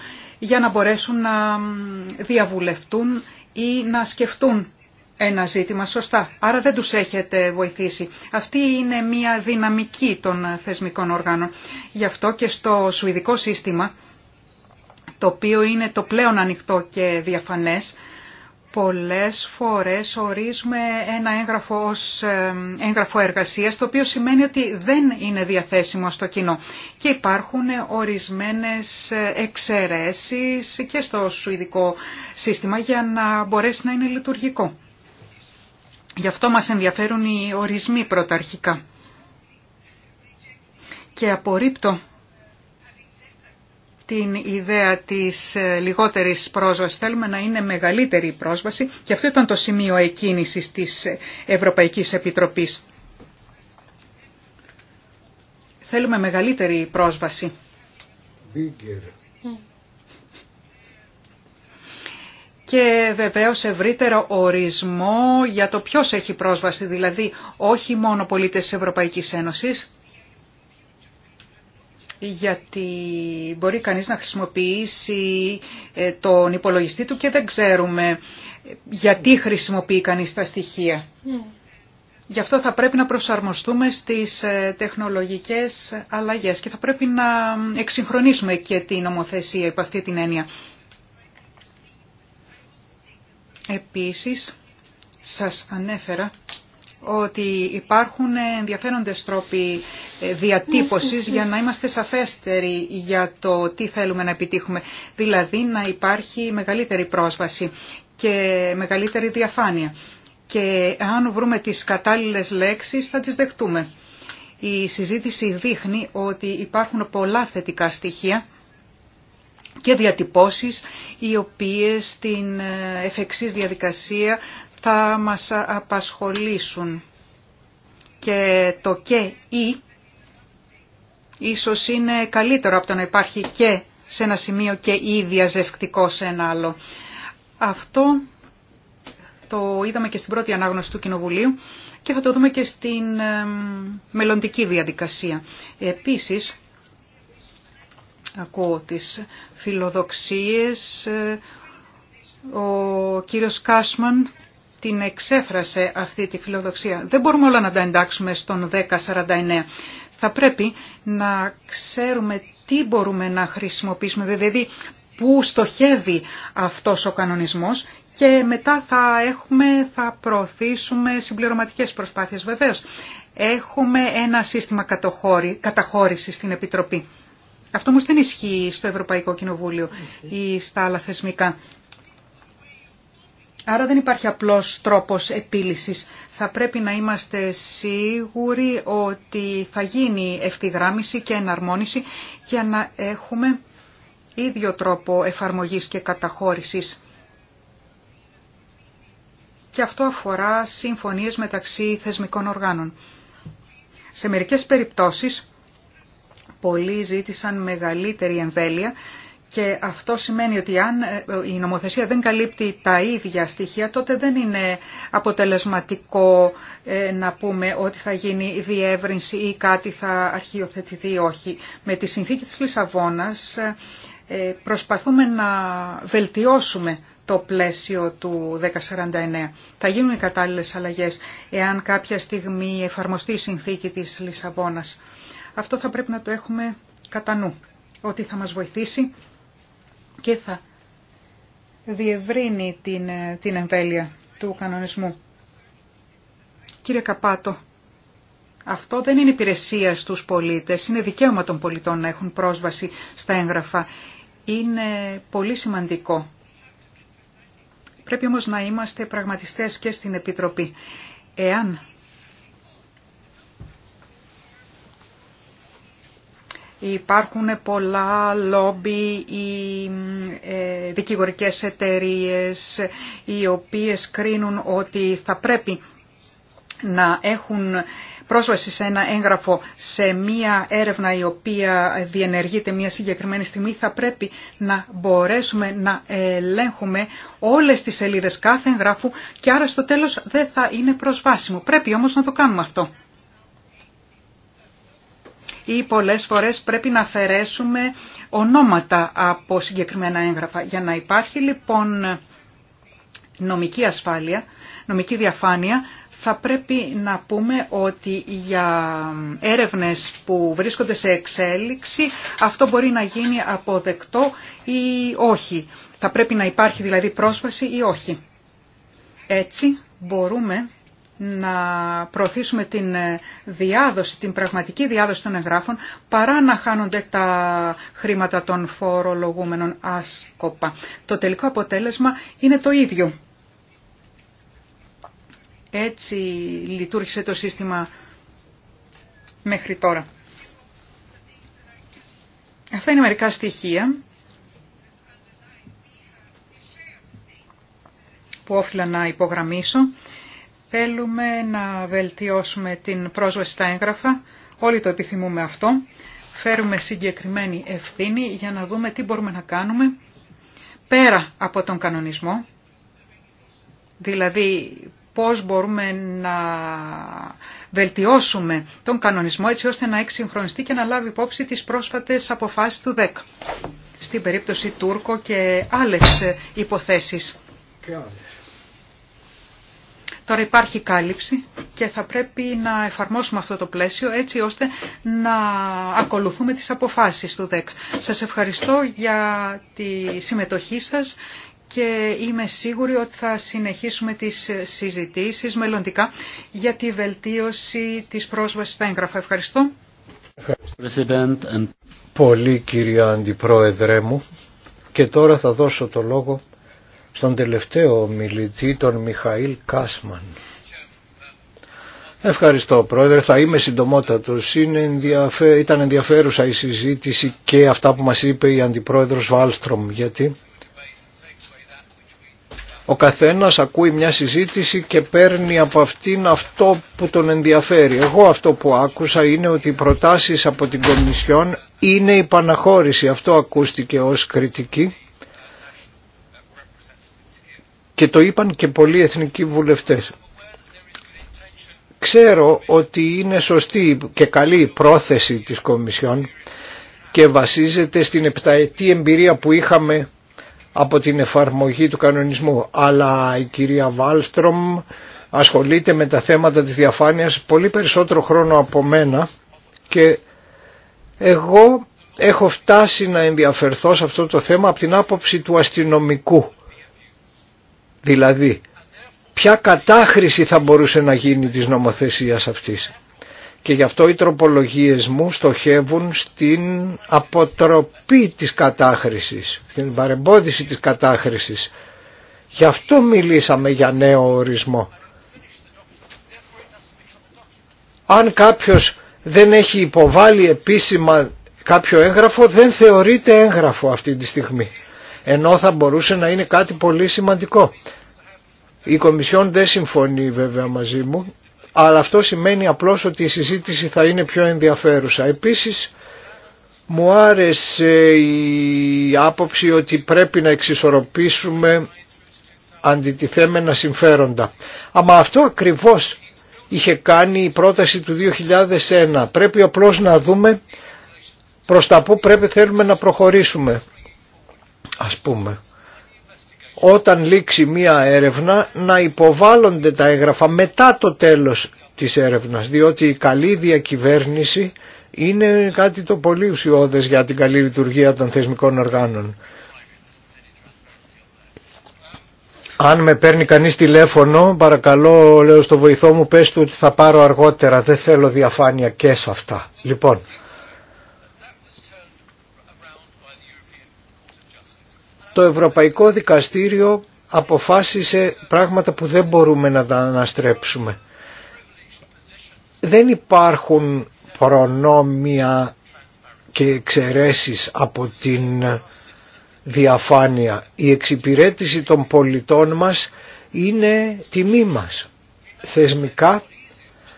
για να μπορέσουν να διαβουλευτούν ή να σκεφτούν ένα ζήτημα σωστά. Άρα δεν τους έχετε βοηθήσει. Αυτή είναι μια δυναμική των θεσμικών οργάνων. Γι' αυτό και στο σουηδικό σύστημα, το οποίο είναι το πλέον ανοιχτό και διαφανές, Πολλές φορές ορίζουμε ένα έγγραφο ως ε, έγγραφο εργασίας, το οποίο σημαίνει ότι δεν είναι διαθέσιμο στο κοινό. Και υπάρχουν ορισμένες εξαιρέσεις και στο σουηδικό σύστημα για να μπορέσει να είναι λειτουργικό. Γι' αυτό μας ενδιαφέρουν οι ορισμοί πρωταρχικά. Και απορρίπτω την ιδέα της ε, λιγότερης πρόσβασης. Θέλουμε να είναι μεγαλύτερη η πρόσβαση και αυτό ήταν το σημείο εκκίνησης της ε, Ευρωπαϊκής Επιτροπής. Θέλουμε μεγαλύτερη πρόσβαση. και βεβαίως ευρύτερο ορισμό για το ποιος έχει πρόσβαση, δηλαδή όχι μόνο πολίτες της Ευρωπαϊκής Ένωσης, γιατί μπορεί κανείς να χρησιμοποιήσει ε, τον υπολογιστή του και δεν ξέρουμε ε, γιατί χρησιμοποιεί κανείς τα στοιχεία. Ναι. Γι' αυτό θα πρέπει να προσαρμοστούμε στις ε, τεχνολογικές αλλαγές και θα πρέπει να εξυγχρονίσουμε και την νομοθεσία υπ' αυτή την έννοια. Επίσης, σας ανέφερα ότι υπάρχουν ενδιαφέροντες τρόποι ε, διατύπωσης για να είμαστε σαφέστεροι για το τι θέλουμε να επιτύχουμε. Δηλαδή να υπάρχει μεγαλύτερη πρόσβαση και μεγαλύτερη διαφάνεια. Και αν βρούμε τις κατάλληλες λέξεις θα τις δεχτούμε. Η συζήτηση δείχνει ότι υπάρχουν πολλά θετικά στοιχεία και διατυπώσεις οι οποίες στην ε, εφεξής διαδικασία θα μας απασχολήσουν. Και το και ή ίσως είναι καλύτερο από το να υπάρχει και σε ένα σημείο και ή διαζευκτικό σε ένα άλλο. Αυτό το είδαμε και στην πρώτη ανάγνωση του Κοινοβουλίου και θα το δούμε και στην μελλοντική διαδικασία. Επίσης, ακούω τις φιλοδοξίες, ε, ο κύριος Κάσμαν την εξέφρασε αυτή τη φιλοδοξία. Δεν μπορούμε όλα να τα εντάξουμε στον 1049. Θα πρέπει να ξέρουμε τι μπορούμε να χρησιμοποιήσουμε, δηλαδή πού στοχεύει αυτός ο κανονισμός και μετά θα έχουμε, θα προωθήσουμε συμπληρωματικές προσπάθειες βεβαίως. Έχουμε ένα σύστημα καταχώρησης στην Επιτροπή. Αυτό όμως δεν ισχύει στο Ευρωπαϊκό Κοινοβούλιο ή στα άλλα θεσμικά. Άρα δεν υπάρχει απλός τρόπος επίλυσης. Θα πρέπει να είμαστε σίγουροι ότι θα γίνει ευθυγράμμιση και εναρμόνιση για να έχουμε ίδιο τρόπο εφαρμογής και καταχώρησης. Και αυτό αφορά συμφωνίες μεταξύ θεσμικών οργάνων. Σε μερικές περιπτώσεις, πολλοί ζήτησαν μεγαλύτερη εμβέλεια και αυτό σημαίνει ότι αν ε, η νομοθεσία δεν καλύπτει τα ίδια στοιχεία, τότε δεν είναι αποτελεσματικό ε, να πούμε ότι θα γίνει διεύρυνση ή κάτι θα αρχιοθετηθεί ή όχι. Με τη συνθήκη της Λισαβόνας ε, προσπαθούμε να βελτιώσουμε το πλαίσιο του 1049. Θα γίνουν οι κατάλληλες αλλαγές εάν κάποια στιγμή εφαρμοστεί η συνθήκη της Λισαβόνας. Αυτό θα πρέπει να το έχουμε κατά νου, ότι θα μας βοηθήσει και θα διευρύνει την, την εμβέλεια του κανονισμού. Κύριε Καπάτο, αυτό δεν είναι υπηρεσία στους πολίτες, είναι δικαίωμα των πολιτών να έχουν πρόσβαση στα έγγραφα. Είναι πολύ σημαντικό. Πρέπει όμως να είμαστε πραγματιστές και στην Επιτροπή. Εάν Υπάρχουν πολλά λόμπι, οι ε, δικηγορικές εταιρείες, οι οποίες κρίνουν ότι θα πρέπει να έχουν πρόσβαση σε ένα έγγραφο, σε μία έρευνα η οποία διενεργείται μία συγκεκριμένη στιγμή, θα πρέπει να μπορέσουμε να ελέγχουμε όλες τις σελίδες κάθε εγγράφου και άρα στο τέλος δεν θα είναι προσβάσιμο. Πρέπει όμως να το κάνουμε αυτό ή πολλές φορές πρέπει να αφαιρέσουμε ονόματα από συγκεκριμένα έγγραφα. Για να υπάρχει λοιπόν νομική ασφάλεια, νομική διαφάνεια, θα πρέπει να πούμε ότι για έρευνες που βρίσκονται σε εξέλιξη αυτό μπορεί να γίνει αποδεκτό ή όχι. Θα πρέπει να υπάρχει δηλαδή πρόσβαση ή όχι. Έτσι μπορούμε να προωθήσουμε την ε, διάδοση, την πραγματική διάδοση των εγγράφων, παρά να χάνονται τα χρήματα των φορολογούμενων άσκοπα. Το τελικό αποτέλεσμα είναι το ίδιο. Έτσι λειτουργήσε το σύστημα μέχρι τώρα. Αυτά είναι μερικά στοιχεία που όφυλα να υπογραμμίσω Θέλουμε να βελτιώσουμε την πρόσβαση στα έγγραφα, όλοι το επιθυμούμε αυτό. Φέρουμε συγκεκριμένη ευθύνη για να δούμε τι μπορούμε να κάνουμε πέρα από τον κανονισμό, δηλαδή πώς μπορούμε να βελτιώσουμε τον κανονισμό έτσι ώστε να εξυγχρονιστεί και να λάβει υπόψη τις πρόσφατες αποφάσεις του 10 στην περίπτωση Τούρκο και άλλες υποθέσεις. Τώρα υπάρχει κάλυψη και θα πρέπει να εφαρμόσουμε αυτό το πλαίσιο έτσι ώστε να ακολουθούμε τις αποφάσεις του ΔΕΚ. Σας ευχαριστώ για τη συμμετοχή σας και είμαι σίγουρη ότι θα συνεχίσουμε τις συζητήσεις μελλοντικά για τη βελτίωση της πρόσβασης στα έγγραφα. Ευχαριστώ. Πολύ κυρία Αντιπρόεδρέ μου και τώρα θα δώσω το λόγο στον τελευταίο μιλητή, τον Μιχαήλ Κάσμαν. Ευχαριστώ πρόεδρε, θα είμαι συντομότατος. Είναι Ήταν ενδιαφέρουσα η συζήτηση και αυτά που μας είπε η Αντιπρόεδρος Βάλστρομ, γιατί ο καθένας ακούει μια συζήτηση και παίρνει από αυτήν αυτό που τον ενδιαφέρει. Εγώ αυτό που άκουσα είναι ότι οι προτάσεις από την Κομισιόν είναι η παναχώρηση. Αυτό ακούστηκε ως κριτική και το είπαν και πολλοί εθνικοί βουλευτές. Ξέρω ότι είναι σωστή και καλή πρόθεση της Κομισιόν και βασίζεται στην επταετή εμπειρία που είχαμε από την εφαρμογή του κανονισμού. Αλλά η κυρία Βάλστρομ ασχολείται με τα θέματα της διαφάνειας πολύ περισσότερο χρόνο από μένα και εγώ έχω φτάσει να ενδιαφερθώ σε αυτό το θέμα από την άποψη του αστυνομικού Δηλαδή, ποια κατάχρηση θα μπορούσε να γίνει της νομοθεσίας αυτής. Και γι' αυτό οι τροπολογίες μου στοχεύουν στην αποτροπή της κατάχρησης, στην παρεμπόδιση της κατάχρησης. Γι' αυτό μιλήσαμε για νέο ορισμό. Αν κάποιος δεν έχει υποβάλει επίσημα κάποιο έγγραφο, δεν θεωρείται έγγραφο αυτή τη στιγμή ενώ θα μπορούσε να είναι κάτι πολύ σημαντικό. Η Κομισιόν δεν συμφωνεί βέβαια μαζί μου, αλλά αυτό σημαίνει απλώς ότι η συζήτηση θα είναι πιο ενδιαφέρουσα. Επίσης, μου άρεσε η άποψη ότι πρέπει να εξισορροπήσουμε αντιτιθέμενα συμφέροντα. Αλλά αυτό ακριβώς είχε κάνει η πρόταση του 2001. Πρέπει απλώς να δούμε προς τα που πρέπει θέλουμε να προχωρήσουμε ας πούμε όταν λήξει μία έρευνα να υποβάλλονται τα έγγραφα μετά το τέλος της έρευνας διότι η καλή διακυβέρνηση είναι κάτι το πολύ ουσιώδες για την καλή λειτουργία των θεσμικών οργάνων. Αν με παίρνει κανείς τηλέφωνο, παρακαλώ λέω στο βοηθό μου πες του ότι θα πάρω αργότερα, δεν θέλω διαφάνεια και σε αυτά. Λοιπόν, το Ευρωπαϊκό Δικαστήριο αποφάσισε πράγματα που δεν μπορούμε να τα αναστρέψουμε. Δεν υπάρχουν προνόμια και εξαιρέσει από την διαφάνεια. Η εξυπηρέτηση των πολιτών μας είναι τιμή μας. Θεσμικά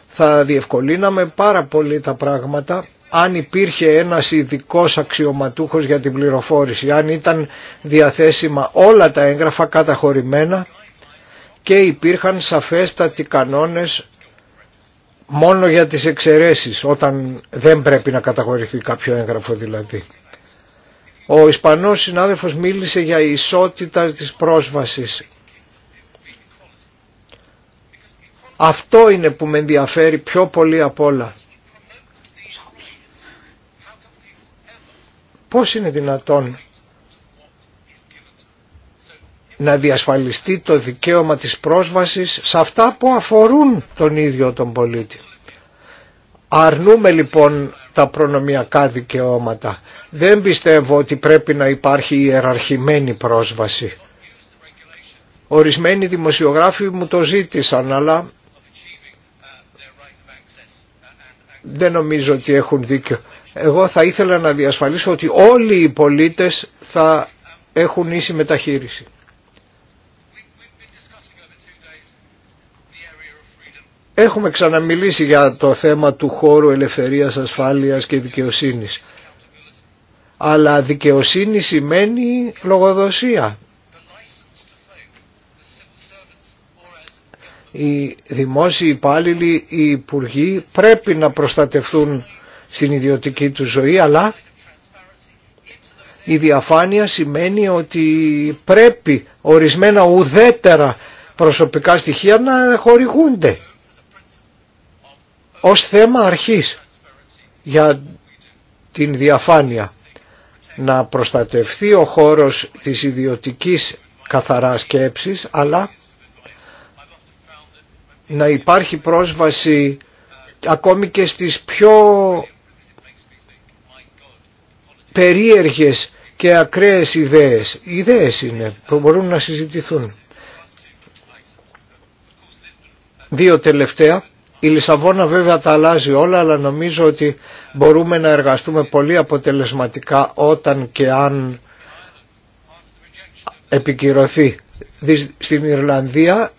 θα διευκολύναμε πάρα πολύ τα πράγματα αν υπήρχε ένας ειδικό αξιωματούχος για την πληροφόρηση, αν ήταν διαθέσιμα όλα τα έγγραφα καταχωρημένα και υπήρχαν σαφέστατοι κανόνες μόνο για τις εξαιρέσεις, όταν δεν πρέπει να καταχωρηθεί κάποιο έγγραφο δηλαδή. Ο Ισπανός συνάδελφος μίλησε για ισότητα της πρόσβασης. Αυτό είναι που με ενδιαφέρει πιο πολύ απ' όλα. Πώς είναι δυνατόν να διασφαλιστεί το δικαίωμα της πρόσβασης σε αυτά που αφορούν τον ίδιο τον πολίτη. Αρνούμε λοιπόν τα προνομιακά δικαιώματα. Δεν πιστεύω ότι πρέπει να υπάρχει ιεραρχημένη πρόσβαση. Ορισμένοι δημοσιογράφοι μου το ζήτησαν, αλλά δεν νομίζω ότι έχουν δίκιο. Εγώ θα ήθελα να διασφαλίσω ότι όλοι οι πολίτες θα έχουν ίση μεταχείριση. Έχουμε ξαναμιλήσει για το θέμα του χώρου ελευθερίας, ασφάλειας και δικαιοσύνης. Αλλά δικαιοσύνη σημαίνει λογοδοσία. Οι δημόσιοι υπάλληλοι, οι υπουργοί πρέπει να προστατευτούν στην ιδιωτική του ζωή αλλά η διαφάνεια σημαίνει ότι πρέπει ορισμένα ουδέτερα προσωπικά στοιχεία να χορηγούνται ως θέμα αρχής για την διαφάνεια να προστατευθεί ο χώρος της ιδιωτικής καθαρά σκέψης αλλά να υπάρχει πρόσβαση ακόμη και στις πιο περίεργες και ακραίες ιδέες. Ιδέες είναι που μπορούν να συζητηθούν. Δύο τελευταία. Η Λισαβόνα βέβαια τα αλλάζει όλα, αλλά νομίζω ότι μπορούμε να εργαστούμε πολύ αποτελεσματικά όταν και αν επικυρωθεί. Στην Ιρλανδία,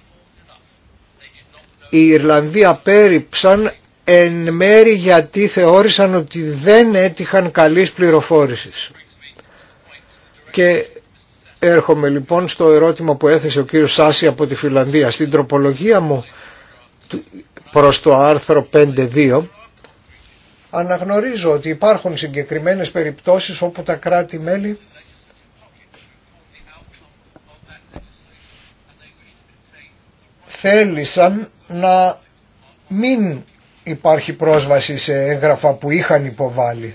η Ιρλανδία πέριψαν εν μέρη γιατί θεώρησαν ότι δεν έτυχαν καλής πληροφόρησης. Και έρχομαι λοιπόν στο ερώτημα που έθεσε ο κύριος Σάση από τη Φιλανδία. Στην τροπολογία μου προς το άρθρο 5.2 αναγνωρίζω ότι υπάρχουν συγκεκριμένες περιπτώσεις όπου τα κράτη-μέλη θέλησαν να μην υπάρχει πρόσβαση σε έγγραφα που είχαν υποβάλει.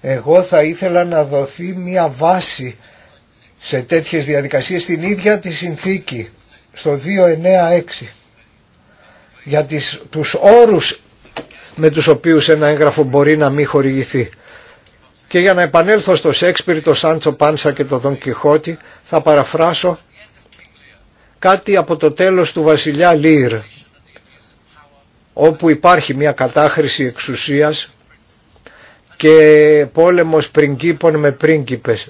Εγώ θα ήθελα να δοθεί μια βάση σε τέτοιες διαδικασίες στην ίδια τη συνθήκη στο 296 για τις, τους όρους με τους οποίους ένα έγγραφο μπορεί να μην χορηγηθεί. Και για να επανέλθω στο Σέξπιρ, το Σάντσο Πάνσα και το Δον Κιχώτη θα παραφράσω κάτι από το τέλος του βασιλιά Λίρ όπου υπάρχει μια κατάχρηση εξουσίας και πόλεμος πριγκίπων με πρίγκιπες.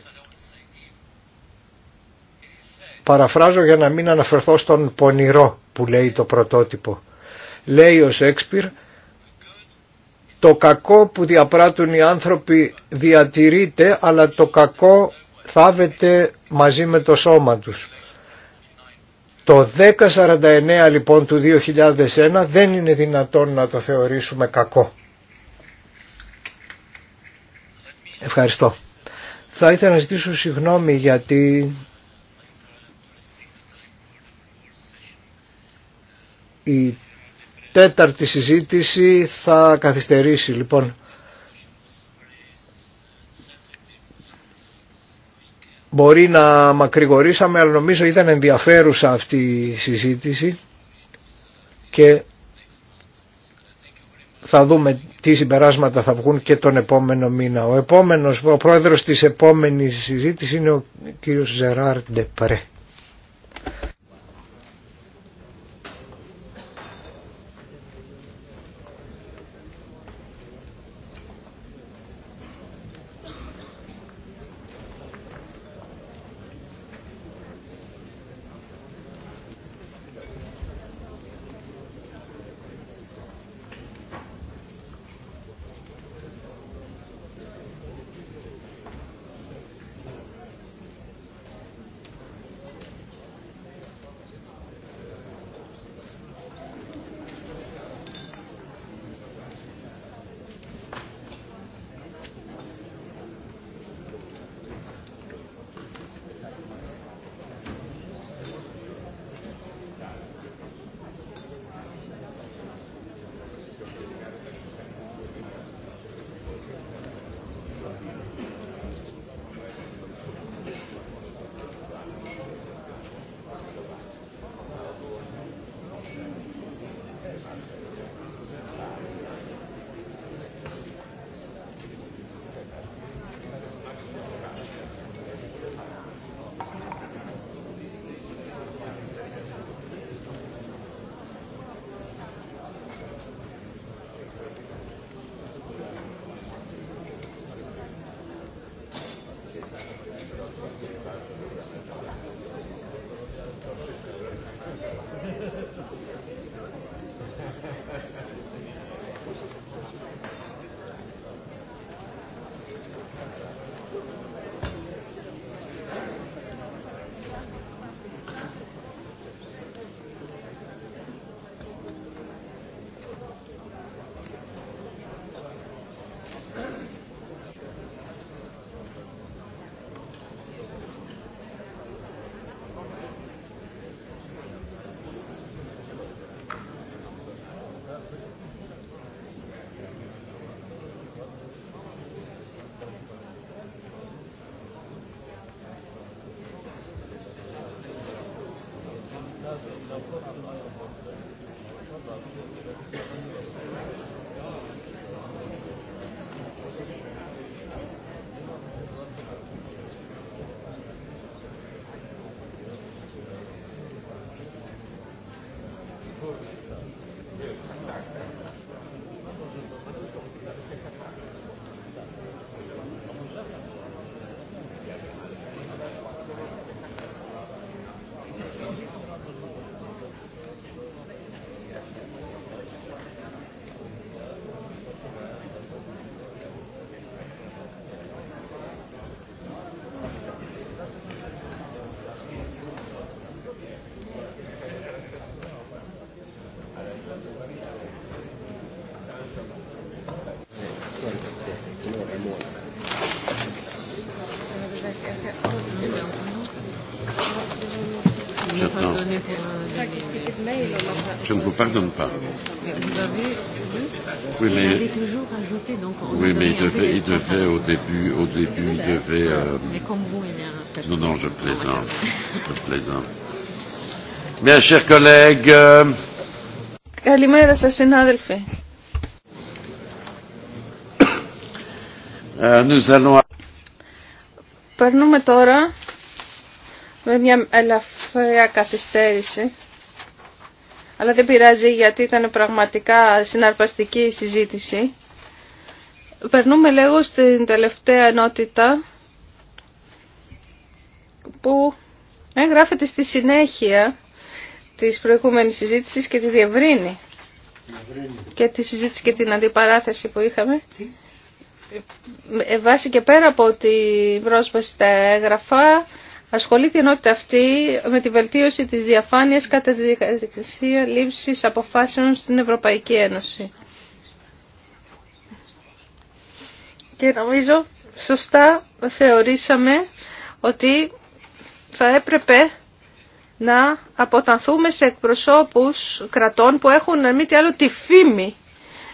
Παραφράζω για να μην αναφερθώ στον πονηρό που λέει το πρωτότυπο. Λέει ο Σέξπιρ το κακό που διαπράττουν οι άνθρωποι διατηρείται αλλά το κακό θάβεται μαζί με το σώμα τους. Το 1049 λοιπόν του 2001 δεν είναι δυνατόν να το θεωρήσουμε κακό. Ευχαριστώ. Θα ήθελα να ζητήσω συγγνώμη γιατί η τέταρτη συζήτηση θα καθυστερήσει. Λοιπόν, Μπορεί να μακρηγορήσαμε, αλλά νομίζω ήταν ενδιαφέρουσα αυτή η συζήτηση και θα δούμε τι συμπεράσματα θα βγουν και τον επόμενο μήνα. Ο επόμενος, ο πρόεδρος της επόμενης συζήτησης είναι ο κύριος Ζεράρ Ντεπρέ. Oui, mais, il toujours ajouté, donc on oui, mais il devait, il devait au début, au début, il devait. Euh... Mais comme vous, il y a un Non, non, je plaisante. je plaisante. Bien, chers collègues. Καλημέρα σας συνάδελφοι. Nous allons... Περνούμε τώρα με μια ελαφριά καθυστέρηση αλλά δεν πειράζει γιατί ήταν πραγματικά συναρπαστική η συζήτηση. Περνούμε λίγο στην τελευταία ενότητα που εγγράφεται στη συνέχεια της προηγούμενης συζήτησης και τη διευρύνει και τη συζήτηση και την αντιπαράθεση που είχαμε. Ε, βάσει και πέρα από την πρόσβαση στα έγγραφα, Ασχολείται την ενότητα αυτή με τη βελτίωση της διαφάνειας κατά τη διαδικασία λήψης αποφάσεων στην Ευρωπαϊκή Ένωση. Και νομίζω σωστά θεωρήσαμε ότι θα έπρεπε να αποτανθούμε σε εκπροσώπους κρατών που έχουν μη τι άλλο τη φήμη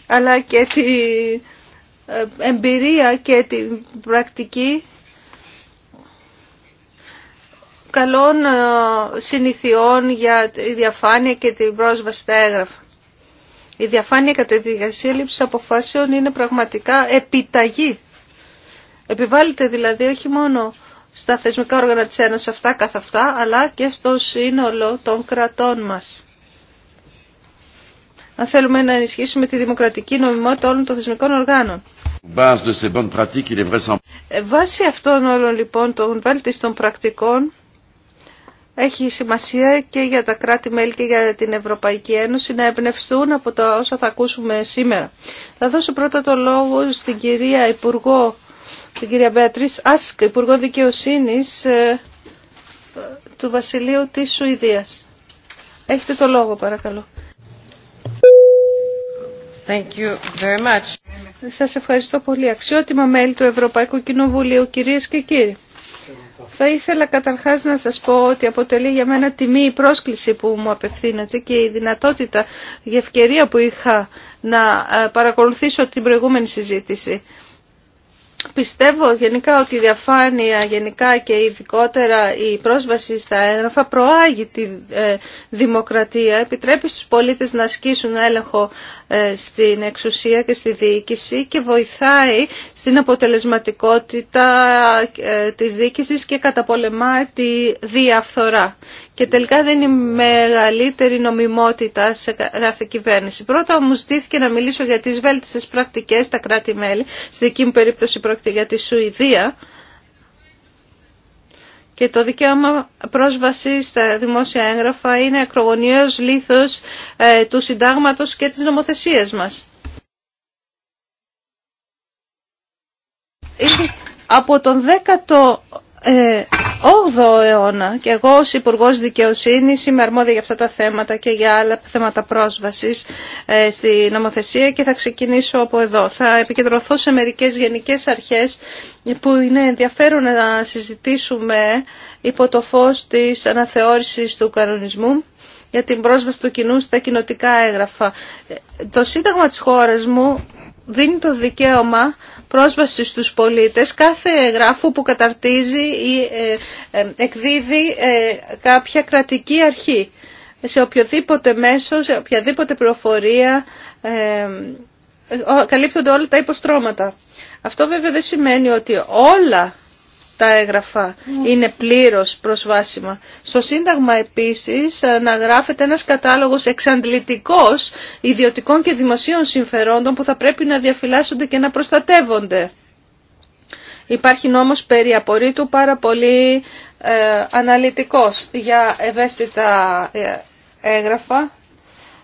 αλλά και την ε, εμπειρία και την πρακτική καλών ε, συνηθιών για τη διαφάνεια και την πρόσβαση στα έγγραφα. Η διαφάνεια κατά τη διαδικασία αποφάσεων είναι πραγματικά επιταγή. Επιβάλλεται δηλαδή όχι μόνο στα θεσμικά όργανα της Ένωσης αυτά καθ' αυτά, αλλά και στο σύνολο των κρατών μας. Αν θέλουμε να ενισχύσουμε τη δημοκρατική νομιμότητα όλων των θεσμικών οργάνων. Ε, βάσει αυτών όλων λοιπόν των βέλτιστων πρακτικών, έχει σημασία και για τα κράτη-μέλη και για την Ευρωπαϊκή Ένωση να εμπνευστούν από τα όσα θα ακούσουμε σήμερα. Θα δώσω πρώτα το λόγο στην κυρία Υπουργό, την κυρία Μπέατρης Άσκ, Υπουργό Δικαιοσύνης ε, του Βασιλείου της Σουηδίας. Έχετε το λόγο παρακαλώ. Thank you very much. Σας ευχαριστώ πολύ. Αξιότιμα μέλη του Ευρωπαϊκού Κοινοβουλίου, κυρίες και κύριοι. Θα ήθελα καταρχάς να σας πω ότι αποτελεί για μένα τιμή η πρόσκληση που μου απευθύνεται και η δυνατότητα, η ευκαιρία που είχα να ε, παρακολουθήσω την προηγούμενη συζήτηση. Πιστεύω γενικά ότι η διαφάνεια γενικά και ειδικότερα η πρόσβαση στα έγγραφα προάγει τη ε, δημοκρατία, επιτρέπει στους πολίτες να ασκήσουν έλεγχο ε, στην εξουσία και στη διοίκηση και βοηθάει στην αποτελεσματικότητα ε, της δίκησης και καταπολεμά τη διαφθορά. Και τελικά δεν είναι μεγαλύτερη νομιμότητα σε κάθε κυβέρνηση. Πρώτα μου στήθηκε να μιλήσω για τις βέλτιστες πρακτικές στα κράτη-μέλη. Στη δική μου περίπτωση πρόκειται για τη Σουηδία και το δικαίωμα πρόσβαση στα δημόσια έγγραφα είναι ακρογωνίως λήθος ε, του συντάγματος και της νομοθεσίας μας. από τον 18ο ε, αιώνα και εγώ ως υπουργό Δικαιοσύνης είμαι αρμόδια για αυτά τα θέματα και για άλλα θέματα πρόσβασης ε, στη νομοθεσία και θα ξεκινήσω από εδώ. Θα επικεντρωθώ σε μερικές γενικές αρχές που είναι ενδιαφέρον να συζητήσουμε υπό το φως της αναθεώρησης του κανονισμού για την πρόσβαση του κοινού στα κοινοτικά έγγραφα. Ε, το Σύνταγμα της χώρας μου δίνει το δικαίωμα πρόσβαση στους πολίτες κάθε γράφου που καταρτίζει ή ε, ε, εκδίδει ε, κάποια κρατική αρχή σε οποιοδήποτε μέσο, σε οποιαδήποτε πληροφορία, καλύπτονται όλα τα υποστρώματα. Αυτό βέβαια δεν σημαίνει ότι όλα τα έγγραφα ναι. είναι πλήρως προσβάσιμα. Στο Σύνταγμα επίσης αναγράφεται ένας κατάλογος εξαντλητικός ιδιωτικών και δημοσίων συμφερόντων που θα πρέπει να διαφυλάσσονται και να προστατεύονται. Υπάρχει νόμος περί απορρίτου πάρα πολύ ε, αναλυτικός για ευαίσθητα ε, έγγραφα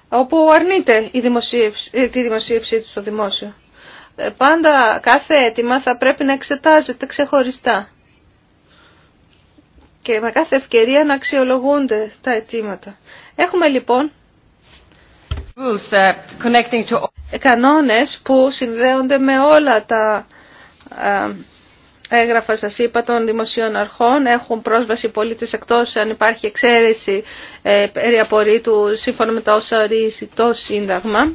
όπου αρνείται η δημοσίευση, ε, τη δημοσίευσή του στο δημόσιο. Πάντα κάθε αίτημα θα πρέπει να εξετάζεται ξεχωριστά και με κάθε ευκαιρία να αξιολογούνται τα αιτήματα. Έχουμε λοιπόν κανόνες που συνδέονται με όλα τα έγγραφα σας είπα των δημοσίων αρχών έχουν πρόσβαση πολίτες εκτός αν υπάρχει εξαίρεση ε, περί απορρίτου σύμφωνα με τα όσα ορίζει το Σύνταγμα.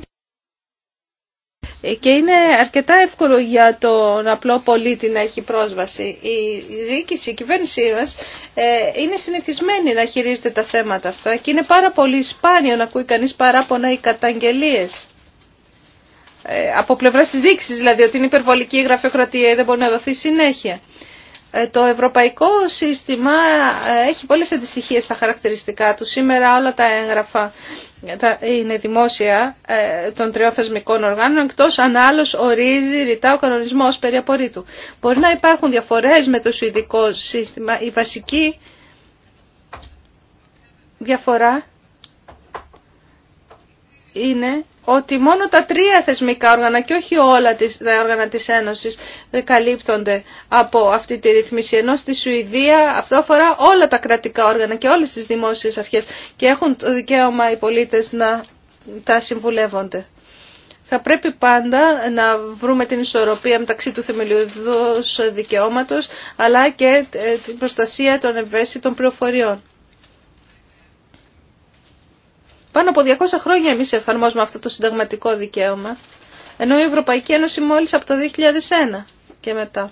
Και είναι αρκετά εύκολο για τον απλό πολίτη να έχει πρόσβαση. Η διοίκηση, η κυβέρνησή μας ε, είναι συνηθισμένη να χειρίζεται τα θέματα αυτά και είναι πάρα πολύ σπάνιο να ακούει κανείς παράπονα ή καταγγελίες. Ε, από πλευρά της διοίκησης δηλαδή ότι είναι υπερβολική η καταγγελιες απο πλευρα τη διοικηση δηλαδη ή δεν μπορεί να δοθεί συνέχεια. Ε, το ευρωπαϊκό σύστημα έχει πολλές αντιστοιχίες στα χαρακτηριστικά του. Σήμερα όλα τα έγγραφα είναι δημόσια ε, των τριών θεσμικών οργάνων, εκτός αν άλλος ορίζει ρητά ο κανονισμό περί απορρίτου. Μπορεί να υπάρχουν διαφορές με το σουηδικό σύστημα. Η βασική διαφορά είναι ότι μόνο τα τρία θεσμικά όργανα και όχι όλα τα όργανα της Ένωσης ε, καλύπτονται από αυτή τη ρυθμίση. Ενώ στη Σουηδία αυτό αφορά όλα τα κρατικά όργανα και όλες τις δημόσιες αρχές και έχουν το δικαίωμα οι πολίτες να τα συμβουλεύονται. Θα πρέπει πάντα να βρούμε την ισορροπία μεταξύ του θεμελιωδούς δικαιώματος αλλά και ε, την προστασία των ευαίσθητων πληροφοριών. Πάνω από 200 χρόνια εμείς εφαρμόζουμε αυτό το συνταγματικό δικαίωμα, ενώ η Ευρωπαϊκή Ένωση μόλις από το 2001 και μετά.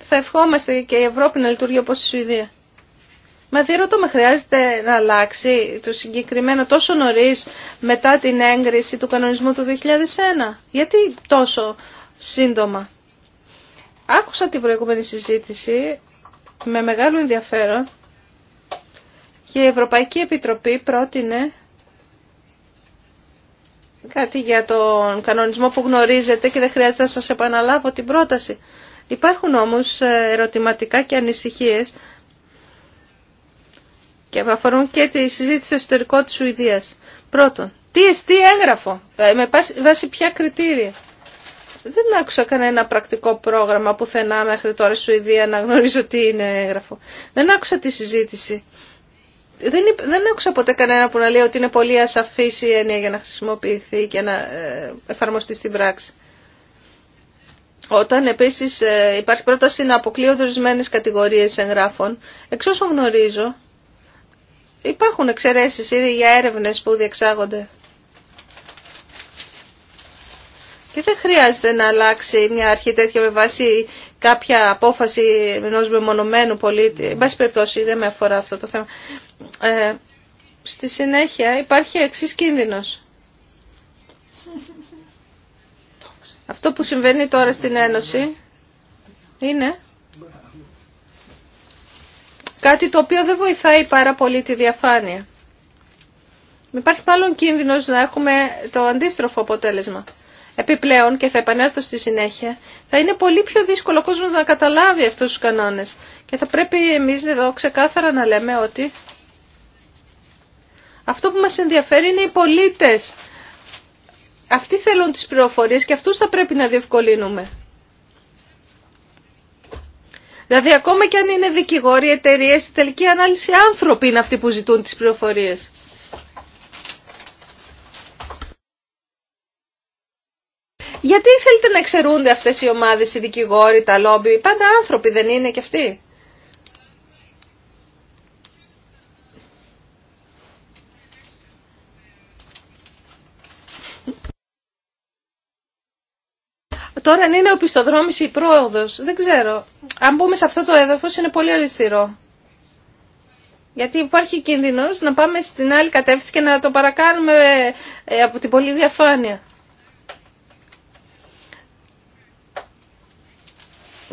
Θα ευχόμαστε και η Ευρώπη να λειτουργεί όπως η Σουηδία. Μα ρωτώ, με χρειάζεται να αλλάξει το συγκεκριμένο τόσο νωρίς μετά την έγκριση του κανονισμού του 2001. Γιατί τόσο σύντομα. Άκουσα την προηγούμενη συζήτηση με μεγάλο ενδιαφέρον και η Ευρωπαϊκή Επιτροπή πρότεινε κάτι για τον κανονισμό που γνωρίζετε και δεν χρειάζεται να σας επαναλάβω την πρόταση. Υπάρχουν όμως ε, ερωτηματικά και ανησυχίες και αφορούν και τη συζήτηση στο εσωτερικό της Σουηδίας. Πρώτον, τι εστί έγγραφο, ε, με βάση ποια κριτήρια. Δεν άκουσα κανένα πρακτικό πρόγραμμα πουθενά μέχρι τώρα στη Σουηδία να γνωρίζω τι είναι έγγραφο. Δεν άκουσα τη συζήτηση δεν, δεν άκουσα ποτέ κανένα που να λέει ότι είναι πολύ ασαφής η έννοια για να χρησιμοποιηθεί και να ε, εφαρμοστεί στην πράξη. Όταν επίσης ε, υπάρχει πρόταση να αποκλείονται ορισμένε κατηγορίε εγγράφων, εξ όσων γνωρίζω, υπάρχουν εξαιρεσει ήδη για έρευνε που διεξάγονται Και δεν χρειάζεται να αλλάξει μια αρχή τέτοια με βάση κάποια απόφαση ενό μεμονωμένου πολίτη. Εν πάση περιπτώσει δεν με αφορά αυτό το θέμα. Ε, στη συνέχεια υπάρχει εξή κίνδυνο. Αυτό που συμβαίνει τώρα στην Ένωση είναι κάτι το οποίο δεν βοηθάει πάρα πολύ τη διαφάνεια. Υπάρχει μάλλον κίνδυνος να έχουμε το αντίστροφο αποτέλεσμα επιπλέον και θα επανέλθω στη συνέχεια, θα είναι πολύ πιο δύσκολο ο κόσμος να καταλάβει αυτούς τους κανόνες. Και θα πρέπει εμείς εδώ ξεκάθαρα να λέμε ότι αυτό που μας ενδιαφέρει είναι οι πολίτες. Αυτοί θέλουν τις πληροφορίες και αυτούς θα πρέπει να διευκολύνουμε. Δηλαδή ακόμα και αν είναι δικηγόροι, εταιρείε, η τελική ανάλυση άνθρωποι είναι αυτοί που ζητούν τις πληροφορίες. Γιατί θέλετε να εξαιρούνται αυτές οι ομάδες, οι δικηγόροι, τα λόμπι, πάντα άνθρωποι δεν είναι κι αυτοί. Τώρα αν είναι πιστοδρόμης ή ή πρόοδος, δεν ξέρω. Αν μπούμε σε αυτό το έδαφος είναι πολύ αληστηρό. Γιατί υπάρχει κίνδυνος να πάμε στην άλλη κατεύθυνση και να το παρακάνουμε ε, από την πολύ διαφάνεια.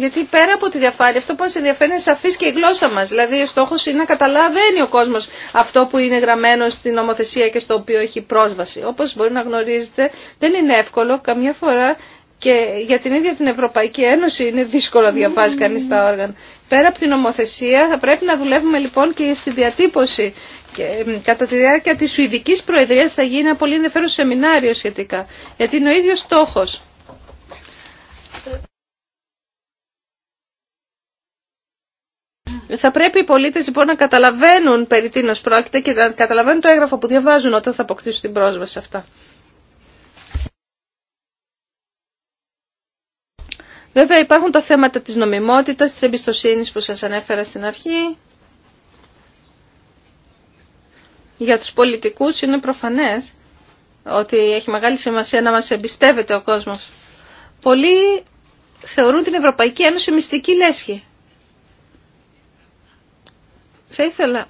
Γιατί πέρα από τη διαφάνεια, αυτό που μα ενδιαφέρει είναι σαφή και η γλώσσα μα. Δηλαδή, ο στόχο είναι να καταλαβαίνει ο κόσμο αυτό που είναι γραμμένο στην νομοθεσία και στο οποίο έχει πρόσβαση. Όπω μπορεί να γνωρίζετε, δεν είναι εύκολο καμιά φορά και για την ίδια την Ευρωπαϊκή Ένωση είναι δύσκολο να διαβάζει κανεί τα όργανα. Πέρα από την νομοθεσία, θα πρέπει να δουλεύουμε λοιπόν και στη διατύπωση. Και, κατά τη διάρκεια τη Σουηδική Προεδρία θα γίνει ένα πολύ ενδιαφέρον σεμινάριο σχετικά. Γιατί είναι ο ίδιο στόχο Θα πρέπει οι πολίτες λοιπόν να καταλαβαίνουν περί τίνος πρόκειται και να καταλαβαίνουν το έγγραφο που διαβάζουν όταν θα αποκτήσουν την πρόσβαση σε αυτά. Βέβαια υπάρχουν τα θέματα της νομιμότητας, της εμπιστοσύνης που σας ανέφερα στην αρχή. Για τους πολιτικούς είναι προφανές ότι έχει μεγάλη σημασία να μας εμπιστεύεται ο κόσμος. Πολλοί θεωρούν την Ευρωπαϊκή Ένωση μυστική λέσχη. Θα ήθελα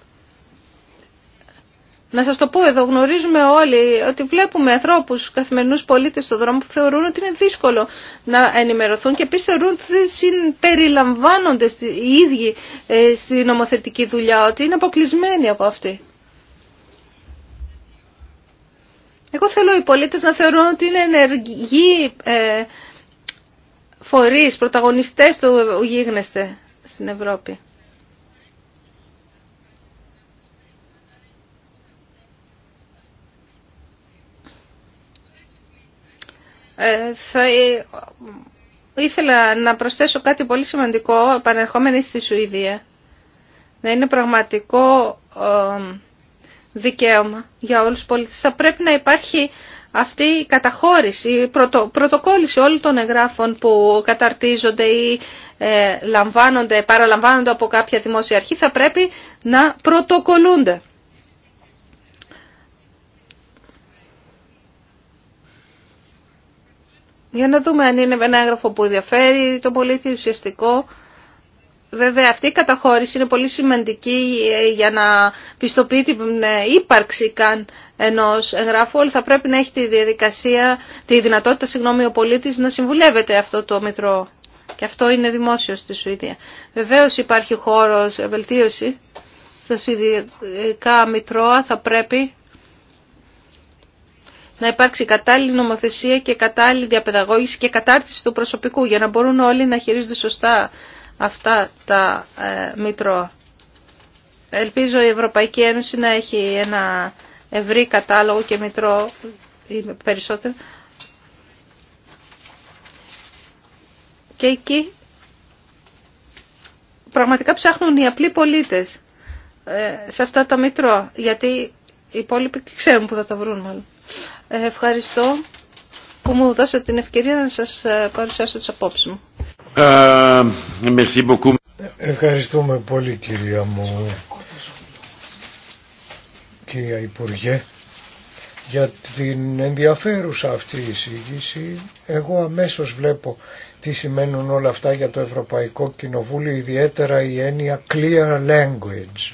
να σας το πω εδώ, γνωρίζουμε όλοι ότι βλέπουμε ανθρώπους, καθημερινούς πολίτες στον δρόμο που θεωρούν ότι είναι δύσκολο να ενημερωθούν και επίσης θεωρούν ότι δεν συμπεριλαμβάνονται οι ίδιοι ε, στη νομοθετική δουλειά, ότι είναι αποκλεισμένοι από αυτή. Εγώ θέλω οι πολίτες να θεωρούν ότι είναι ενεργοί ε, φορείς, πρωταγωνιστές του γίγνεσθε στην Ευρώπη. Ε, θα ε, ήθελα να προσθέσω κάτι πολύ σημαντικό επανερχόμενη στη Σουηδία. Να είναι πραγματικό ε, δικαίωμα για όλους τους πολίτες. Θα πρέπει να υπάρχει αυτή η καταχώρηση, η πρωτο, πρωτοκόλληση όλων των εγγράφων που καταρτίζονται ή λαμβάνονται, παραλαμβάνονται από κάποια δημόσια αρχή θα πρέπει να πρωτοκολούνται. Για να δούμε αν είναι ένα έγγραφο που ενδιαφέρει το πολίτη ουσιαστικό. Βέβαια αυτή η καταχώρηση είναι πολύ σημαντική ε, για να πιστοποιεί την ε, ύπαρξη καν ενός εγγράφου, αλλά θα πρέπει να έχει τη διαδικασία, τη δυνατότητα, συγγνώμη, ο πολίτης να συμβουλεύεται αυτό το μητρό. Και αυτό είναι δημόσιο στη Σουηδία. Βεβαίως υπάρχει χώρος ε, βελτίωση. Στα Σουηδικά Μητρώα θα πρέπει να υπάρξει κατάλληλη νομοθεσία και κατάλληλη διαπαιδαγώγηση και κατάρτιση του προσωπικού για να μπορούν όλοι να χειρίζονται σωστά αυτά τα ε, μητρώα. Ελπίζω η Ευρωπαϊκή Ένωση να έχει ένα ευρύ κατάλογο και μητρό ή περισσότερο. Και εκεί πραγματικά ψάχνουν οι απλοί πολίτες ε, σε αυτά τα μητρώα, γιατί οι υπόλοιποι ξέρουν που θα τα βρουν μάλλον. Ευχαριστώ που μου δώσατε την ευκαιρία να σας ε, παρουσιάσω τις απόψεις μου. Ε, ευχαριστούμε πολύ κυρία μου, κυρία Υπουργέ, για την ενδιαφέρουσα αυτή εισήγηση. Εγώ αμέσως βλέπω τι σημαίνουν όλα αυτά για το Ευρωπαϊκό Κοινοβούλιο, ιδιαίτερα η έννοια clear language.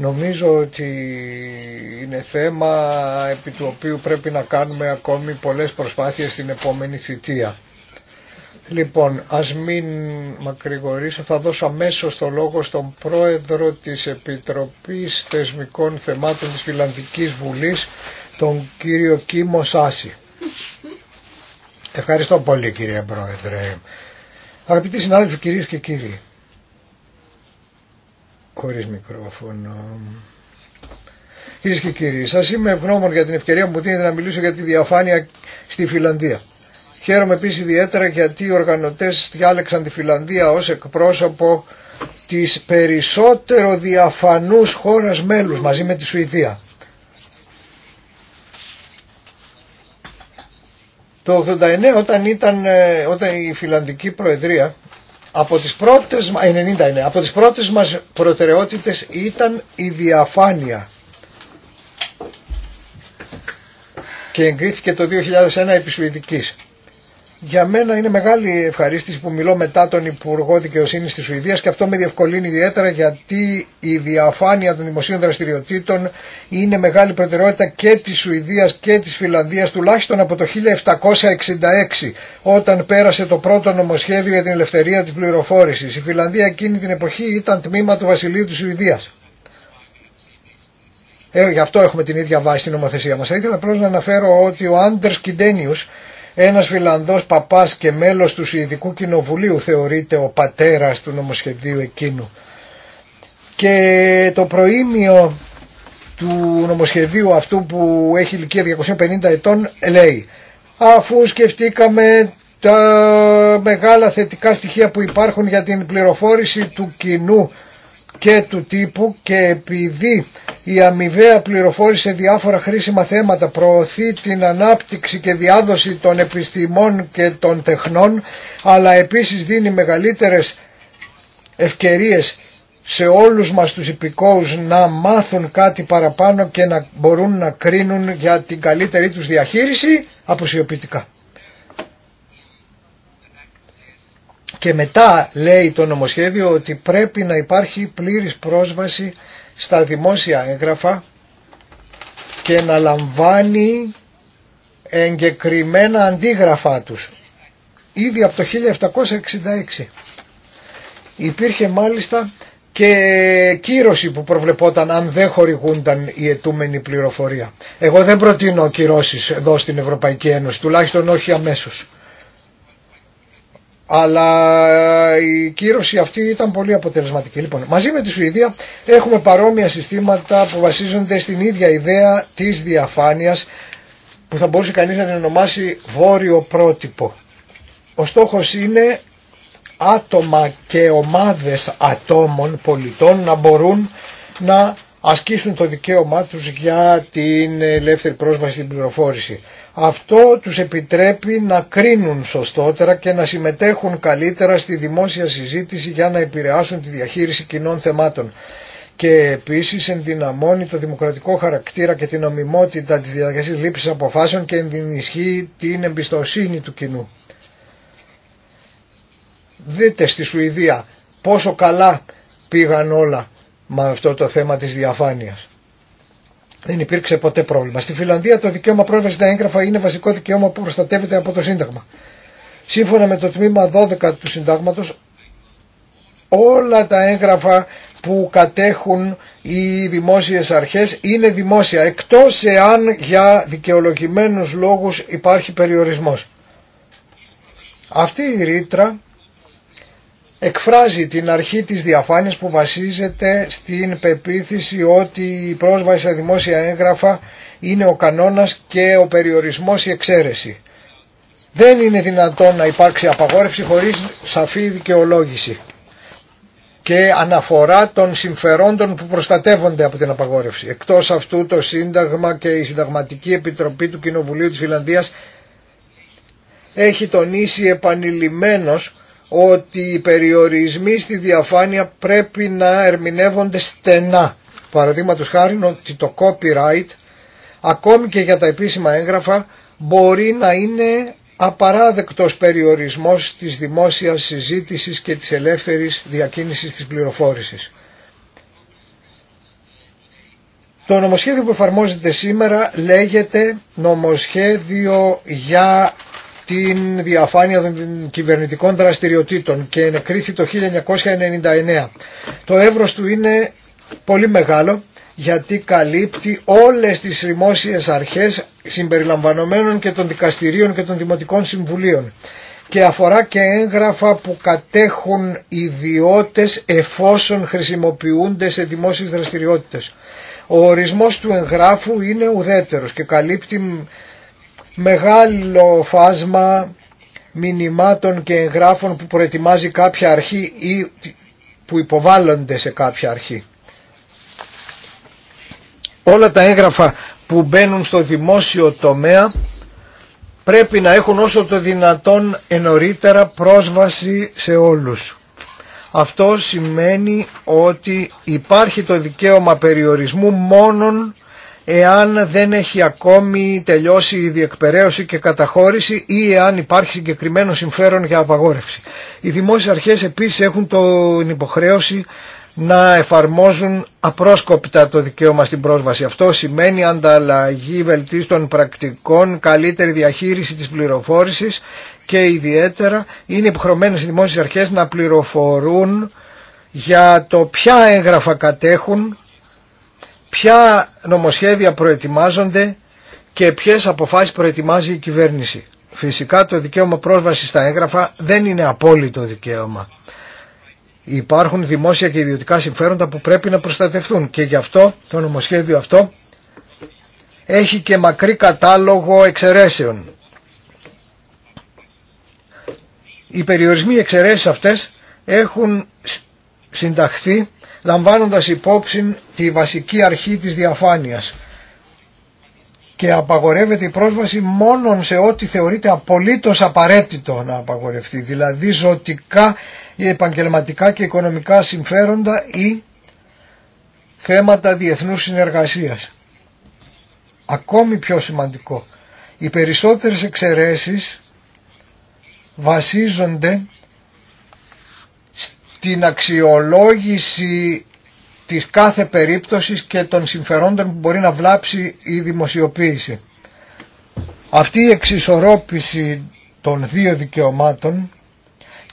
Νομίζω ότι είναι θέμα επί του οποίου πρέπει να κάνουμε ακόμη πολλές προσπάθειες στην επόμενη θητεία. Λοιπόν, ας μην μακρηγορήσω, θα δώσω αμέσως το λόγο στον πρόεδρο της Επιτροπής Θεσμικών Θεμάτων της Φιλανδικής Βουλής, τον κύριο Κίμο Σάση. Ευχαριστώ πολύ κύριε πρόεδρε. Αγαπητοί συνάδελφοι κυρίες και κύριοι, Χωρίς μικρόφωνο. Κυρίε και κύριοι, σα είμαι ευγνώμων για την ευκαιρία που μου δίνετε να μιλήσω για τη διαφάνεια στη Φιλανδία. Χαίρομαι επίση ιδιαίτερα γιατί οι οργανωτέ διάλεξαν τη Φιλανδία ω εκπρόσωπο τη περισσότερο διαφανούς χώρας μέλου μαζί με τη Σουηδία. Το 89 όταν, ήταν, ε, όταν η Φιλανδική Προεδρία από τις πρώτες, 90 είναι, από τις πρώτες μας προτεραιότητες ήταν η διαφάνεια. Και εγκρίθηκε το 2001 επί για μένα είναι μεγάλη ευχαρίστηση που μιλώ μετά τον Υπουργό Δικαιοσύνη τη Σουηδία και αυτό με διευκολύνει ιδιαίτερα γιατί η διαφάνεια των δημοσίων δραστηριοτήτων είναι μεγάλη προτεραιότητα και τη Σουηδία και τη Φιλανδία, τουλάχιστον από το 1766 όταν πέρασε το πρώτο νομοσχέδιο για την ελευθερία τη πληροφόρηση. Η Φιλανδία εκείνη την εποχή ήταν τμήμα του Βασιλείου τη Σουηδία. Ε, γι' αυτό έχουμε την ίδια βάση στην νομοθεσία μα. Θα ήθελα απλώ να αναφέρω ότι ο Άντερ Κιντένιου ένας Φιλανδός παπάς και μέλος του Συνδικού Κοινοβουλίου θεωρείται ο πατέρας του νομοσχεδίου εκείνου. Και το προήμιο του νομοσχεδίου αυτού που έχει ηλικία 250 ετών λέει αφού σκεφτήκαμε τα μεγάλα θετικά στοιχεία που υπάρχουν για την πληροφόρηση του κοινού και του τύπου και επειδή η αμοιβαία πληροφόρησε διάφορα χρήσιμα θέματα, προωθεί την ανάπτυξη και διάδοση των επιστημών και των τεχνών, αλλά επίσης δίνει μεγαλύτερες ευκαιρίες σε όλους μας τους υπηκόους να μάθουν κάτι παραπάνω και να μπορούν να κρίνουν για την καλύτερη τους διαχείριση αποσιοποιητικά. Και μετά λέει το νομοσχέδιο ότι πρέπει να υπάρχει πλήρης πρόσβαση στα δημόσια έγγραφα και να λαμβάνει εγκεκριμένα αντίγραφά τους. Ήδη από το 1766 υπήρχε μάλιστα και κύρωση που προβλεπόταν αν δεν χορηγούνταν η ετούμενη πληροφορία. Εγώ δεν προτείνω κυρώσεις εδώ στην Ευρωπαϊκή Ένωση, τουλάχιστον όχι αμέσως. Αλλά ε, η κύρωση αυτή ήταν πολύ αποτελεσματική. Λοιπόν, μαζί με τη Σουηδία έχουμε παρόμοια συστήματα που βασίζονται στην ίδια ιδέα της διαφάνειας που θα μπορούσε κανείς να την ονομάσει βόρειο πρότυπο. Ο στόχος είναι άτομα και ομάδες ατόμων πολιτών να μπορούν να ασκήσουν το δικαίωμά τους για την ελεύθερη πρόσβαση στην πληροφόρηση. Αυτό τους επιτρέπει να κρίνουν σωστότερα και να συμμετέχουν καλύτερα στη δημόσια συζήτηση για να επηρεάσουν τη διαχείριση κοινών θεμάτων και επίσης ενδυναμώνει το δημοκρατικό χαρακτήρα και την ομιμότητα της διαδικασίας λήψης αποφάσεων και ενδυνισχύει την εμπιστοσύνη του κοινού. Δείτε στη Σουηδία πόσο καλά πήγαν όλα με αυτό το θέμα της διαφάνειας δεν υπήρξε ποτέ πρόβλημα. Στη Φιλανδία το δικαίωμα πρόσβαση στα έγγραφα είναι βασικό δικαίωμα που προστατεύεται από το Σύνταγμα. Σύμφωνα με το τμήμα 12 του Συντάγματος, όλα τα έγγραφα που κατέχουν οι δημόσιες αρχές είναι δημόσια, εκτός εάν για δικαιολογημένους λόγους υπάρχει περιορισμός. Αυτή η ρήτρα εκφράζει την αρχή της διαφάνειας που βασίζεται στην πεποίθηση ότι η πρόσβαση στα δημόσια έγγραφα είναι ο κανόνας και ο περιορισμός η εξαίρεση. Δεν είναι δυνατόν να υπάρξει απαγόρευση χωρίς σαφή δικαιολόγηση και αναφορά των συμφερόντων που προστατεύονται από την απαγόρευση. Εκτός αυτού το Σύνταγμα και η Συνταγματική Επιτροπή του Κοινοβουλίου της Φιλανδίας έχει τονίσει επανειλημμένος ότι οι περιορισμοί στη διαφάνεια πρέπει να ερμηνεύονται στενά. Παραδείγματο χάρη ότι το copyright ακόμη και για τα επίσημα έγγραφα μπορεί να είναι απαράδεκτος περιορισμός της δημόσιας συζήτησης και της ελεύθερης διακίνησης της πληροφόρησης. Το νομοσχέδιο που εφαρμόζεται σήμερα λέγεται νομοσχέδιο για την διαφάνεια των κυβερνητικών δραστηριοτήτων και ενεκρίθη το 1999. Το εύρος του είναι πολύ μεγάλο γιατί καλύπτει όλες τις δημόσιες αρχές συμπεριλαμβανομένων και των δικαστηρίων και των δημοτικών συμβουλίων και αφορά και έγγραφα που κατέχουν ιδιώτες εφόσον χρησιμοποιούνται σε δημόσιες δραστηριότητες. Ο ορισμός του εγγράφου είναι ουδέτερος και καλύπτει μεγάλο φάσμα μηνυμάτων και εγγράφων που προετοιμάζει κάποια αρχή ή που υποβάλλονται σε κάποια αρχή. Όλα τα έγγραφα που μπαίνουν στο δημόσιο τομέα πρέπει να έχουν όσο το δυνατόν ενωρίτερα πρόσβαση σε όλους. Αυτό σημαίνει ότι υπάρχει το δικαίωμα περιορισμού μόνον εάν δεν έχει ακόμη τελειώσει η διεκπαιρέωση και καταχώρηση ή εάν υπάρχει συγκεκριμένο συμφέρον για απαγόρευση. Οι δημόσιες αρχές επίσης έχουν την υποχρέωση να εφαρμόζουν απρόσκοπτα το δικαίωμα στην πρόσβαση. Αυτό σημαίνει ανταλλαγή βελτίστων πρακτικών, καλύτερη διαχείριση της πληροφόρησης και ιδιαίτερα είναι υποχρεωμένες οι δημόσιες αρχές να πληροφορούν για το ποια έγγραφα κατέχουν ποια νομοσχέδια προετοιμάζονται και ποιες αποφάσεις προετοιμάζει η κυβέρνηση. Φυσικά το δικαίωμα πρόσβαση στα έγγραφα δεν είναι απόλυτο δικαίωμα. Υπάρχουν δημόσια και ιδιωτικά συμφέροντα που πρέπει να προστατευτούν και γι' αυτό το νομοσχέδιο αυτό έχει και μακρύ κατάλογο εξαιρέσεων. Οι περιορισμοί εξαιρέσεις αυτές έχουν συνταχθεί λαμβάνοντας υπόψη τη βασική αρχή της διαφάνειας και απαγορεύεται η πρόσβαση μόνον σε ό,τι θεωρείται απολύτως απαραίτητο να απαγορευτεί, δηλαδή ζωτικά ή επαγγελματικά και οικονομικά συμφέροντα ή θέματα διεθνούς συνεργασίας. Ακόμη πιο σημαντικό, οι περισσότερες εξαιρέσεις βασίζονται την αξιολόγηση της κάθε περίπτωσης και των συμφερόντων που μπορεί να βλάψει η δημοσιοποίηση. Αυτή η εξισορρόπηση των δύο δικαιωμάτων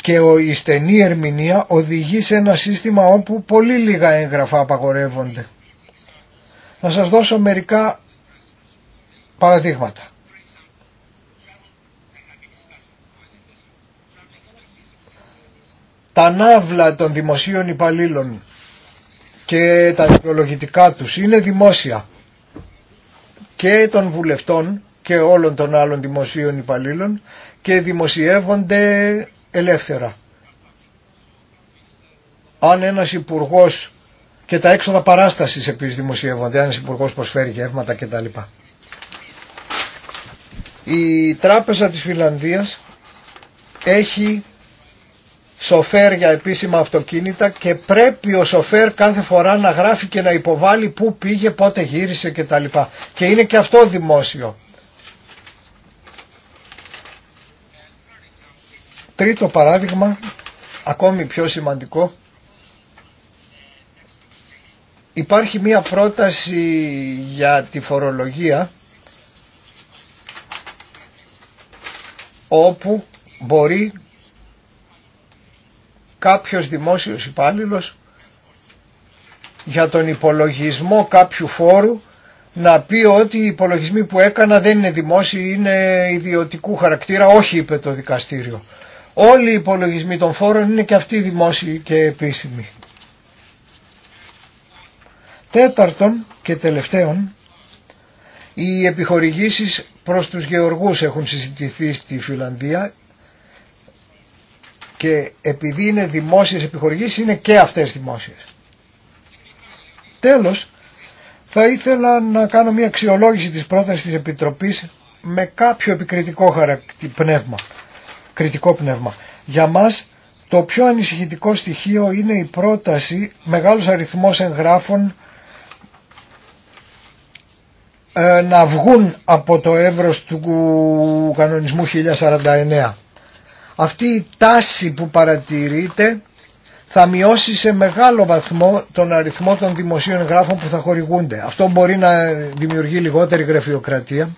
και η στενή ερμηνεία οδηγεί σε ένα σύστημα όπου πολύ λίγα έγγραφα απαγορεύονται. Να σας δώσω μερικά παραδείγματα. τα ναύλα των δημοσίων υπαλλήλων και τα δικαιολογητικά τους είναι δημόσια και των βουλευτών και όλων των άλλων δημοσίων υπαλλήλων και δημοσιεύονται ελεύθερα. Αν ένας υπουργός και τα έξοδα παράστασης επίσης δημοσιεύονται, αν ένας υπουργός προσφέρει γεύματα κτλ. Η Τράπεζα της Φιλανδίας έχει σοφέρ για επίσημα αυτοκίνητα και πρέπει ο σοφέρ κάθε φορά να γράφει και να υποβάλει πού πήγε, πότε γύρισε κτλ. Και είναι και αυτό δημόσιο. Τρίτο παράδειγμα, ακόμη πιο σημαντικό, υπάρχει μία πρόταση για τη φορολογία όπου μπορεί κάποιος δημόσιος υπάλληλος για τον υπολογισμό κάποιου φόρου να πει ότι οι υπολογισμοί που έκανα δεν είναι δημόσιοι, είναι ιδιωτικού χαρακτήρα, όχι είπε το δικαστήριο. Όλοι οι υπολογισμοί των φόρων είναι και αυτοί δημόσιοι και επίσημοι. Τέταρτον και τελευταίον, οι επιχορηγήσεις προς τους γεωργούς έχουν συζητηθεί στη Φιλανδία και επειδή είναι δημόσιες επιχορηγήσεις είναι και αυτές δημόσιες. Τέλος, θα ήθελα να κάνω μια αξιολόγηση της πρότασης της Επιτροπής με κάποιο επικριτικό πνεύμα, κριτικό πνεύμα. Για μας το πιο ανησυχητικό στοιχείο είναι η πρόταση μεγάλους αριθμός εγγράφων ε, να βγουν από το εύρος του κανονισμού 1049. Αυτή η τάση που παρατηρείται θα μειώσει σε μεγάλο βαθμό τον αριθμό των δημοσίων εγγράφων που θα χορηγούνται. Αυτό μπορεί να δημιουργεί λιγότερη γραφειοκρατία,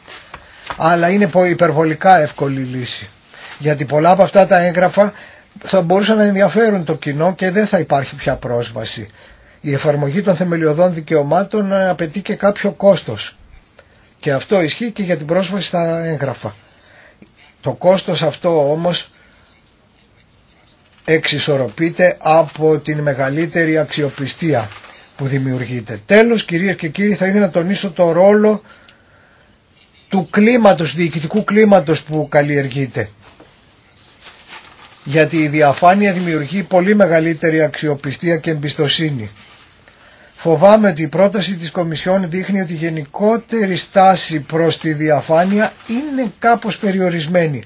αλλά είναι υπερβολικά εύκολη λύση. Γιατί πολλά από αυτά τα έγγραφα θα μπορούσαν να ενδιαφέρουν το κοινό και δεν θα υπάρχει πια πρόσβαση. Η εφαρμογή των θεμελιωδών δικαιωμάτων απαιτεί και κάποιο κόστος. Και αυτό ισχύει και για την πρόσβαση στα έγγραφα. Το κόστος αυτό όμως εξισορροπείται από την μεγαλύτερη αξιοπιστία που δημιουργείται. Τέλος κυρίες και κύριοι θα ήθελα να τονίσω το ρόλο του κλίματος, του διοικητικού κλίματος που καλλιεργείται. Γιατί η διαφάνεια δημιουργεί πολύ μεγαλύτερη αξιοπιστία και εμπιστοσύνη. Φοβάμαι ότι η πρόταση της Κομισιόν δείχνει ότι η γενικότερη στάση προς τη διαφάνεια είναι κάπως περιορισμένη.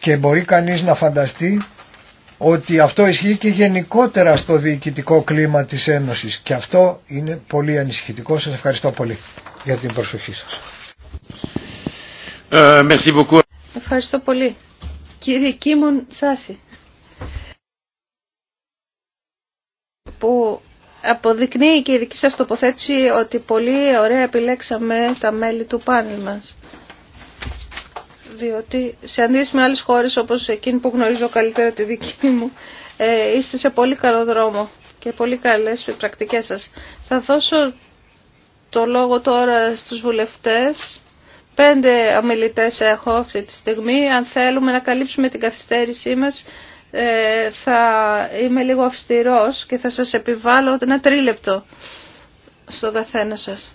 Και μπορεί κανείς να φανταστεί ότι αυτό ισχύει και γενικότερα στο διοικητικό κλίμα της Ένωσης. Και αυτό είναι πολύ ανησυχητικό. Σας ευχαριστώ πολύ για την προσοχή σας. Ε, ευχαριστώ πολύ. Κύριε Κίμων Σάση, που αποδεικνύει και η δική σας τοποθέτηση ότι πολύ ωραία επιλέξαμε τα μέλη του πάνελ μας διότι σε αντίθεση με άλλες χώρες όπως εκείνη που γνωρίζω καλύτερα τη δική μου, ε, είστε σε πολύ καλό δρόμο και πολύ καλές πρακτικές σας. Θα δώσω το λόγο τώρα στους βουλευτές. Πέντε αμιλητές έχω αυτή τη στιγμή. Αν θέλουμε να καλύψουμε την καθυστέρησή μας, ε, θα είμαι λίγο αυστηρός και θα σας επιβάλλω ένα τρίλεπτο στον καθένα σας.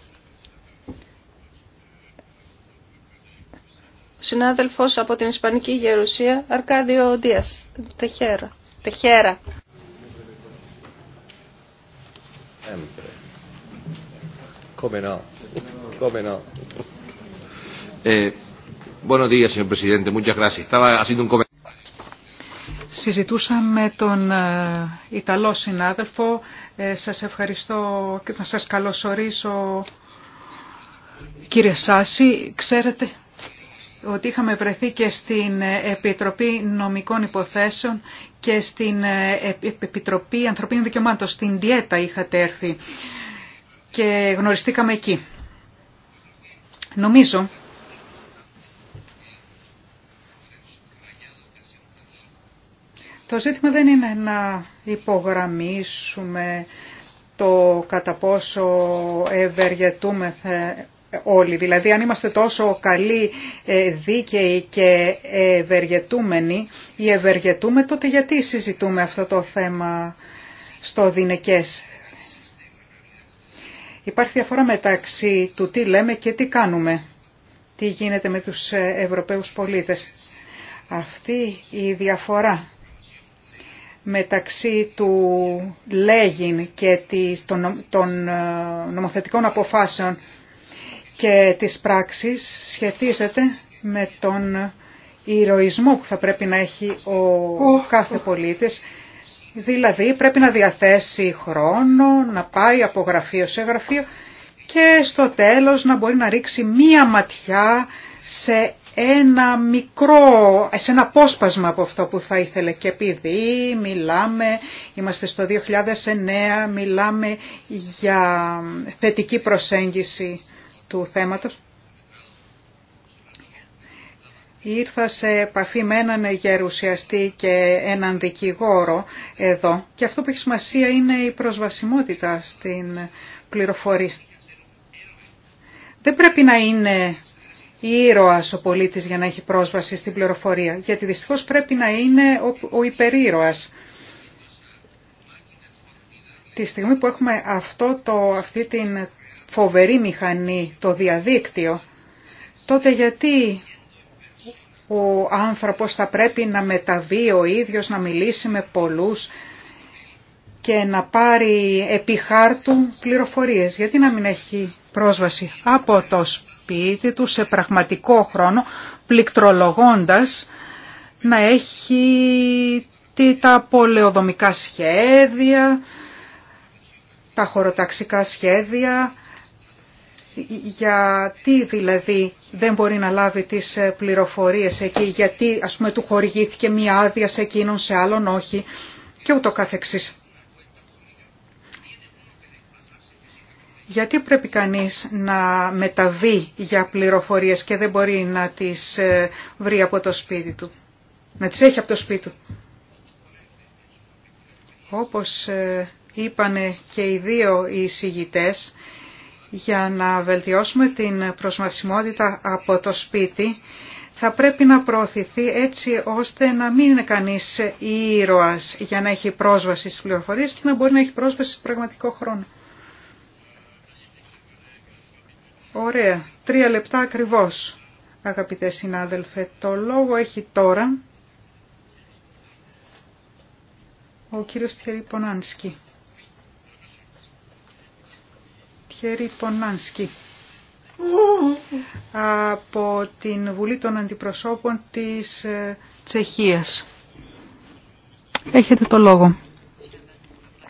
συνάδελφος από την Ισπανική Γερουσία, Αρκάδιο Ντίας, Τεχέρα. Τεχέρα. Ε, Συζητούσα με τον ε, Ιταλό συνάδελφο. Ε, σας ευχαριστώ και να σας καλωσορίσω κύριε Σάση. Ξέρετε ότι είχαμε βρεθεί και στην Επιτροπή Νομικών Υποθέσεων και στην ε, Επιτροπή Ανθρωπίνων Δικαιωμάτων. Στην Διέτα είχατε έρθει και γνωριστήκαμε εκεί. Νομίζω Το ζήτημα δεν είναι να υπογραμμίσουμε το κατά πόσο ευεργετούμεθα όλοι. Δηλαδή αν είμαστε τόσο καλοί, ε, δίκαιοι και ευεργετούμενοι ή ευεργετούμε, τότε γιατί συζητούμε αυτό το θέμα στο δυναικές. Υπάρχει διαφορά μεταξύ του τι λέμε και τι κάνουμε. Τι γίνεται με τους ε, Ευρωπαίους πολίτες. Αυτή η διαφορά μεταξύ του λέγειν και των ε, νομοθετικών αποφάσεων και της πράξης σχετίζεται με τον ηρωισμό που θα πρέπει να έχει ο κάθε πολίτης. Δηλαδή πρέπει να διαθέσει χρόνο, να πάει από γραφείο σε γραφείο και στο τέλος να μπορεί να ρίξει μία ματιά σε ένα μικρό, σε ένα απόσπασμα από αυτό που θα ήθελε. Και επειδή μιλάμε, είμαστε στο 2009, μιλάμε για θετική προσέγγιση του θέματος. Ήρθα σε επαφή με έναν γερουσιαστή και έναν δικηγόρο εδώ και αυτό που έχει σημασία είναι η προσβασιμότητα στην πληροφορία. Δεν πρέπει να είναι ήρωας ο πολίτης για να έχει πρόσβαση στην πληροφορία, γιατί δυστυχώς πρέπει να είναι ο υπερήρωας. Τη στιγμή που έχουμε αυτό το, αυτή την φοβερή μηχανή, το διαδίκτυο, τότε γιατί ο άνθρωπος θα πρέπει να μεταβεί ο ίδιος, να μιλήσει με πολλούς και να πάρει επί χάρτου πληροφορίες. Γιατί να μην έχει πρόσβαση από το σπίτι του σε πραγματικό χρόνο, πληκτρολογώντας να έχει τα πολεοδομικά σχέδια, τα χωροταξικά σχέδια, γιατί δηλαδή δεν μπορεί να λάβει τις ε, πληροφορίες εκεί, γιατί ας πούμε του χορηγήθηκε μία άδεια σε εκείνον, σε άλλον όχι και ούτω καθεξής. Γιατί πρέπει κανείς να μεταβεί για πληροφορίες και δεν μπορεί να τις ε, βρει από το σπίτι του, να τις έχει από το σπίτι του. Όπως ε, είπανε και οι δύο εισηγητές, για να βελτιώσουμε την προσβασιμότητα από το σπίτι θα πρέπει να προωθηθεί έτσι ώστε να μην είναι κανείς ήρωας για να έχει πρόσβαση στις πληροφορίες και να μπορεί να έχει πρόσβαση σε πραγματικό χρόνο. Ωραία. Τρία λεπτά ακριβώς, αγαπητέ συνάδελφε. Το λόγο έχει τώρα ο κύριος Τιερή Πονάνσκι. Πιέρι Πονάνσκι από την Βουλή των Αντιπροσώπων της ε, Τσεχίας. Έχετε το λόγο.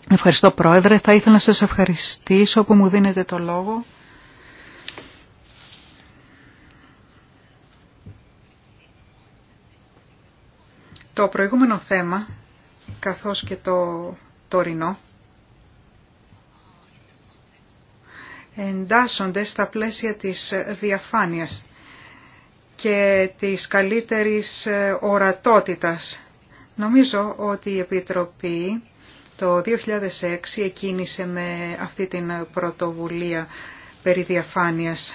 Ευχαριστώ Πρόεδρε. Θα ήθελα να σας ευχαριστήσω που μου δίνετε το λόγο. Το προηγούμενο θέμα, καθώς και το τωρινό, εντάσσονται στα πλαίσια της διαφάνειας και της καλύτερης ε, ορατότητας. Νομίζω ότι η Επιτροπή το 2006 εκκίνησε με αυτή την πρωτοβουλία περί διαφάνειας.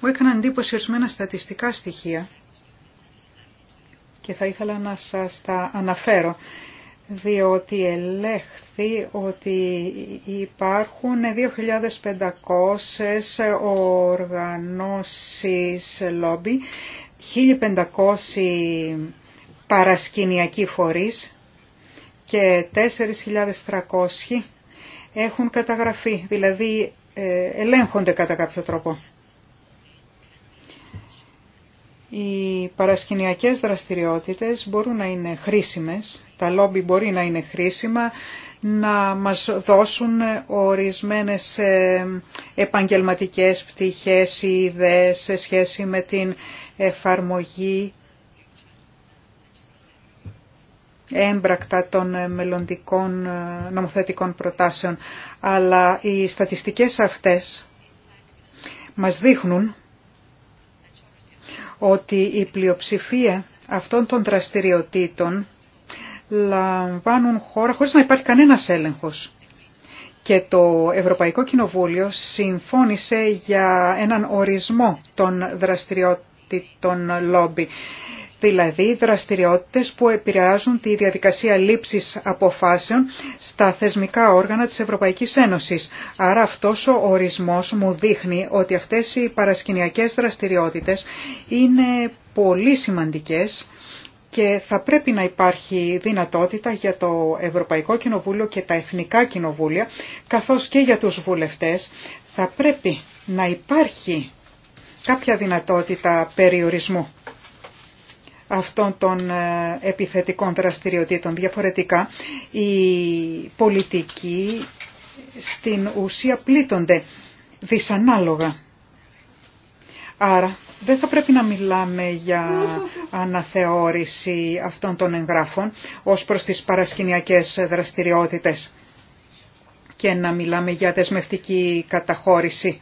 Μου έκαναν εντύπωση ορισμένα στατιστικά στοιχεία και θα ήθελα να σας τα αναφέρω διότι ελέγχθη ότι υπάρχουν 2.500 οργανώσεις λόμπι, 1.500 παρασκηνιακοί φορείς και 4.300 έχουν καταγραφεί, δηλαδή ε, ελέγχονται κατά κάποιο τρόπο. Οι παρασκηνιακές δραστηριότητες μπορούν να είναι χρήσιμες, τα λόμπι μπορεί να είναι χρήσιμα, να μας δώσουν ορισμένες ε, επαγγελματικές πτυχές ή ιδέες σε σχέση με την εφαρμογή έμπρακτα των μελλοντικών ε, νομοθετικών προτάσεων. Αλλά οι στατιστικές αυτές μας δείχνουν ότι η πλειοψηφία αυτών των δραστηριοτήτων λαμβάνουν χώρα χωρίς να υπάρχει κανένας έλεγχος. Και το Ευρωπαϊκό Κοινοβούλιο συμφώνησε για έναν ορισμό των δραστηριοτήτων λόμπι δηλαδή δραστηριότητες που επηρεάζουν τη διαδικασία λήψης αποφάσεων στα θεσμικά όργανα της Ευρωπαϊκής Ένωσης. Άρα αυτός ο ορισμός μου δείχνει ότι αυτές οι παρασκηνιακές δραστηριότητες είναι πολύ σημαντικές και θα πρέπει να υπάρχει δυνατότητα για το Ευρωπαϊκό Κοινοβούλιο και τα Εθνικά Κοινοβούλια, καθώς και για τους βουλευτές, θα πρέπει να υπάρχει κάποια δυνατότητα περιορισμού αυτών των ε, επιθετικών δραστηριοτήτων. Διαφορετικά, οι πολιτικοί στην ουσία πλήττονται δυσανάλογα. Άρα δεν θα πρέπει να μιλάμε για αναθεώρηση αυτών των εγγράφων ως προς τις παρασκηνιακές δραστηριότητες και να μιλάμε για δεσμευτική καταχώρηση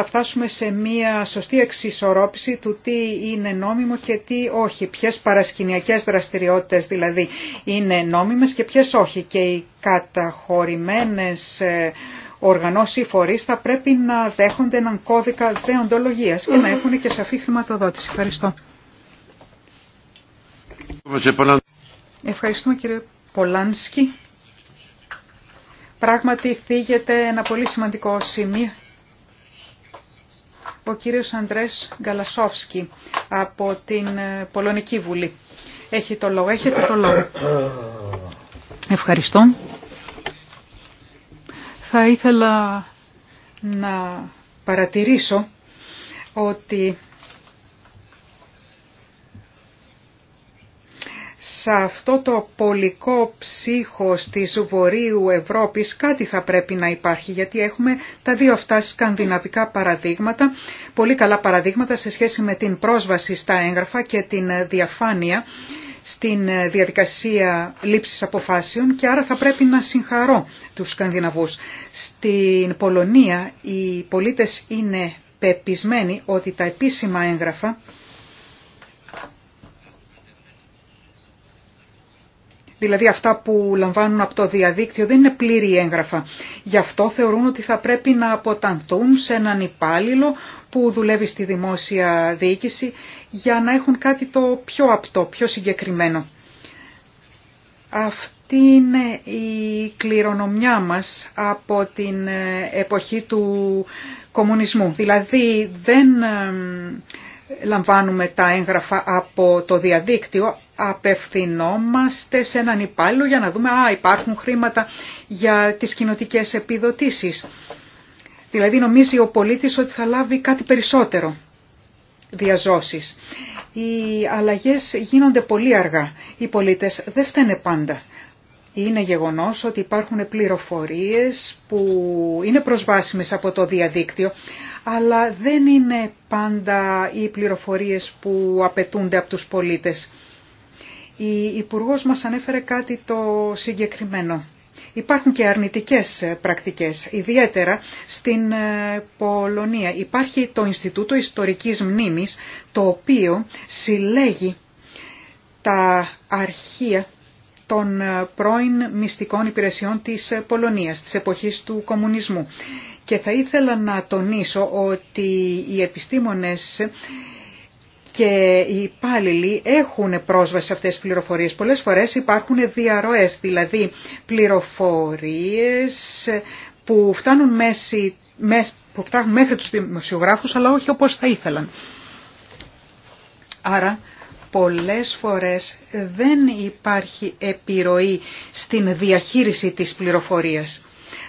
θα φτάσουμε σε μια σωστή εξισορρόπηση του τι είναι νόμιμο και τι όχι. Ποιες παρασκηνιακές δραστηριότητες δηλαδή είναι νόμιμες και ποιες όχι. Και οι καταχωρημένες ε, οργανώσει ή φορείς θα πρέπει να δέχονται έναν κώδικα δεοντολογίας και να έχουν και σαφή χρηματοδότηση. Ευχαριστώ. Ευχαριστούμε κύριε Πολάνσκι. Πράγματι θίγεται ένα πολύ σημαντικό σημείο ο κύριος Αντρές Γκαλασόφσκι από την ε, Πολωνική Βουλή. Έχει το λόγο. Έχετε το λόγο. Ευχαριστώ. Θα ήθελα να παρατηρήσω ότι σε αυτό το πολικό ψύχος της Βορείου Ευρώπης κάτι θα πρέπει να υπάρχει γιατί έχουμε τα δύο αυτά σκανδιναβικά παραδείγματα, πολύ καλά παραδείγματα σε σχέση με την πρόσβαση στα έγγραφα και την διαφάνεια στην διαδικασία λήψης αποφάσεων και άρα θα πρέπει να συγχαρώ τους Σκανδιναβούς. Στην Πολωνία οι πολίτες είναι πεπισμένοι ότι τα επίσημα έγγραφα δηλαδή αυτά που λαμβάνουν από το διαδίκτυο δεν είναι πλήρη έγγραφα. Γι' αυτό θεωρούν ότι θα πρέπει να αποτανθούν σε έναν υπάλληλο που δουλεύει στη δημόσια διοίκηση για να έχουν κάτι το πιο απτό, πιο συγκεκριμένο. Αυτή είναι η κληρονομιά μας από την εποχή του κομμουνισμού. Δηλαδή δεν λαμβάνουμε τα έγγραφα από το διαδίκτυο, απευθυνόμαστε σε έναν υπάλληλο για να δούμε, α, υπάρχουν χρήματα για τις κοινοτικέ επιδοτήσεις. Δηλαδή νομίζει ο πολίτης ότι θα λάβει κάτι περισσότερο διαζώσεις. Οι αλλαγές γίνονται πολύ αργά. Οι πολίτες δεν φταίνε πάντα. Είναι γεγονός ότι υπάρχουν πληροφορίες που είναι προσβάσιμες από το διαδίκτυο, αλλά δεν είναι πάντα οι πληροφορίες που απαιτούνται από τους πολίτες. Η υπουργό μας ανέφερε κάτι το συγκεκριμένο. Υπάρχουν και αρνητικές πρακτικές, ιδιαίτερα στην ε, Πολωνία. Υπάρχει το Ινστιτούτο Ιστορικής Μνήμης, το οποίο συλλέγει τα αρχεία των ε, πρώην μυστικών υπηρεσιών της ε, Πολωνίας, της εποχής του κομμουνισμού. Και θα ήθελα να τονίσω ότι οι επιστήμονες και οι υπάλληλοι έχουν πρόσβαση σε αυτές τις πληροφορίες. Πολλές φορές υπάρχουν διαρροές, δηλαδή πληροφορίες που φτάνουν, μέχρι τους δημοσιογράφους, αλλά όχι όπως θα ήθελαν. Άρα πολλές φορές δεν υπάρχει επιρροή στην διαχείριση της πληροφορίας.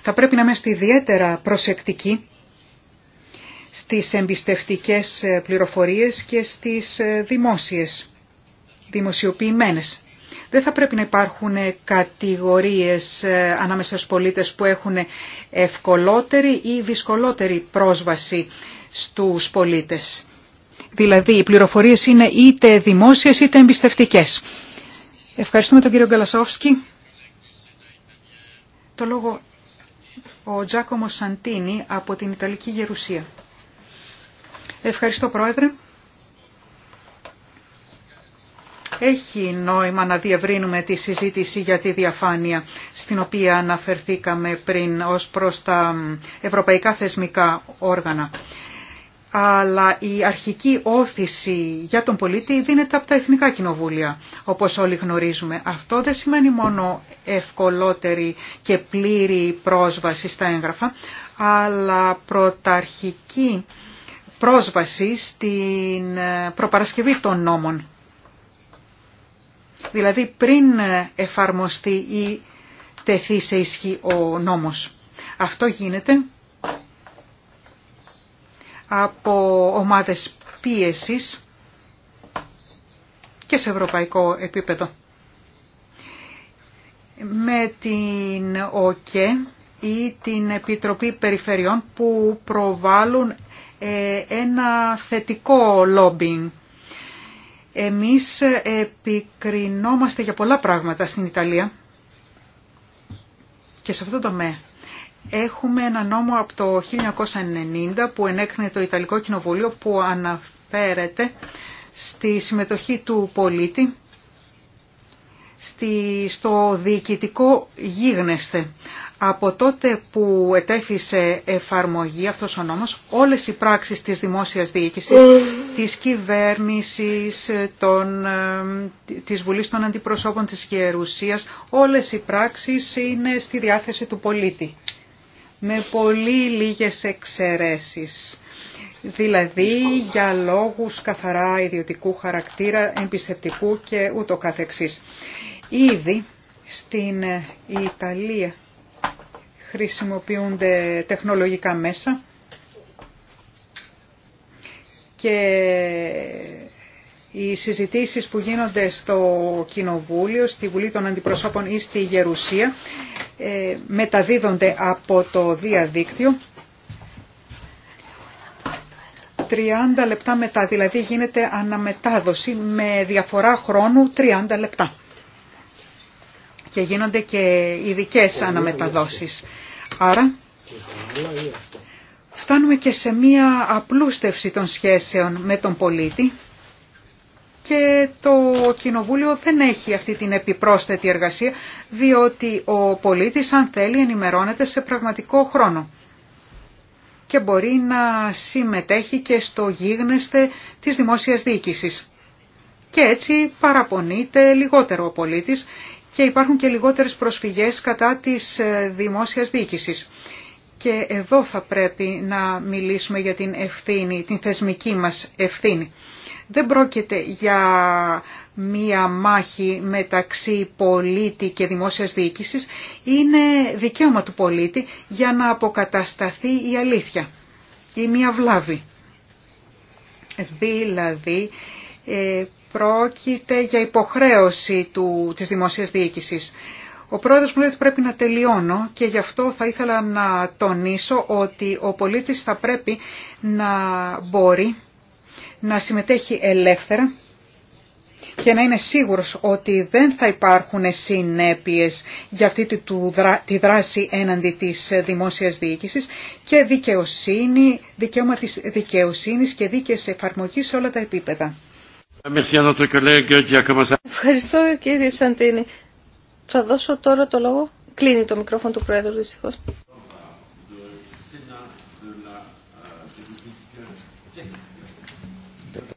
Θα πρέπει να είμαστε ιδιαίτερα προσεκτικοί στις εμπιστευτικές ε, πληροφορίες και στις ε, δημόσιες, δημοσιοποιημένες. Δεν θα πρέπει να υπάρχουν ε, κατηγορίες ανάμεσα στους πολίτες που έχουν ευκολότερη ή δυσκολότερη πρόσβαση στους πολίτες. Δηλαδή οι πληροφορίες είναι είτε δημόσιες είτε εμπιστευτικές. Ευχαριστούμε τον κύριο Γκαλασόφσκι. Το λόγο ο Τζάκομο Σαντίνη από την Ιταλική Γερουσία. Ευχαριστώ Πρόεδρε. Έχει νόημα να διευρύνουμε τη συζήτηση για τη διαφάνεια στην οποία αναφερθήκαμε πριν ως προς τα ευρωπαϊκά θεσμικά όργανα αλλά η αρχική όθηση για τον πολίτη δίνεται από τα εθνικά κοινοβούλια, όπως όλοι γνωρίζουμε. Αυτό δεν σημαίνει μόνο ευκολότερη και πλήρη πρόσβαση στα έγγραφα, αλλά πρωταρχική πρόσβαση στην ε, προπαρασκευή των νόμων. Δηλαδή πριν ε, εφαρμοστεί ή τεθεί σε ισχύ ο νόμος. Αυτό γίνεται από ομάδες πίεσης και σε ευρωπαϊκό επίπεδο. Με την ΟΚΕ ή την Επιτροπή Περιφερειών που προβάλλουν ε, ένα θετικό λόμπινγκ. Εμείς επικρινόμαστε για πολλά πράγματα στην Ιταλία και σε αυτό το τομέα. Έχουμε ένα νόμο από το 1990 που ενέκρινε το Ιταλικό Κοινοβούλιο που αναφέρεται στη συμμετοχή του πολίτη στο διοικητικό γίγνεσθε. Από τότε που ετέθησε εφαρμογή αυτός ο νόμος, όλες οι πράξεις της δημόσιας διοίκησης, της κυβέρνησης, των, της Βουλής των Αντιπροσώπων της Γερουσίας, όλες οι πράξεις είναι στη διάθεση του πολίτη με πολύ λίγες εξαιρέσεις. Δηλαδή για λόγους καθαρά ιδιωτικού χαρακτήρα, εμπιστευτικού και ούτω καθεξής. Ήδη στην Ιταλία χρησιμοποιούνται τεχνολογικά μέσα και οι συζητήσεις που γίνονται στο Κοινοβούλιο, στη Βουλή των Αντιπροσώπων ή στη Γερουσία ε, μεταδίδονται από το διαδίκτυο. 30 λεπτά μετά, δηλαδή γίνεται αναμετάδοση με διαφορά χρόνου 30 λεπτά. Και γίνονται και ειδικέ αναμεταδόσεις. Άρα φτάνουμε και σε μία απλούστευση των σχέσεων με τον πολίτη και το Κοινοβούλιο δεν έχει αυτή την επιπρόσθετη εργασία διότι ο πολίτης αν θέλει ενημερώνεται σε πραγματικό χρόνο και μπορεί να συμμετέχει και στο γίγνεσθε της δημόσιας διοίκησης. Και έτσι παραπονείται λιγότερο ο πολίτης και υπάρχουν και λιγότερες προσφυγές κατά της ε, δημόσιας διοίκησης. Και εδώ θα πρέπει να μιλήσουμε για την ευθύνη, την θεσμική μας ευθύνη. Δεν πρόκειται για μία μάχη μεταξύ πολίτη και δημόσιας διοίκησης. Είναι δικαίωμα του πολίτη για να αποκατασταθεί η αλήθεια ή μία βλάβη. Δηλαδή ε, πρόκειται για υποχρέωση του, της δημόσιας διοίκησης. Ο πρόεδρος μου λέει ότι πρέπει να τελειώνω και γι' αυτό θα ήθελα να τονίσω ότι ο πολίτης θα πρέπει να μπορεί να συμμετέχει ελεύθερα και να είναι σίγουρος ότι δεν θα υπάρχουν συνέπειες για αυτή τη δράση έναντι της δημόσιας διοίκησης και δικαιοσύνη, δικαίωμα της δικαιοσύνης και δίκαιες εφαρμογής σε όλα τα επίπεδα. Ευχαριστώ κύριε Σαντίνη. Θα δώσω τώρα το λόγο. Κλείνει το μικρόφωνο του Πρόεδρου δυστυχώς.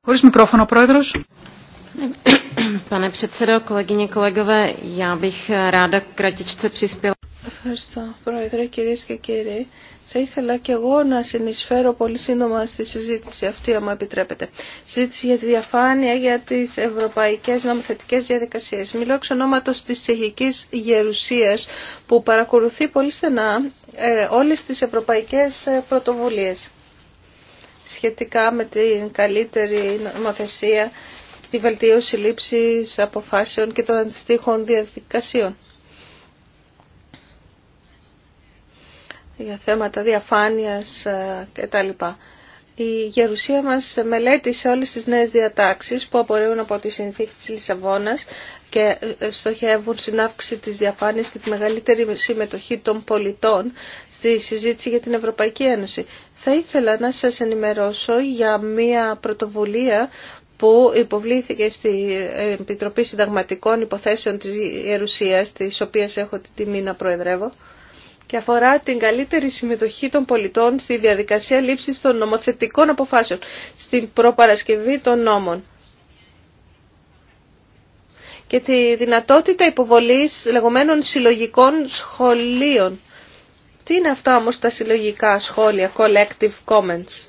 Χωρίς μικρόφωνο, Πρόεδρος. Ευχαριστώ, Πρόεδρε, κυρίε και κύριοι. Θα ήθελα και εγώ να συνεισφέρω πολύ σύντομα στη συζήτηση αυτή, αν μου επιτρέπετε. Συζήτηση για τη διαφάνεια για τι ευρωπαϊκέ νομοθετικέ διαδικασίε. Μιλώ εξ ονόματο τη τσεχική γερουσία, που παρακολουθεί πολύ στενά ε, όλε τι ευρωπαϊκέ ε, πρωτοβουλίε σχετικά με την καλύτερη νομοθεσία, τη βελτίωση λήψης αποφάσεων και των αντιστοίχων διαδικασιών. για θέματα διαφάνειας ε, κτλ. Η γερουσία μας μελέτησε όλες τις νέες διατάξεις που απορρέουν από τη συνθήκη της Λισαβόνας και ε, ε, στοχεύουν στην αύξηση της διαφάνειας και τη μεγαλύτερη συμμετοχή των πολιτών στη συζήτηση για την Ευρωπαϊκή Ένωση. Θα ήθελα να σας ενημερώσω για μια πρωτοβουλία που υποβλήθηκε στη ε, Επιτροπή Συνταγματικών Υποθέσεων της Ιερουσίας, της οποίας έχω την τιμή να προεδρεύω, και αφορά την καλύτερη συμμετοχή των πολιτών στη διαδικασία λήψης των νομοθετικών αποφάσεων, στην προπαρασκευή των νόμων και τη δυνατότητα υποβολής λεγόμενων συλλογικών σχολείων. Τι είναι αυτά όμως τα συλλογικά σχόλια, collective comments.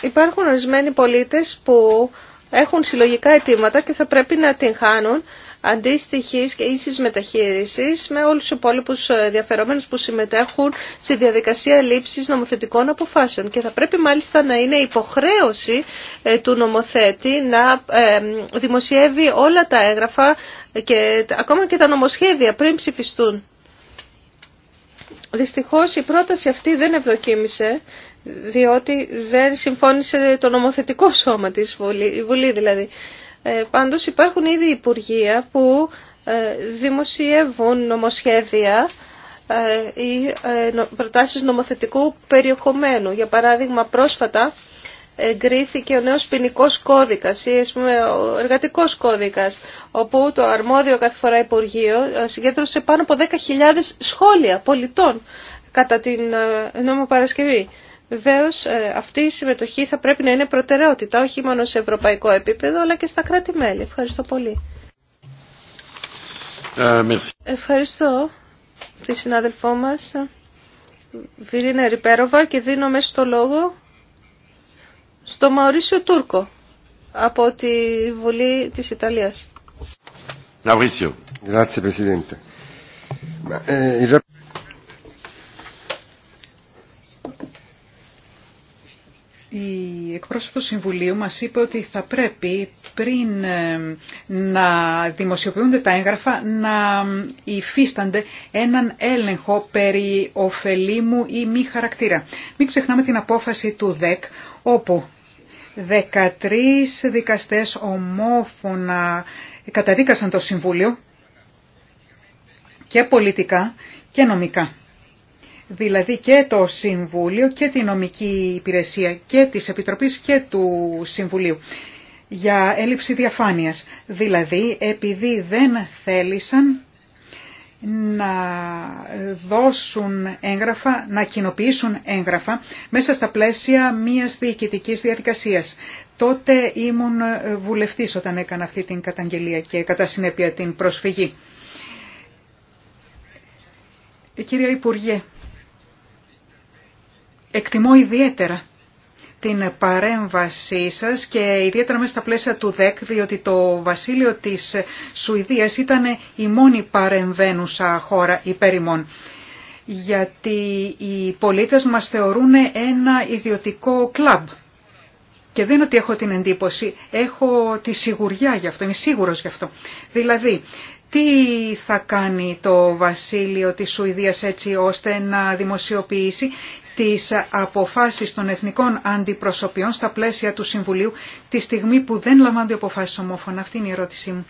Υπάρχουν ορισμένοι πολίτες που έχουν συλλογικά αιτήματα και θα πρέπει να την χάνουν Αντίστοιχη και ίση μεταχείριση με όλους του υπόλοιπου ε, ενδιαφερόμενους που συμμετέχουν στη διαδικασία λήψη νομοθετικών αποφάσεων. Και θα πρέπει μάλιστα να είναι υποχρέωση ε, του νομοθέτη να ε, δημοσιεύει όλα τα έγγραφα και ακόμα και τα νομοσχέδια πριν ψηφιστούν. Δυστυχώς η πρόταση αυτή δεν ευδοκίμησε διότι δεν συμφώνησε το νομοθετικό σώμα της Βουλή δηλαδή. Ε, πάντως υπάρχουν ήδη υπουργεία που ε, δημοσιεύουν νομοσχέδια ε, ή προτάσεις νομοθετικού περιεχομένου. Για παράδειγμα, πρόσφατα εγκρίθηκε ο νέος ποινικό κώδικας ή ο εργατικός κώδικας, όπου το αρμόδιο κάθε φορά Υπουργείο συγκέντρωσε πάνω από 10.000 σχόλια πολιτών κατά την νόμο Παρασκευή. Βεβαίω ε, αυτή η συμμετοχή θα πρέπει να είναι προτεραιότητα, όχι μόνο σε ευρωπαϊκό επίπεδο, αλλά και στα κράτη-μέλη. Ευχαριστώ πολύ. Ε, Ευχαριστώ τη συνάδελφό μας, Βιρίνα Ριπέροβα, και δίνω μέσα το λόγο στο Μαωρίσιο Τούρκο από τη Βουλή της Ιταλίας. Μαωρίσιο. του Συμβουλίου μας είπε ότι θα πρέπει πριν ε, να δημοσιοποιούνται τα έγγραφα να υφίστανται έναν έλεγχο περί ωφελήμου ή μη χαρακτήρα. Μην ξεχνάμε την απόφαση του ΔΕΚ όπου 13 δικαστές ομόφωνα καταδίκασαν το Συμβούλιο και πολιτικά και νομικά δηλαδή και το Συμβούλιο και τη Νομική Υπηρεσία και της Επιτροπής και του Συμβουλίου για έλλειψη διαφάνειας. Δηλαδή επειδή δεν θέλησαν να δώσουν έγγραφα, να κοινοποιήσουν έγγραφα μέσα στα πλαίσια μιας διοικητικής διαδικασίας. Τότε ήμουν βουλευτής όταν έκανα αυτή την καταγγελία και κατά συνέπεια την προσφυγή. Ε, κύριε. Υπουργέ, εκτιμώ ιδιαίτερα την παρέμβασή σας και ιδιαίτερα μέσα στα πλαίσια του ΔΕΚ, διότι το βασίλειο της Σουηδίας ήταν η μόνη παρεμβαίνουσα χώρα υπέρ ημών. Γιατί οι πολίτες μας θεωρούν ένα ιδιωτικό κλαμπ. Και δεν ότι έχω την εντύπωση, έχω τη σιγουριά γι' αυτό, είμαι σίγουρος γι' αυτό. Δηλαδή, τι θα κάνει το βασίλειο της Σουηδίας έτσι ώστε να δημοσιοποιήσει τις αποφάσεις των εθνικών αντιπροσωπιών στα πλαίσια του Συμβουλίου τη στιγμή που δεν λαμβάνονται αποφάσεις ομόφωνα. Αυτή είναι η ερώτησή μου.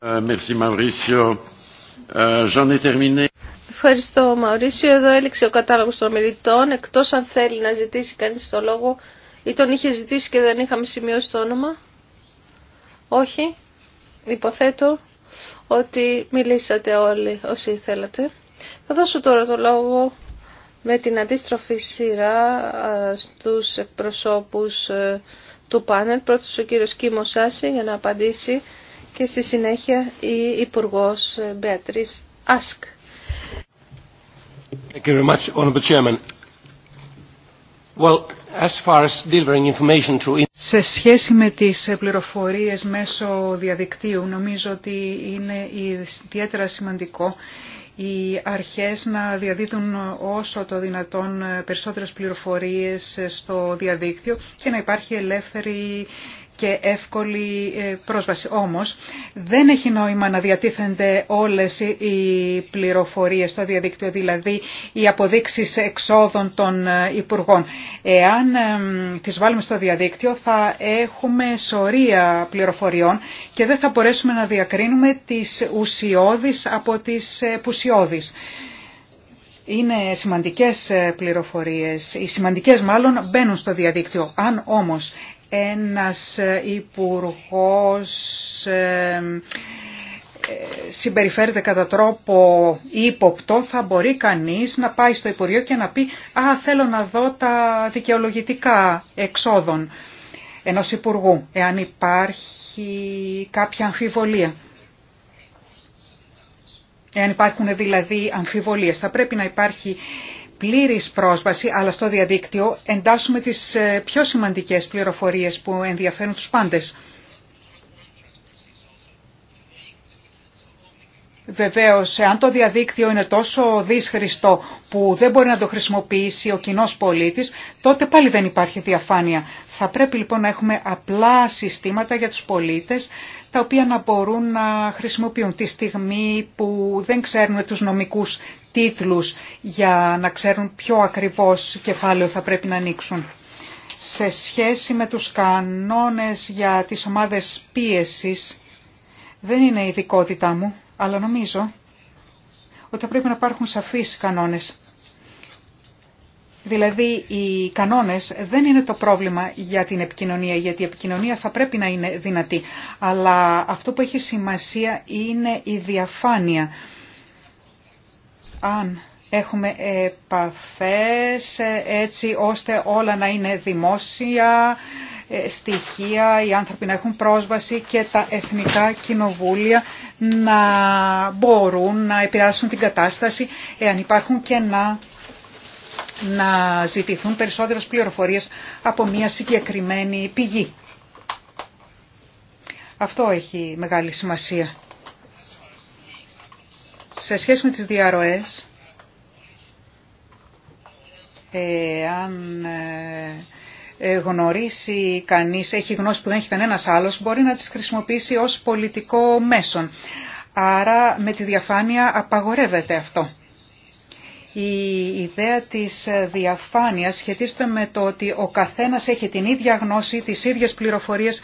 Ε, ε, Ευχαριστώ Μαουρίσιο. Εδώ έληξε ο κατάλογος των μιλητών, εκτός αν θέλει να ζητήσει κανείς το λόγο ή τον είχε ζητήσει και δεν είχαμε σημειώσει το όνομα. Όχι. Υποθέτω ότι μιλήσατε όλοι όσοι θέλατε. Θα δώσω τώρα το λόγο με την αντίστροφη σειρά στους εκπροσώπους ε, του πάνελ. Πρώτος ο κύριος Κίμος Σάση για να απαντήσει και στη συνέχεια η Υπουργός ε, Μπέατρης Άσκ. Σε σχέση με τις πληροφορίες μέσω διαδικτύου, νομίζω ότι είναι ιδιαίτερα σημαντικό οι αρχές να διαδίδουν όσο το δυνατόν περισσότερες πληροφορίες στο διαδίκτυο και να υπάρχει ελεύθερη και εύκολη ε, πρόσβαση. Όμως δεν έχει νόημα να διατίθενται όλες οι πληροφορίες στο διαδίκτυο, δηλαδή οι αποδείξεις εξόδων των ε, υπουργών. Εάν τις βάλουμε στο διαδίκτυο θα έχουμε σωρία πληροφοριών και δεν θα μπορέσουμε να διακρίνουμε τις ουσιώδεις από τις ε, πουσιώδεις. Είναι σημαντικές πληροφορίες, οι σημαντικές μάλλον μπαίνουν στο διαδίκτυο. Αν όμως ένας υπουργός συμπεριφέρεται κατά τρόπο ύποπτο, θα μπορεί κανείς να πάει στο Υπουργείο και να πει «Α, θέλω να δω τα δικαιολογητικά εξόδων ενός Υπουργού», εάν υπάρχει κάποια αμφιβολία. Εάν υπάρχουν δηλαδή αμφιβολίες, θα πρέπει να υπάρχει πλήρης πρόσβαση, αλλά στο διαδίκτυο εντάσσουμε τις ε, πιο σημαντικές πληροφορίες που ενδιαφέρουν τους πάντες. Βεβαίως, αν το διαδίκτυο είναι τόσο δύσχριστο που δεν μπορεί να το χρησιμοποιήσει ο κοινός πολίτης, τότε πάλι δεν υπάρχει διαφάνεια. Θα πρέπει λοιπόν να έχουμε απλά συστήματα για τους πολίτες τα οποία να μπορούν να χρησιμοποιούν τη στιγμή που δεν ξέρουν τους νομικούς τίτλους για να ξέρουν ποιο ακριβώς κεφάλαιο θα πρέπει να ανοίξουν. Σε σχέση με τους κανόνες για τις ομάδες πίεσης, δεν είναι η ειδικότητά μου, αλλά νομίζω ότι θα πρέπει να υπάρχουν σαφείς κανόνες Δηλαδή οι κανόνες δεν είναι το πρόβλημα για την επικοινωνία, γιατί η επικοινωνία θα πρέπει να είναι δυνατή. Αλλά αυτό που έχει σημασία είναι η διαφάνεια. Αν έχουμε επαφές ε, έτσι ώστε όλα να είναι δημόσια, ε, στοιχεία, οι άνθρωποι να έχουν πρόσβαση και τα εθνικά κοινοβούλια να μπορούν να επηρεάσουν την κατάσταση εάν υπάρχουν κενά να ζητηθούν περισσότερες πληροφορίες από μια συγκεκριμένη πηγή. Αυτό έχει μεγάλη σημασία. Σε σχέση με τις διαρροές, αν ε, γνωρίσει κανείς, έχει γνώση που δεν έχει κανένας άλλος, μπορεί να τις χρησιμοποιήσει ως πολιτικό μέσον. Άρα με τη διαφάνεια απαγορεύεται αυτό η ιδέα της διαφάνειας σχετίζεται με το ότι ο καθένας έχει την ίδια γνώση, τις ίδιες πληροφορίες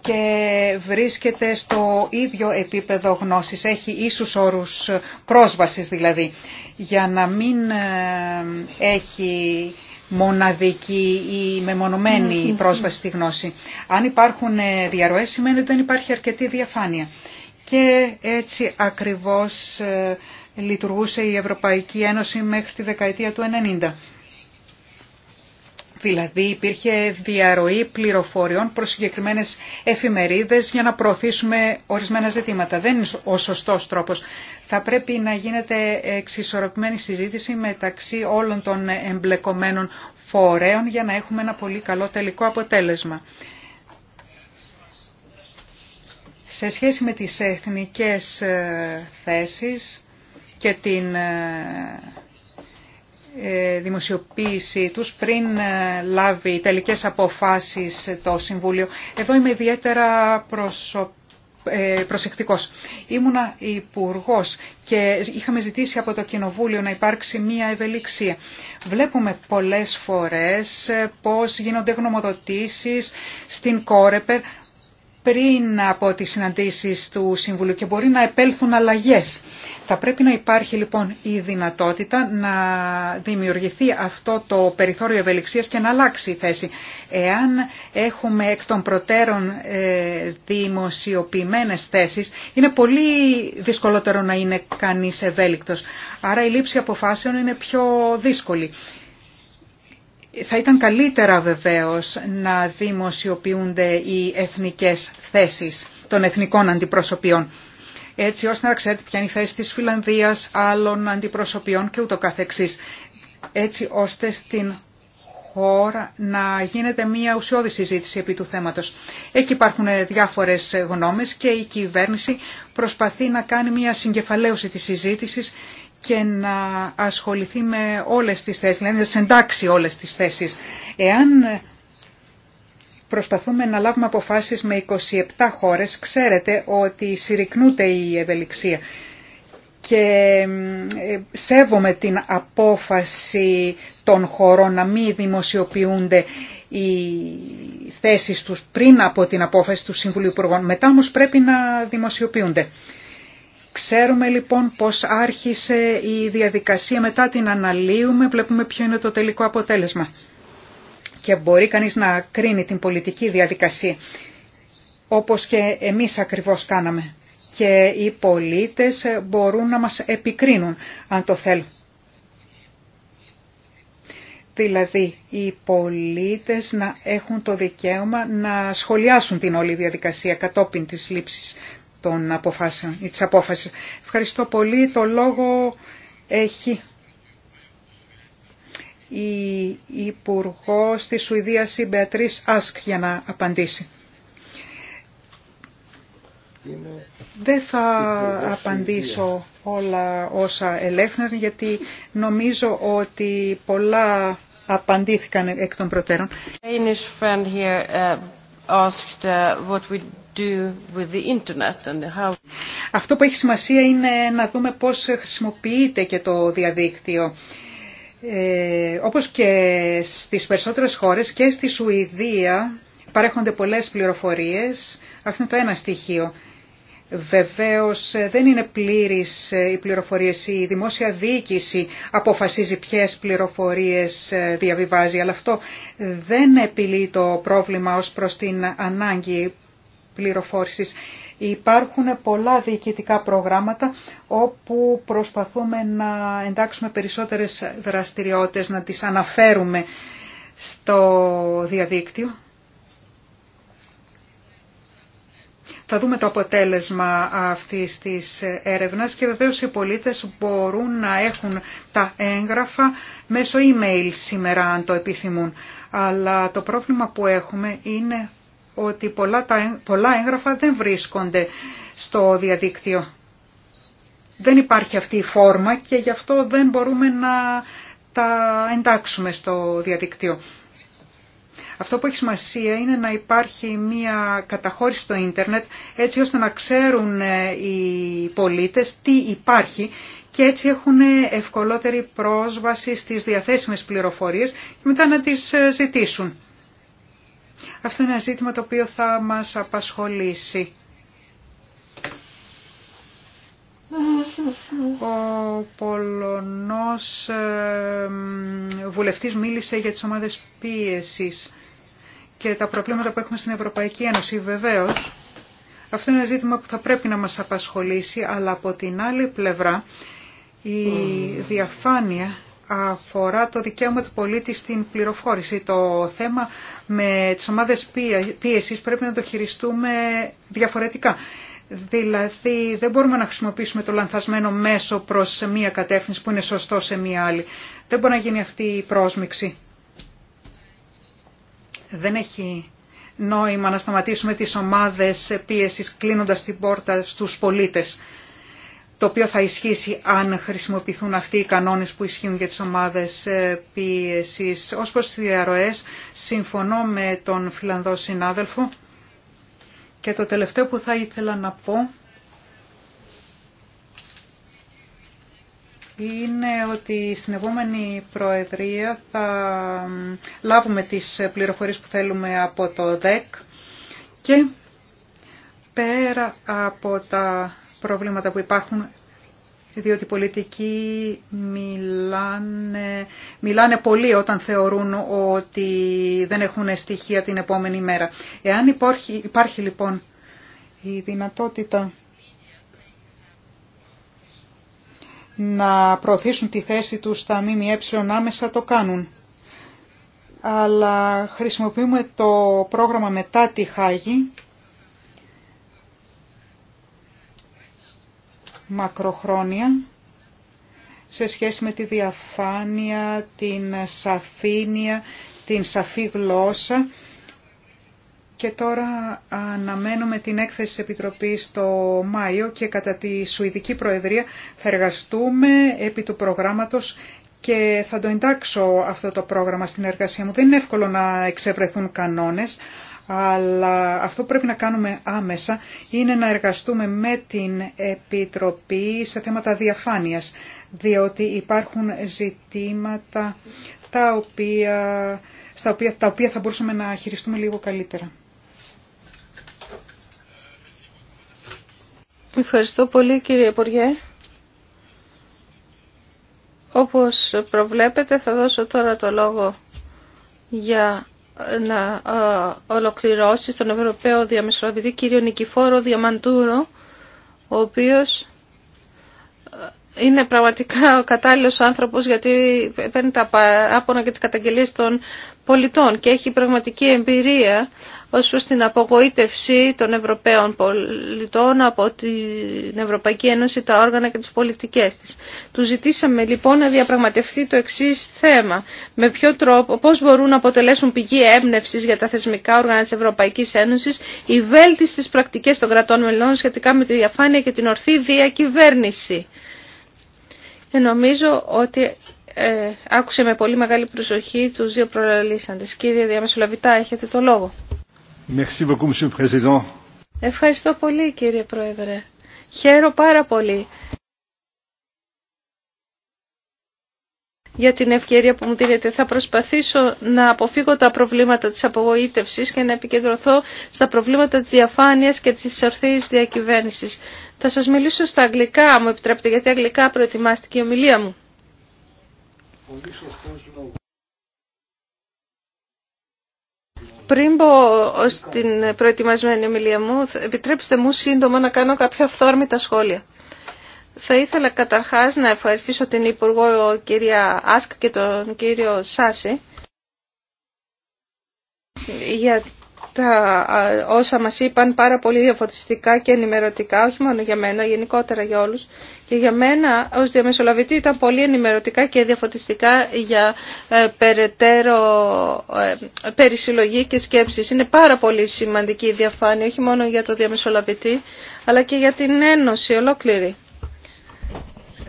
και βρίσκεται στο ίδιο επίπεδο γνώσης, έχει ίσους όρους πρόσβασης δηλαδή, για να μην ε, έχει μοναδική ή μεμονωμένη πρόσβαση στη γνώση. Αν υπάρχουν ε, διαρροές σημαίνει ότι δεν υπάρχει αρκετή διαφάνεια. Και έτσι ακριβώς ε, λειτουργούσε η Ευρωπαϊκή Ένωση μέχρι τη δεκαετία του 90. Δηλαδή υπήρχε διαρροή πληροφοριών προς συγκεκριμένες εφημερίδες για να προωθήσουμε ορισμένα ζητήματα. Δεν είναι ο σωστός τρόπος. Θα πρέπει να γίνεται εξισορροπημένη συζήτηση μεταξύ όλων των εμπλεκομένων φορέων για να έχουμε ένα πολύ καλό τελικό αποτέλεσμα. Σε σχέση με τις εθνικές ε, θέσεις, και την ε, ε, δημοσιοποίηση τους πριν ε, λάβει τελικές αποφάσεις το Συμβούλιο. Εδώ είμαι ιδιαίτερα προσωπικά προσεκτικός. Ήμουνα υπουργό και είχαμε ζητήσει από το Κοινοβούλιο να υπάρξει μία ευελιξία. Βλέπουμε πολλές φορές πώς γίνονται γνωμοδοτήσεις στην Κόρεπερ πριν από τις συναντήσεις του Συμβουλίου και μπορεί να επέλθουν αλλαγές. Θα πρέπει να υπάρχει λοιπόν η δυνατότητα να δημιουργηθεί αυτό το περιθώριο ευελιξίας και να αλλάξει η θέση. Εάν έχουμε εκ των προτέρων ε, δημοσιοποιημένες θέσεις, είναι πολύ δυσκολότερο να είναι κανείς ευέλικτος. Άρα η λήψη αποφάσεων είναι πιο δύσκολη. Θα ήταν καλύτερα βεβαίως να δημοσιοποιούνται οι εθνικές θέσεις των εθνικών αντιπροσωπιών έτσι ώστε να ξέρετε ποια είναι η θέση της Φιλανδίας, άλλων αντιπροσωπιών και ούτω καθεξής. Έτσι ώστε στην χώρα να γίνεται μια ουσιώδη συζήτηση επί του θέματος. Εκεί υπάρχουν διάφορες γνώμες και η κυβέρνηση προσπαθεί να κάνει μια συγκεφαλαίωση της συζήτησης και να ασχοληθεί με όλες τις θέσεις, δηλαδή να συντάξει όλες τις θέσεις. Εάν προσπαθούμε να λάβουμε αποφάσεις με 27 χώρες, ξέρετε ότι συρρυκνούται η ευελιξία και ε, σέβομαι την απόφαση των χωρών να μην δημοσιοποιούνται οι θέσεις τους πριν από την απόφαση του Συμβουλίου Υπουργών. Μετά όμως πρέπει να δημοσιοποιούνται. Ξέρουμε λοιπόν πώς άρχισε η διαδικασία, μετά την αναλύουμε, βλέπουμε ποιο είναι το τελικό αποτέλεσμα. Και μπορεί κανείς να κρίνει την πολιτική διαδικασία, όπως και εμείς ακριβώς κάναμε. Και οι πολίτες μπορούν να μας επικρίνουν, αν το θέλουν. Δηλαδή, οι πολίτες να έχουν το δικαίωμα να σχολιάσουν την όλη διαδικασία κατόπιν της λήψης των αποφάσεων ή της απόφασης. Ευχαριστώ πολύ. Το λόγο έχει η Υπουργό ευχαριστω πολυ το λογο εχει η Μπεατρίς Άσκ, για να απαντήσει. Δεν θα απαντήσω όλα όσα ελέγχναν, γιατί νομίζω ότι πολλά απαντήθηκαν εκ των προτέρων. Αυτό που έχει σημασία είναι να δούμε πώς χρησιμοποιείται και το διαδίκτυο. Ε, όπως και στις περισσότερες χώρες και στη Σουηδία παρέχονται πολλές πληροφορίες. Αυτό είναι το ένα στοιχείο. Βεβαίως ε, δεν είναι πλήρης ε, οι πληροφορίες. Η δημόσια διοίκηση αποφασίζει ποιες πληροφορίες ε, διαβιβάζει, αλλά αυτό δεν επιλύει το πρόβλημα ως προς την ανάγκη Υπάρχουν πολλά διοικητικά προγράμματα όπου προσπαθούμε να εντάξουμε περισσότερες δραστηριότητες, να τις αναφέρουμε στο διαδίκτυο. Θα δούμε το αποτέλεσμα αυτής της έρευνας και βεβαίως οι πολίτες μπορούν να έχουν τα έγγραφα μέσω email σήμερα αν το επιθυμούν. Αλλά το πρόβλημα που έχουμε είναι ότι πολλά, τα, πολλά έγγραφα δεν βρίσκονται στο διαδίκτυο. Δεν υπάρχει αυτή η φόρμα και γι' αυτό δεν μπορούμε να τα εντάξουμε στο διαδικτύο. Αυτό που έχει σημασία είναι να υπάρχει μια καταχώρηση στο ίντερνετ έτσι ώστε να ξέρουν ε, οι πολίτες τι υπάρχει και έτσι έχουν ε, ευκολότερη πρόσβαση στις διαθέσιμες πληροφορίες και μετά να τις ε, ζητήσουν. Αυτό είναι ένα ζήτημα το οποίο θα μας απασχολήσει. Ο Πολωνός βουλευτής μίλησε για τις ομάδες πίεσης και τα προβλήματα που έχουμε στην Ευρωπαϊκή Ένωση. Βεβαίως, αυτό είναι ένα ζήτημα που θα πρέπει να μας απασχολήσει, αλλά από την άλλη πλευρά η διαφάνεια αφορά το δικαίωμα του πολίτη στην πληροφόρηση. Το θέμα με τις ομάδες πίεσης πρέπει να το χειριστούμε διαφορετικά. Δηλαδή δεν μπορούμε να χρησιμοποιήσουμε το λανθασμένο μέσο προς μία κατεύθυνση που είναι σωστό σε μία άλλη. Δεν μπορεί να γίνει αυτή η πρόσμιξη. Δεν έχει νόημα να σταματήσουμε τις ομάδες πίεσης κλείνοντας την πόρτα στους πολίτες το οποίο θα ισχύσει αν χρησιμοποιηθούν αυτοί οι κανόνες που ισχύουν για τις ομάδες ε, πίεσης. Ως προς τις διαρροές, συμφωνώ με τον Φιλανδό συνάδελφο και το τελευταίο που θα ήθελα να πω είναι ότι στην επόμενη Προεδρία θα λάβουμε τις πληροφορίες που θέλουμε από το ΔΕΚ και πέρα από τα προβλήματα που υπάρχουν διότι οι πολιτικοί μιλάνε, μιλάνε πολύ όταν θεωρούν ότι δεν έχουν στοιχεία την επόμενη μέρα. Εάν υπάρχει, υπάρχει λοιπόν η δυνατότητα να προωθήσουν τη θέση τους στα ΜΜΕ άμεσα το κάνουν. Αλλά χρησιμοποιούμε το πρόγραμμα μετά τη Χάγη μακροχρόνια σε σχέση με τη διαφάνεια, την σαφήνεια, την σαφή γλώσσα. Και τώρα αναμένουμε την έκθεση της Επιτροπής το Μάιο και κατά τη Σουηδική Προεδρία θα εργαστούμε επί του προγράμματος και θα το εντάξω αυτό το πρόγραμμα στην εργασία μου. Δεν είναι εύκολο να εξευρεθούν κανόνες, αλλά αυτό που πρέπει να κάνουμε άμεσα είναι να εργαστούμε με την Επιτροπή σε θέματα διαφάνειας, διότι υπάρχουν ζητήματα τα οποία, στα τα οποία θα μπορούσαμε να χειριστούμε λίγο καλύτερα. Ευχαριστώ πολύ κύριε Υπουργέ. Όπως προβλέπετε θα δώσω τώρα το λόγο για να ε, ολοκληρώσει στον Ευρωπαίο Διαμεσολαβητή κύριο Νικηφόρο Διαμαντούρο, ο οποίος είναι πραγματικά ο κατάλληλο άνθρωπο γιατί παίρνει τα άπονα και τι καταγγελίε των πολιτών και έχει πραγματική εμπειρία ω προ την απογοήτευση των Ευρωπαίων πολιτών από την Ευρωπαϊκή Ένωση, τα όργανα και τι πολιτικέ τη. Του ζητήσαμε λοιπόν να διαπραγματευτεί το εξή θέμα. Με ποιο τρόπο, πώ μπορούν να αποτελέσουν πηγή έμπνευση για τα θεσμικά όργανα τη Ευρωπαϊκή Ένωση, οι βέλτιστε πρακτικέ των κρατών μελών σχετικά με τη διαφάνεια και την ορθή διακυβέρνηση. Νομίζω ότι ε, άκουσε με πολύ μεγάλη προσοχή τους δύο προλαλήσαντες. Κύριε Διαμεσολαβητά, έχετε το λόγο. Merci beaucoup, Monsieur Président. Ευχαριστώ πολύ κύριε Πρόεδρε. Χαίρομαι πάρα πολύ για την ευκαιρία που μου δίνετε. Θα προσπαθήσω να αποφύγω τα προβλήματα της απογοήτευσης και να επικεντρωθώ στα προβλήματα της διαφάνειας και της ορθής διακυβέρνησης. Θα σας μιλήσω στα αγγλικά, μου επιτρέπετε, γιατί αγγλικά προετοιμάστηκε η ομιλία μου. Πριν πω στην προετοιμασμένη ομιλία μου, επιτρέψτε μου σύντομα να κάνω κάποια αυθόρμητα σχόλια. Θα ήθελα καταρχάς να ευχαριστήσω την Υπουργό κυρία Άσκ και τον κύριο Σάση τα όσα μας είπαν πάρα πολύ διαφωτιστικά και ενημερωτικά, όχι μόνο για μένα, γενικότερα για όλους. Και για μένα ως διαμεσολαβητή ήταν πολύ ενημερωτικά και διαφωτιστικά για ε, περαιτέρω ε, περισυλλογή και σκέψεις. Είναι πάρα πολύ σημαντική η διαφάνεια, όχι μόνο για το διαμεσολαβητή, αλλά και για την ένωση ολόκληρη.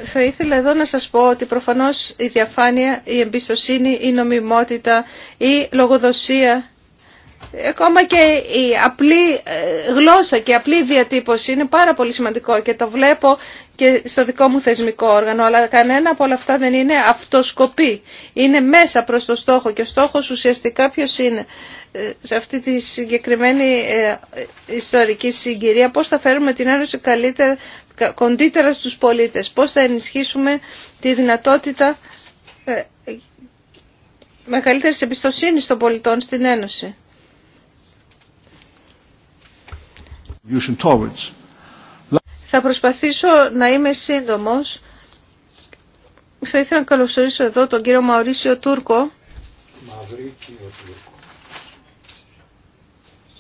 Θα ήθελα εδώ να σας πω ότι προφανώς η διαφάνεια, η εμπιστοσύνη, η νομιμότητα, η λογοδοσία Ακόμα και η απλή ε, γλώσσα και η απλή διατύπωση είναι πάρα πολύ σημαντικό και το βλέπω και στο δικό μου θεσμικό όργανο, αλλά κανένα από όλα αυτά δεν είναι αυτοσκοπή. Είναι μέσα προς το στόχο και ο στόχος ουσιαστικά ποιος είναι ε, σε αυτή τη συγκεκριμένη ε, ιστορική συγκυρία, πώς θα φέρουμε την Ένωση καλύτερα, κοντύτερα στους πολίτες, πώς θα ενισχύσουμε τη δυνατότητα μεγαλύτερης εμπιστοσύνη των πολιτών στην Ένωση. Θα προσπαθήσω να είμαι σύντομος. Θα ήθελα να καλωσορίσω εδώ τον κύριο Μαωρίσιο Τούρκο. Τούρκο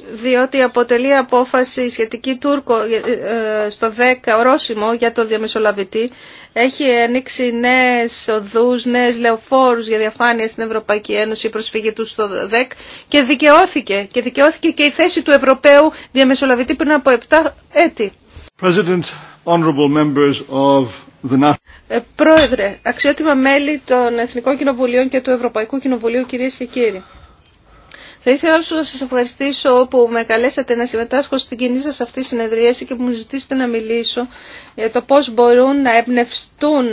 διότι αποτελεί απόφαση σχετική Τούρκο ε, ε, στο 10 ορόσημο για το διαμεσολαβητή. Έχει ανοίξει νέες οδούς, νέες λεωφόρους για διαφάνεια στην Ευρωπαϊκή Ένωση, η προσφυγή του στο ΔΕΚ και δικαιώθηκε. Και δικαιώθηκε και η θέση του Ευρωπαίου διαμεσολαβητή πριν από 7 έτη. Ε, πρόεδρε, αξιότιμα μέλη των Εθνικών Κοινοβουλίων και του Ευρωπαϊκού Κοινοβουλίου, κυρίες και κύριοι. Θα ήθελα όσο να σας ευχαριστήσω που με καλέσατε να συμμετάσχω στην κοινή σας αυτή συνεδρίαση και που μου ζητήσετε να μιλήσω για το πώς μπορούν να εμπνευστούν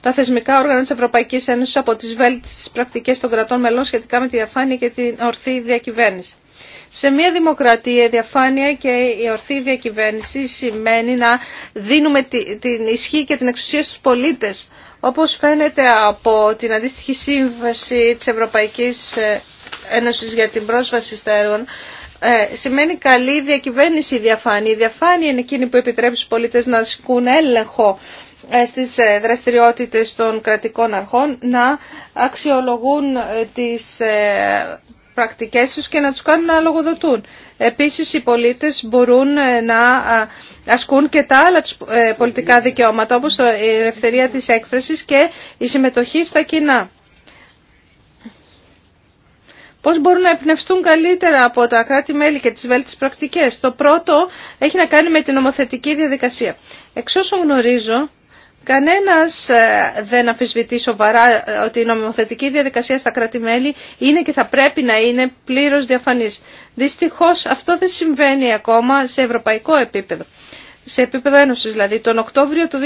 τα θεσμικά όργανα της Ευρωπαϊκής Ένωσης από τις βέλτιστες πρακτικές των κρατών μελών σχετικά με τη διαφάνεια και την ορθή διακυβέρνηση. Σε μια δημοκρατία η διαφάνεια και η ορθή διακυβέρνηση σημαίνει να δίνουμε την ισχύ και την εξουσία στους πολίτες. Όπως φαίνεται από την αντίστοιχη σύμβαση της Ευρωπαϊκής ε, Ένωσης για την πρόσβαση στα έργα ε, σημαίνει καλή διακυβέρνηση η διαφάνεια. Η διαφάνεια είναι εκείνη που επιτρέπει στους πολίτες να ασκούν έλεγχο ε, στις ε, δραστηριότητες των κρατικών αρχών, να αξιολογούν τις πρακτικές τους και να τους κάνουν να λογοδοτούν. Επίσης οι πολίτες μπορούν να ασκούν και τα άλλα τους πολιτικά δικαιώματα όπως η ελευθερία της έκφρασης και η συμμετοχή στα κοινά πώς μπορούν να εμπνευστούν καλύτερα από τα κράτη-μέλη και τις βέλτιστες πρακτικές. Το πρώτο έχει να κάνει με την νομοθετική διαδικασία. Εξ όσων γνωρίζω, Κανένας ε, δεν αφισβητεί σοβαρά ε, ότι η νομοθετική διαδικασία στα κράτη-μέλη είναι και θα πρέπει να είναι πλήρως διαφανής. Δυστυχώς αυτό δεν συμβαίνει ακόμα σε ευρωπαϊκό επίπεδο σε επίπεδο Ένωση. Δηλαδή τον Οκτώβριο του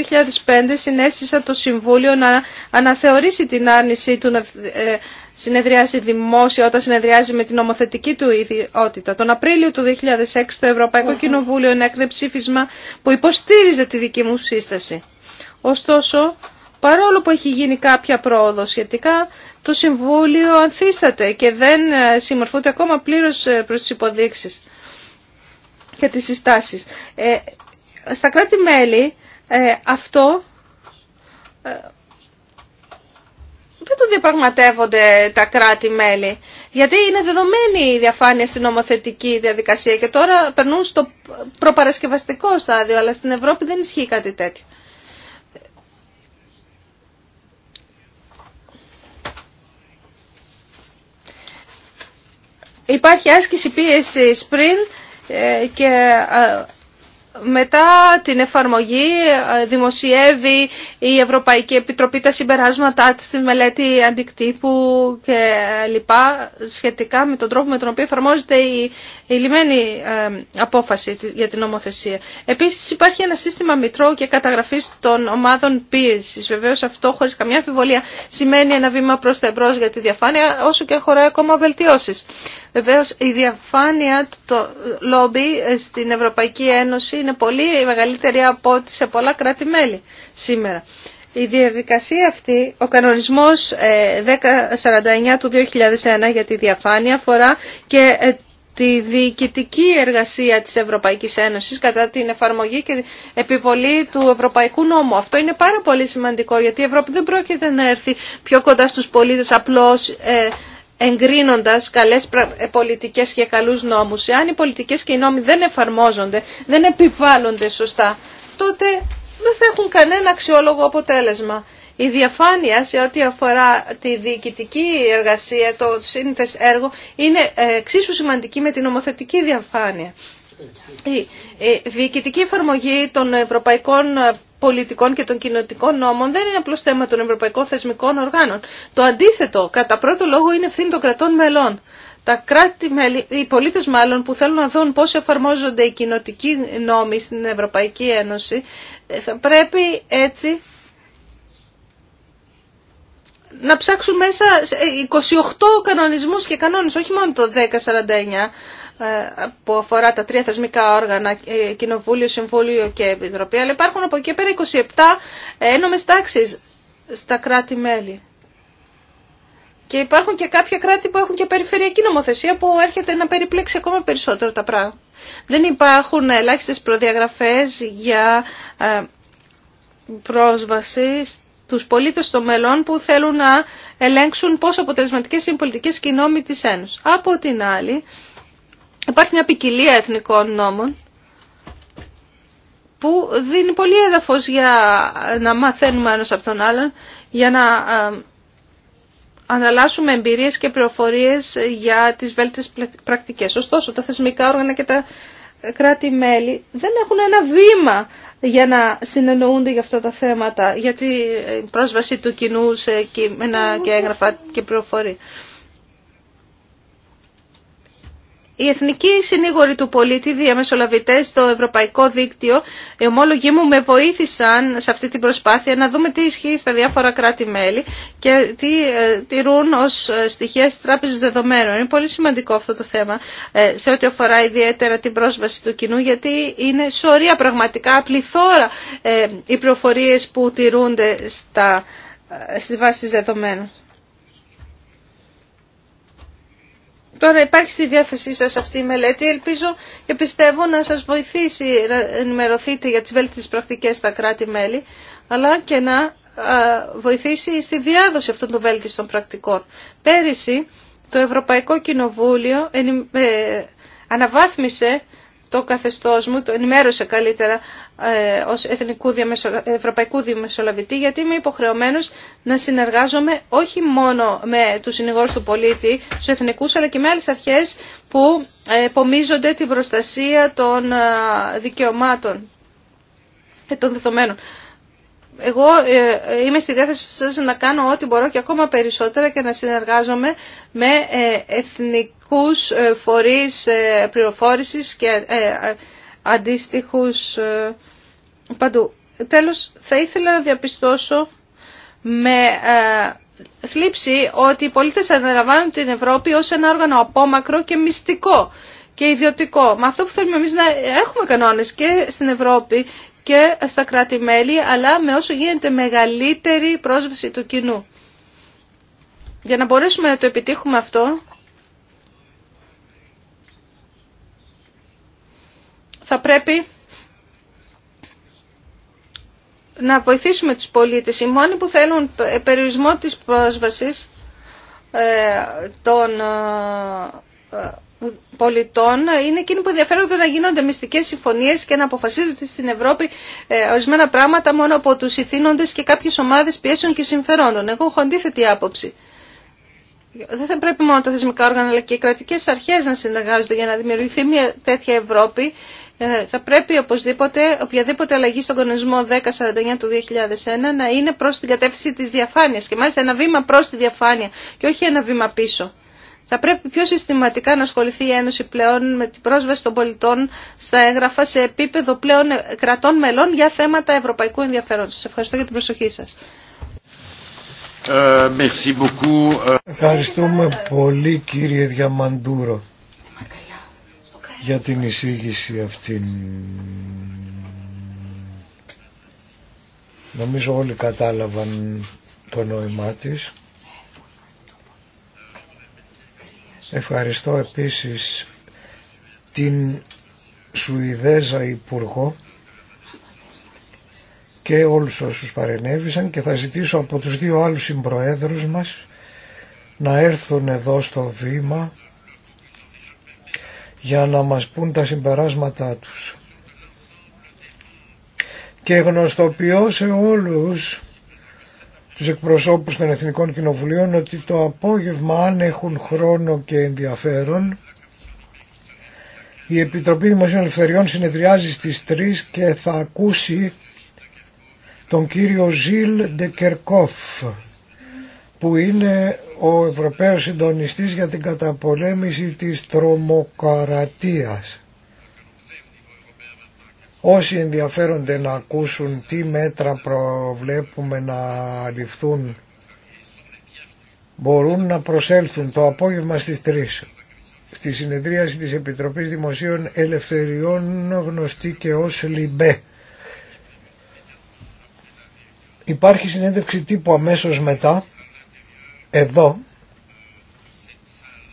2005 συνέστησα το Συμβούλιο να αναθεωρήσει την άρνηση του να ε, συνεδριάσει δημόσια όταν συνεδριάζει με την ομοθετική του ιδιότητα. Τον Απρίλιο του 2006 το Ευρωπαϊκό Κοινοβούλιο ενέκρινε ψήφισμα που υποστήριζε τη δική μου σύσταση. Ωστόσο, παρόλο που έχει γίνει κάποια πρόοδο σχετικά, το Συμβούλιο ανθίσταται και δεν ε, συμμορφούνται ακόμα πλήρω ε, προ τι υποδείξει και τις συστάσεις. Στα κράτη-μέλη ε, αυτό ε, δεν το διαπραγματεύονται τα κράτη-μέλη. Γιατί είναι δεδομένη η διαφάνεια στην νομοθετική διαδικασία και τώρα περνούν στο προπαρασκευαστικό στάδιο, αλλά στην Ευρώπη δεν ισχύει κάτι τέτοιο. Υπάρχει άσκηση πίεσης πριν ε, και μετά την εφαρμογή ε, δημοσιεύει η Ευρωπαϊκή Επιτροπή τα συμπεράσματά της στη μελέτη αντικτύπου και λοιπά σχετικά με τον τρόπο με τον οποίο εφαρμόζεται η, λιμένη ε, απόφαση για την νομοθεσία. Επίσης υπάρχει ένα σύστημα μητρώου και καταγραφής των ομάδων πίεσης. Βεβαίως αυτό χωρίς καμιά αμφιβολία σημαίνει ένα βήμα προς τα εμπρός για τη διαφάνεια όσο και χωράει ακόμα βελτιώσεις. Βεβαίως η διαφάνεια του λόμπι ε, στην Ευρωπαϊκή Ένωση είναι πολύ μεγαλύτερη από ό,τι σε πολλά κράτη-μέλη σήμερα. Η διαδικασία αυτή, ο κανονισμός 1049 ε, του 2001 για τη διαφάνεια αφορά και ε, τη διοικητική εργασία της Ευρωπαϊκής Ένωσης κατά την εφαρμογή και επιβολή του Ευρωπαϊκού νόμου. Αυτό είναι πάρα πολύ σημαντικό γιατί η Ευρώπη δεν πρόκειται να έρθει πιο κοντά στους πολίτες απλώς εγκρίνοντας καλές ε, πολιτικές και καλούς νόμους. Εάν οι πολιτικές και οι νόμοι δεν εφαρμόζονται, δεν επιβάλλονται σωστά, τότε δεν θα έχουν κανένα αξιόλογο αποτέλεσμα. Η διαφάνεια σε ό,τι αφορά τη διοικητική εργασία, το σύνθες έργο, είναι ε, εξίσου σημαντική με την ομοθετική διαφάνεια. Η διοικητική εφαρμογή των ευρωπαϊκών ε, πολιτικών και των κοινοτικών νόμων δεν είναι απλώς θέμα των ευρωπαϊκών θεσμικών οργάνων. Το αντίθετο, κατά πρώτο λόγο, είναι ευθύνη των κρατών μελών. Τα κράτη, οι πολίτες μάλλον που θέλουν να δουν πώς εφαρμόζονται οι κοινοτικοί νόμοι στην Ευρωπαϊκή Ένωση, ε, θα πρέπει έτσι να ψάξουν μέσα 28 ε, κανονισμούς και κανόνες, όχι μόνο το 1049, ε, που αφορά τα τρία θεσμικά όργανα, ε, Κοινοβούλιο, Συμβούλιο και Επιτροπή, αλλά υπάρχουν από εκεί πέρα 27 ένομες τάξεις στα κράτη-μέλη. Και υπάρχουν και κάποια κράτη που έχουν και περιφερειακή νομοθεσία που έρχεται να περιπλέξει ακόμα περισσότερο τα πράγματα. Δεν υπάρχουν ελάχιστες προδιαγραφές για ε, πρόσβαση τους πολίτες των μελών που θέλουν να ελέγξουν πόσο αποτελεσματικές είναι οι πολιτικές και οι της Ένωσης. Από την άλλη, Υπάρχει μια ποικιλία εθνικών νόμων που δίνει πολύ έδαφος για να μαθαίνουμε ένας από τον άλλον, για να ε, αναλάσουμε εμπειρίες και πληροφορίες για τις βέλτιες πρακτικές. Ωστόσο, τα θεσμικά όργανα και τα κράτη-μέλη δεν έχουν ένα βήμα για να συνεννοούνται για αυτά τα θέματα, για την πρόσβαση του κοινού σε κείμενα και έγγραφα και πληροφορία. Οι εθνικοί συνήγοροι του πολίτη, διαμεσολαβητέ, στο Ευρωπαϊκό Δίκτυο, οι ομόλογοι μου με βοήθησαν σε αυτή την προσπάθεια να δούμε τι ισχύει στα διάφορα κράτη-μέλη και τι ε, τηρούν ως ε, στοιχεία τη τράπεζες δεδομένων. Είναι πολύ σημαντικό αυτό το θέμα ε, σε ό,τι αφορά ιδιαίτερα την πρόσβαση του κοινού γιατί είναι σωρία πραγματικά πληθώρα οι πληροφορίε που τηρούνται στα, στις βάσεις δεδομένων. Τώρα υπάρχει στη διάθεσή σας αυτή η μελέτη. Ελπίζω και πιστεύω να σας βοηθήσει να ενημερωθείτε για τις βέλτιστες πρακτικές στα κράτη-μέλη, αλλά και να βοηθήσει στη διάδοση αυτών των βέλτιστων πρακτικών. Πέρυσι το Ευρωπαϊκό Κοινοβούλιο ε, αναβάθμισε το καθεστώς μου, το ενημέρωσε καλύτερα ε, ως εθνικού ευρωπαϊκού διαμεσολαβητή, γιατί είμαι υποχρεωμένος να συνεργάζομαι όχι μόνο με τους συνηγόρους του πολίτη, τους εθνικούς, αλλά και με άλλες αρχές που πομίζονται την προστασία των ε, δικαιωμάτων και των δεδομένων. Εγώ ε, είμαι στη διάθεση σας να κάνω ό,τι μπορώ και ακόμα περισσότερα και να συνεργάζομαι με ε, εθνικούς αντίστοιχους ε, φορείς ε, πληροφόρησης και ε, αντίστοιχους παντού. Τέλος, θα ήθελα να διαπιστώσω με θλίψη ότι οι πολίτες αναλαμβάνουν την Ευρώπη ως ένα όργανο απόμακρο και μυστικό και ιδιωτικό. Με αυτό που θέλουμε εμείς να έχουμε κανόνες και στην Ευρώπη και στα κράτη-μέλη, αλλά με όσο γίνεται μεγαλύτερη πρόσβαση του κοινού. Για να μπορέσουμε να το επιτύχουμε αυτό, θα πρέπει να βοηθήσουμε τους πολίτες. Οι μόνοι που θέλουν ε, περιορισμό της πρόσβασης ε, των ε, πολιτών είναι εκείνοι που ενδιαφέρονται να γίνονται μυστικές συμφωνίες και να αποφασίζονται στην Ευρώπη ορισμένα πράγματα μόνο από τους ηθήνοντες και κάποιες ομάδες πιέσεων και συμφερόντων. Εγώ έχω αντίθετη άποψη. Δεν θα πρέπει μόνο τα θεσμικά όργανα αλλά και οι κρατικές αρχές να συνεργάζονται για να δημιουργηθεί μια τέτοια Ευρώπη ε, θα πρέπει οπωσδήποτε οποιαδήποτε αλλαγή στον κανονισμό 1049 του 2001 να είναι προς την κατεύθυνση της διαφάνειας και μάλιστα ένα βήμα προς τη διαφάνεια και όχι ένα βήμα πίσω. Θα πρέπει πιο συστηματικά να ασχοληθεί η Ένωση πλέον με την πρόσβαση των πολιτών στα έγγραφα σε επίπεδο πλέον κρατών μελών για θέματα ευρωπαϊκού ενδιαφέροντος. Σας ευχαριστώ για την προσοχή σας. Ε, ε, Ευχαριστούμε πολύ κύριε Διαμαντούρο για την εισήγηση αυτήν. Νομίζω όλοι κατάλαβαν το νόημά της. Ευχαριστώ επίσης την Σουηδέζα Υπουργό και όλους όσους παρενέβησαν και θα ζητήσω από τους δύο άλλους συμπροέδρους μας να έρθουν εδώ στο βήμα για να μας πούν τα συμπεράσματά τους. Και γνωστοποιώ σε όλους τους εκπροσώπους των Εθνικών Κοινοβουλίων ότι το απόγευμα αν έχουν χρόνο και ενδιαφέρον η Επιτροπή Δημοσίων Ελευθεριών συνεδριάζει στις 3 και θα ακούσει τον κύριο Ζιλ Ντεκερκόφ που είναι ο Ευρωπαίος Συντονιστής για την καταπολέμηση της τρομοκαρατίας. Όσοι ενδιαφέρονται να ακούσουν τι μέτρα προβλέπουμε να ληφθούν μπορούν να προσέλθουν το απόγευμα στις 3 στη συνεδρίαση της Επιτροπής Δημοσίων Ελευθεριών γνωστή και ως ΛΙΜΠΕ. Υπάρχει συνέντευξη τύπου αμέσως μετά εδώ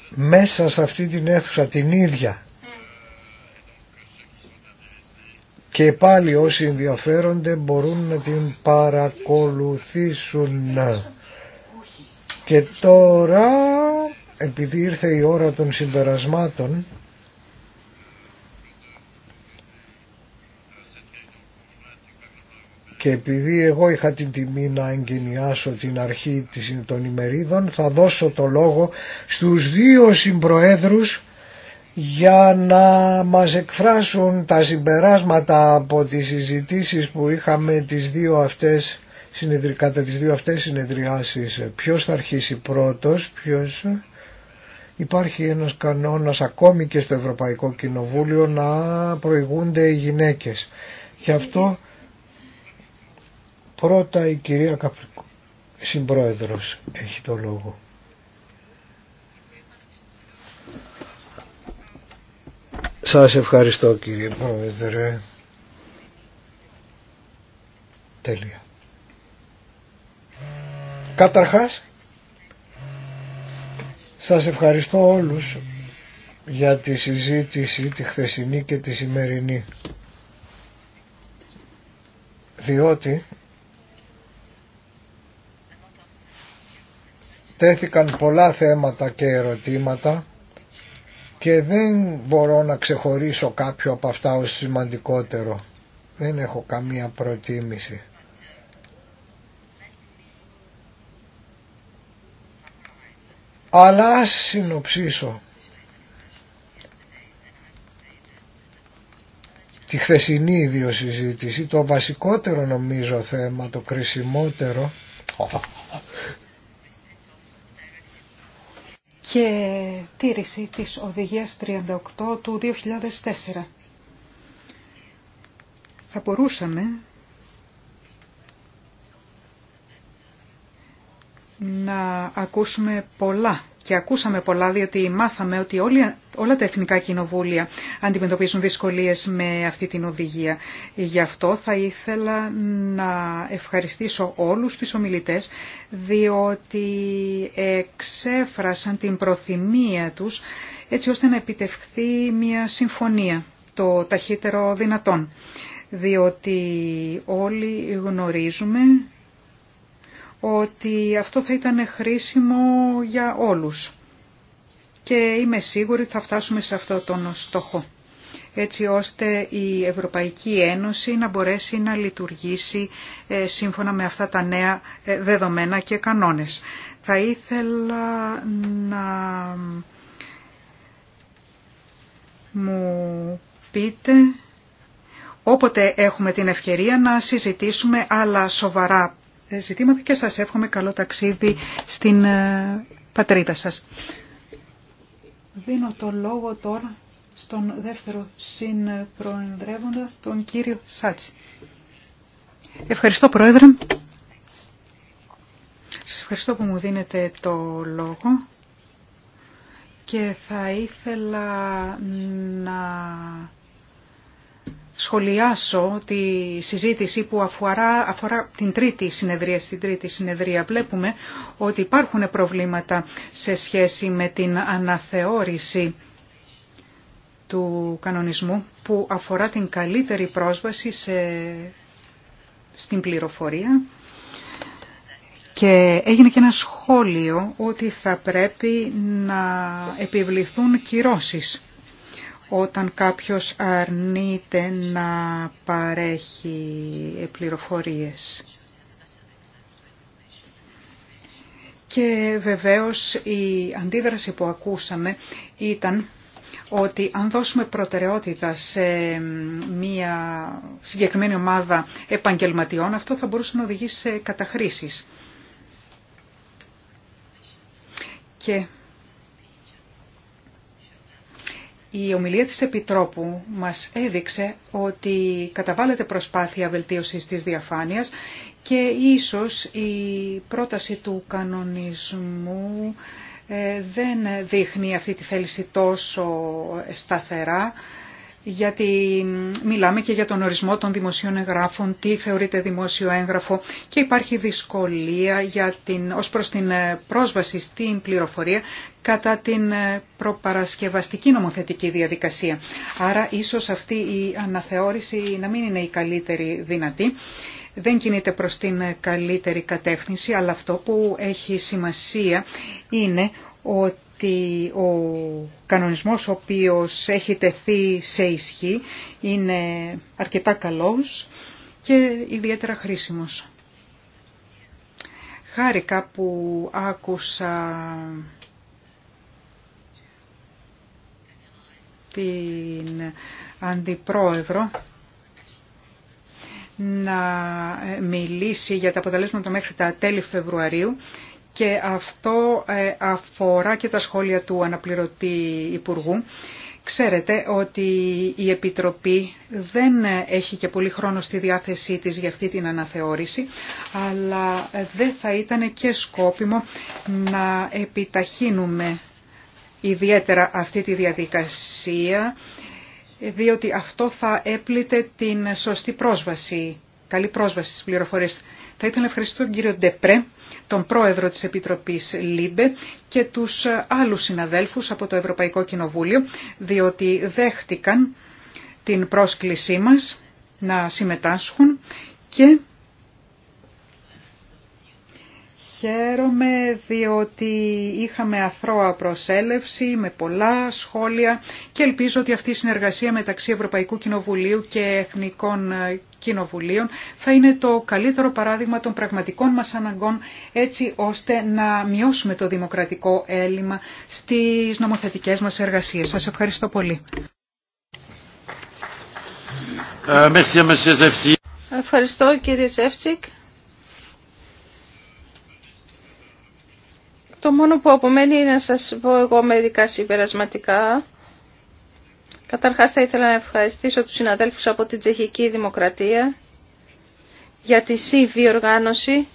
μέσα σε αυτή την αίθουσα την ίδια και πάλι όσοι ενδιαφέρονται μπορούν να την παρακολουθήσουν και τώρα επειδή ήρθε η ώρα των συμπερασμάτων Και επειδή εγώ είχα την τιμή να εγκαινιάσω την αρχή των ημερίδων θα δώσω το λόγο στους δύο συμπροέδρους για να μας εκφράσουν τα συμπεράσματα από τις συζητήσεις που είχαμε τις δύο αυτές, κατά τις δύο αυτές συνεδριάσεις. Ποιος θα αρχίσει πρώτος, ποιος... Ε? Υπάρχει ένας κανόνας ακόμη και στο Ευρωπαϊκό Κοινοβούλιο να προηγούνται οι γυναίκες. Γι' αυτό Πρώτα η κυρία Καπρικού, συμπρόεδρος, έχει το λόγο. Σας ευχαριστώ κύριε Πρόεδρε. Τέλεια. Καταρχάς, σας ευχαριστώ όλους για τη συζήτηση τη χθεσινή και τη σημερινή. Διότι τέθηκαν πολλά θέματα και ερωτήματα και δεν μπορώ να ξεχωρίσω κάποιο από αυτά ως σημαντικότερο. Δεν έχω καμία προτίμηση. Αλλά ας συνοψίσω. Τη χθεσινή ίδιο συζήτηση, το βασικότερο νομίζω θέμα, το κρισιμότερο, και τήρηση της Οδηγίας 38 του 2004. Θα μπορούσαμε να ακούσουμε πολλά και ακούσαμε πολλά διότι μάθαμε ότι όλα τα εθνικά κοινοβούλια αντιμετωπίζουν δυσκολίες με αυτή την οδηγία. Γι' αυτό θα ήθελα να ευχαριστήσω όλους τους ομιλητές διότι εξέφρασαν την προθυμία τους έτσι ώστε να επιτευχθεί μια συμφωνία το ταχύτερο δυνατόν διότι όλοι γνωρίζουμε ότι αυτό θα ήταν χρήσιμο για όλους. Και είμαι σίγουρη ότι θα φτάσουμε σε αυτό τον στόχο έτσι ώστε η Ευρωπαϊκή Ένωση να μπορέσει να λειτουργήσει ε, σύμφωνα με αυτά τα νέα ε, δεδομένα και κανόνες. Θα ήθελα να μου πείτε όποτε έχουμε την ευκαιρία να συζητήσουμε άλλα σοβαρά ε, ζητήματα και σας εύχομαι καλό ταξίδι στην ε, πατρίδα σας. Δίνω το λόγο τώρα στον δεύτερο συνπροεδρεύοντα, τον κύριο Σάτσι. Ευχαριστώ Πρόεδρε. Σα ευχαριστώ που μου δίνετε το λόγο και θα ήθελα να σχολιάσω τη συζήτηση που αφορά, αφορά την τρίτη συνεδρία. Στην τρίτη συνεδρία βλέπουμε ότι υπάρχουν προβλήματα σε σχέση με την αναθεώρηση του κανονισμού που αφορά την καλύτερη πρόσβαση σε, στην πληροφορία και έγινε και ένα σχόλιο ότι θα πρέπει να επιβληθούν κυρώσεις όταν κάποιος αρνείται να παρέχει πληροφορίες. Και βεβαίως η αντίδραση που ακούσαμε ήταν ότι αν δώσουμε προτεραιότητα σε μια συγκεκριμένη ομάδα επαγγελματιών, αυτό θα μπορούσε να οδηγήσει σε καταχρήσεις. Και Η ομιλία της Επιτρόπου μας έδειξε ότι καταβάλλεται προσπάθεια βελτίωσης της διαφάνειας και ίσως η πρόταση του κανονισμού ε, δεν δείχνει αυτή τη θέληση τόσο σταθερά γιατί μιλάμε και για τον ορισμό των δημοσίων εγγράφων, τι θεωρείται δημόσιο έγγραφο και υπάρχει δυσκολία για την, ως προς την ε, πρόσβαση στην πληροφορία κατά την ε, προπαρασκευαστική νομοθετική διαδικασία. Άρα ίσως αυτή η αναθεώρηση να μην είναι η καλύτερη δυνατή. Δεν κινείται προς την ε, καλύτερη κατεύθυνση, αλλά αυτό που έχει σημασία είναι ότι ότι ο κανονισμός ο οποίος έχει τεθεί σε ισχύ είναι αρκετά καλός και ιδιαίτερα χρήσιμος. Χάρηκα που άκουσα την Αντιπρόεδρο να μιλήσει για τα αποτελέσματα μέχρι τα τέλη Φεβρουαρίου και αυτό ε, αφορά και τα σχόλια του αναπληρωτή Υπουργού. Ξέρετε ότι η Επιτροπή δεν έχει και πολύ χρόνο στη διάθεσή της για αυτή την αναθεώρηση, αλλά δεν θα ήταν και σκόπιμο να επιταχύνουμε ιδιαίτερα αυτή τη διαδικασία, διότι αυτό θα έπλητε την σωστή πρόσβαση, καλή πρόσβαση στις πληροφορίες. Θα ήθελα να ευχαριστήσω τον κύριο Ντεπρέ, τον πρόεδρο της Επιτροπής ΛΥΜΠΕ και τους άλλους συναδέλφους από το Ευρωπαϊκό Κοινοβούλιο, διότι δέχτηκαν την πρόσκλησή μας να συμμετάσχουν και χαίρομαι διότι είχαμε αθρώα προσέλευση με πολλά σχόλια και ελπίζω ότι αυτή η συνεργασία μεταξύ Ευρωπαϊκού Κοινοβουλίου και Εθνικών κοινοβουλίων θα είναι το καλύτερο παράδειγμα των πραγματικών μας αναγκών έτσι ώστε να μειώσουμε το δημοκρατικό έλλειμμα στις νομοθετικές μας εργασίες. Σας ευχαριστώ πολύ. Ε, ευχαριστώ κύριε Ζεύτσικ. Το μόνο που απομένει είναι να σας πω εγώ μερικά συμπερασματικά. Καταρχάς θα ήθελα να ευχαριστήσω τους συναδέλφους από την Τσεχική Δημοκρατία για τη συνδιοργάνωση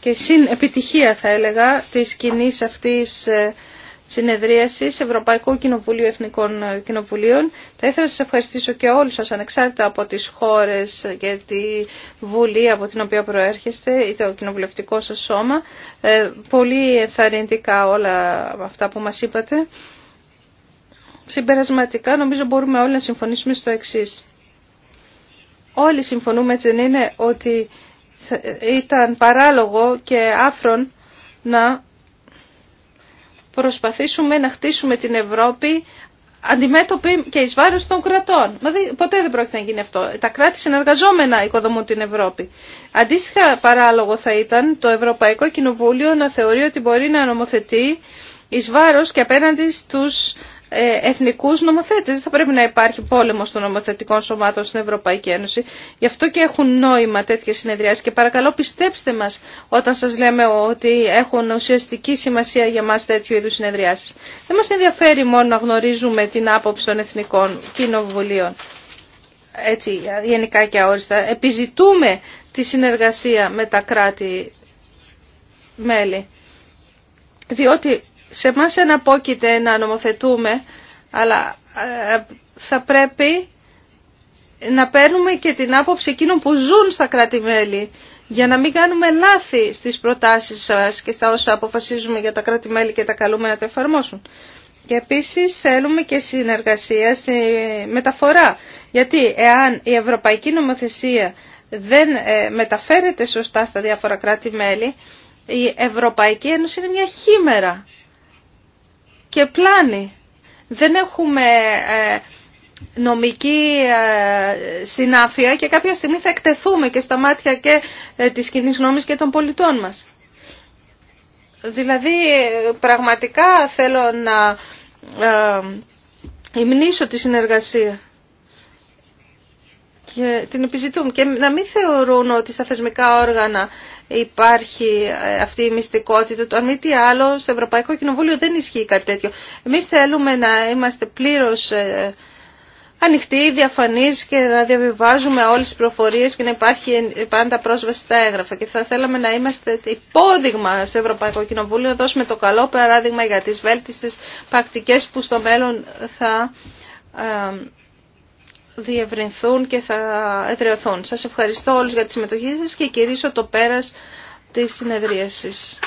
και συ-επιτυχία, θα έλεγα της κοινή αυτής ε, συνεδρίασης Ευρωπαϊκού Κοινοβουλίου Εθνικών ε, Κοινοβουλίων. Θα ήθελα να σας ευχαριστήσω και όλους σας ανεξάρτητα από τις χώρες και τη Βουλή από την οποία προέρχεστε ή το κοινοβουλευτικό σας σώμα. Ε, πολύ ενθαρρυντικά όλα αυτά που μας είπατε. Συμπερασματικά νομίζω μπορούμε όλοι να συμφωνήσουμε στο εξή. Όλοι συμφωνούμε έτσι δεν είναι ότι ήταν παράλογο και άφρον να προσπαθήσουμε να χτίσουμε την Ευρώπη αντιμέτωπη και εις βάρος των κρατών. Μα ποτέ δεν πρόκειται να γίνει αυτό. Τα κράτη συνεργαζόμενα οικοδομούν την Ευρώπη. Αντίστοιχα παράλογο θα ήταν το Ευρωπαϊκό Κοινοβούλιο να θεωρεί ότι μπορεί να νομοθετεί εις βάρος και απέναντι στους ε, εθνικούς νομοθέτες. Δεν θα πρέπει να υπάρχει πόλεμος των νομοθετικών σωμάτων στην Ευρωπαϊκή Ένωση. Γι' αυτό και έχουν νόημα τέτοιες συνεδριάσεις και παρακαλώ πιστέψτε μας όταν σας λέμε ότι έχουν ουσιαστική σημασία για μας τέτοιου είδους συνεδριάσεις. Δεν μας ενδιαφέρει μόνο να γνωρίζουμε την άποψη των εθνικών κοινοβουλίων. Έτσι, γενικά και αόριστα. Επιζητούμε τη συνεργασία με τα κράτη μέλη. Διότι σε εμάς αναπόκειται να νομοθετούμε, αλλά ε, θα πρέπει να παίρνουμε και την άποψη εκείνων που ζουν στα κράτη-μέλη για να μην κάνουμε λάθη στις προτάσεις σας και στα όσα αποφασίζουμε για τα κράτη-μέλη και τα καλούμε να τα εφαρμόσουν. Και επίσης θέλουμε και συνεργασία στη μεταφορά. Γιατί εάν η ευρωπαϊκή νομοθεσία δεν ε, μεταφέρεται σωστά στα διάφορα κράτη-μέλη, η Ευρωπαϊκή Ένωση είναι μια χήμερα και πλάνη. Δεν έχουμε ε, νομική ε, συνάφεια και κάποια στιγμή θα εκτεθούμε και στα μάτια και ε, της κοινή γνώμης και των πολιτών μας. Δηλαδή πραγματικά θέλω να υμνήσω τη συνεργασία και την επιζητούμε και να μην θεωρούν ότι στα θεσμικά όργανα υπάρχει ε, αυτή η μυστικότητα το Αν μη τι άλλο, στο Ευρωπαϊκό Κοινοβούλιο δεν ισχύει κάτι τέτοιο. Εμείς θέλουμε να είμαστε πλήρως ε, ανοιχτοί, διαφανείς και να διαβιβάζουμε όλες τις προφορίες και να υπάρχει πάντα πρόσβαση στα έγγραφα. Και θα θέλαμε να είμαστε υπόδειγμα στο Ευρωπαϊκό Κοινοβούλιο, να δώσουμε το καλό παράδειγμα για τις βέλτιστες πρακτικές που στο μέλλον θα ε, διευρυνθούν και θα εδραιωθούν. Σας ευχαριστώ όλους για τη συμμετοχή σας και κηρύσω το πέρας της συνεδρίασης.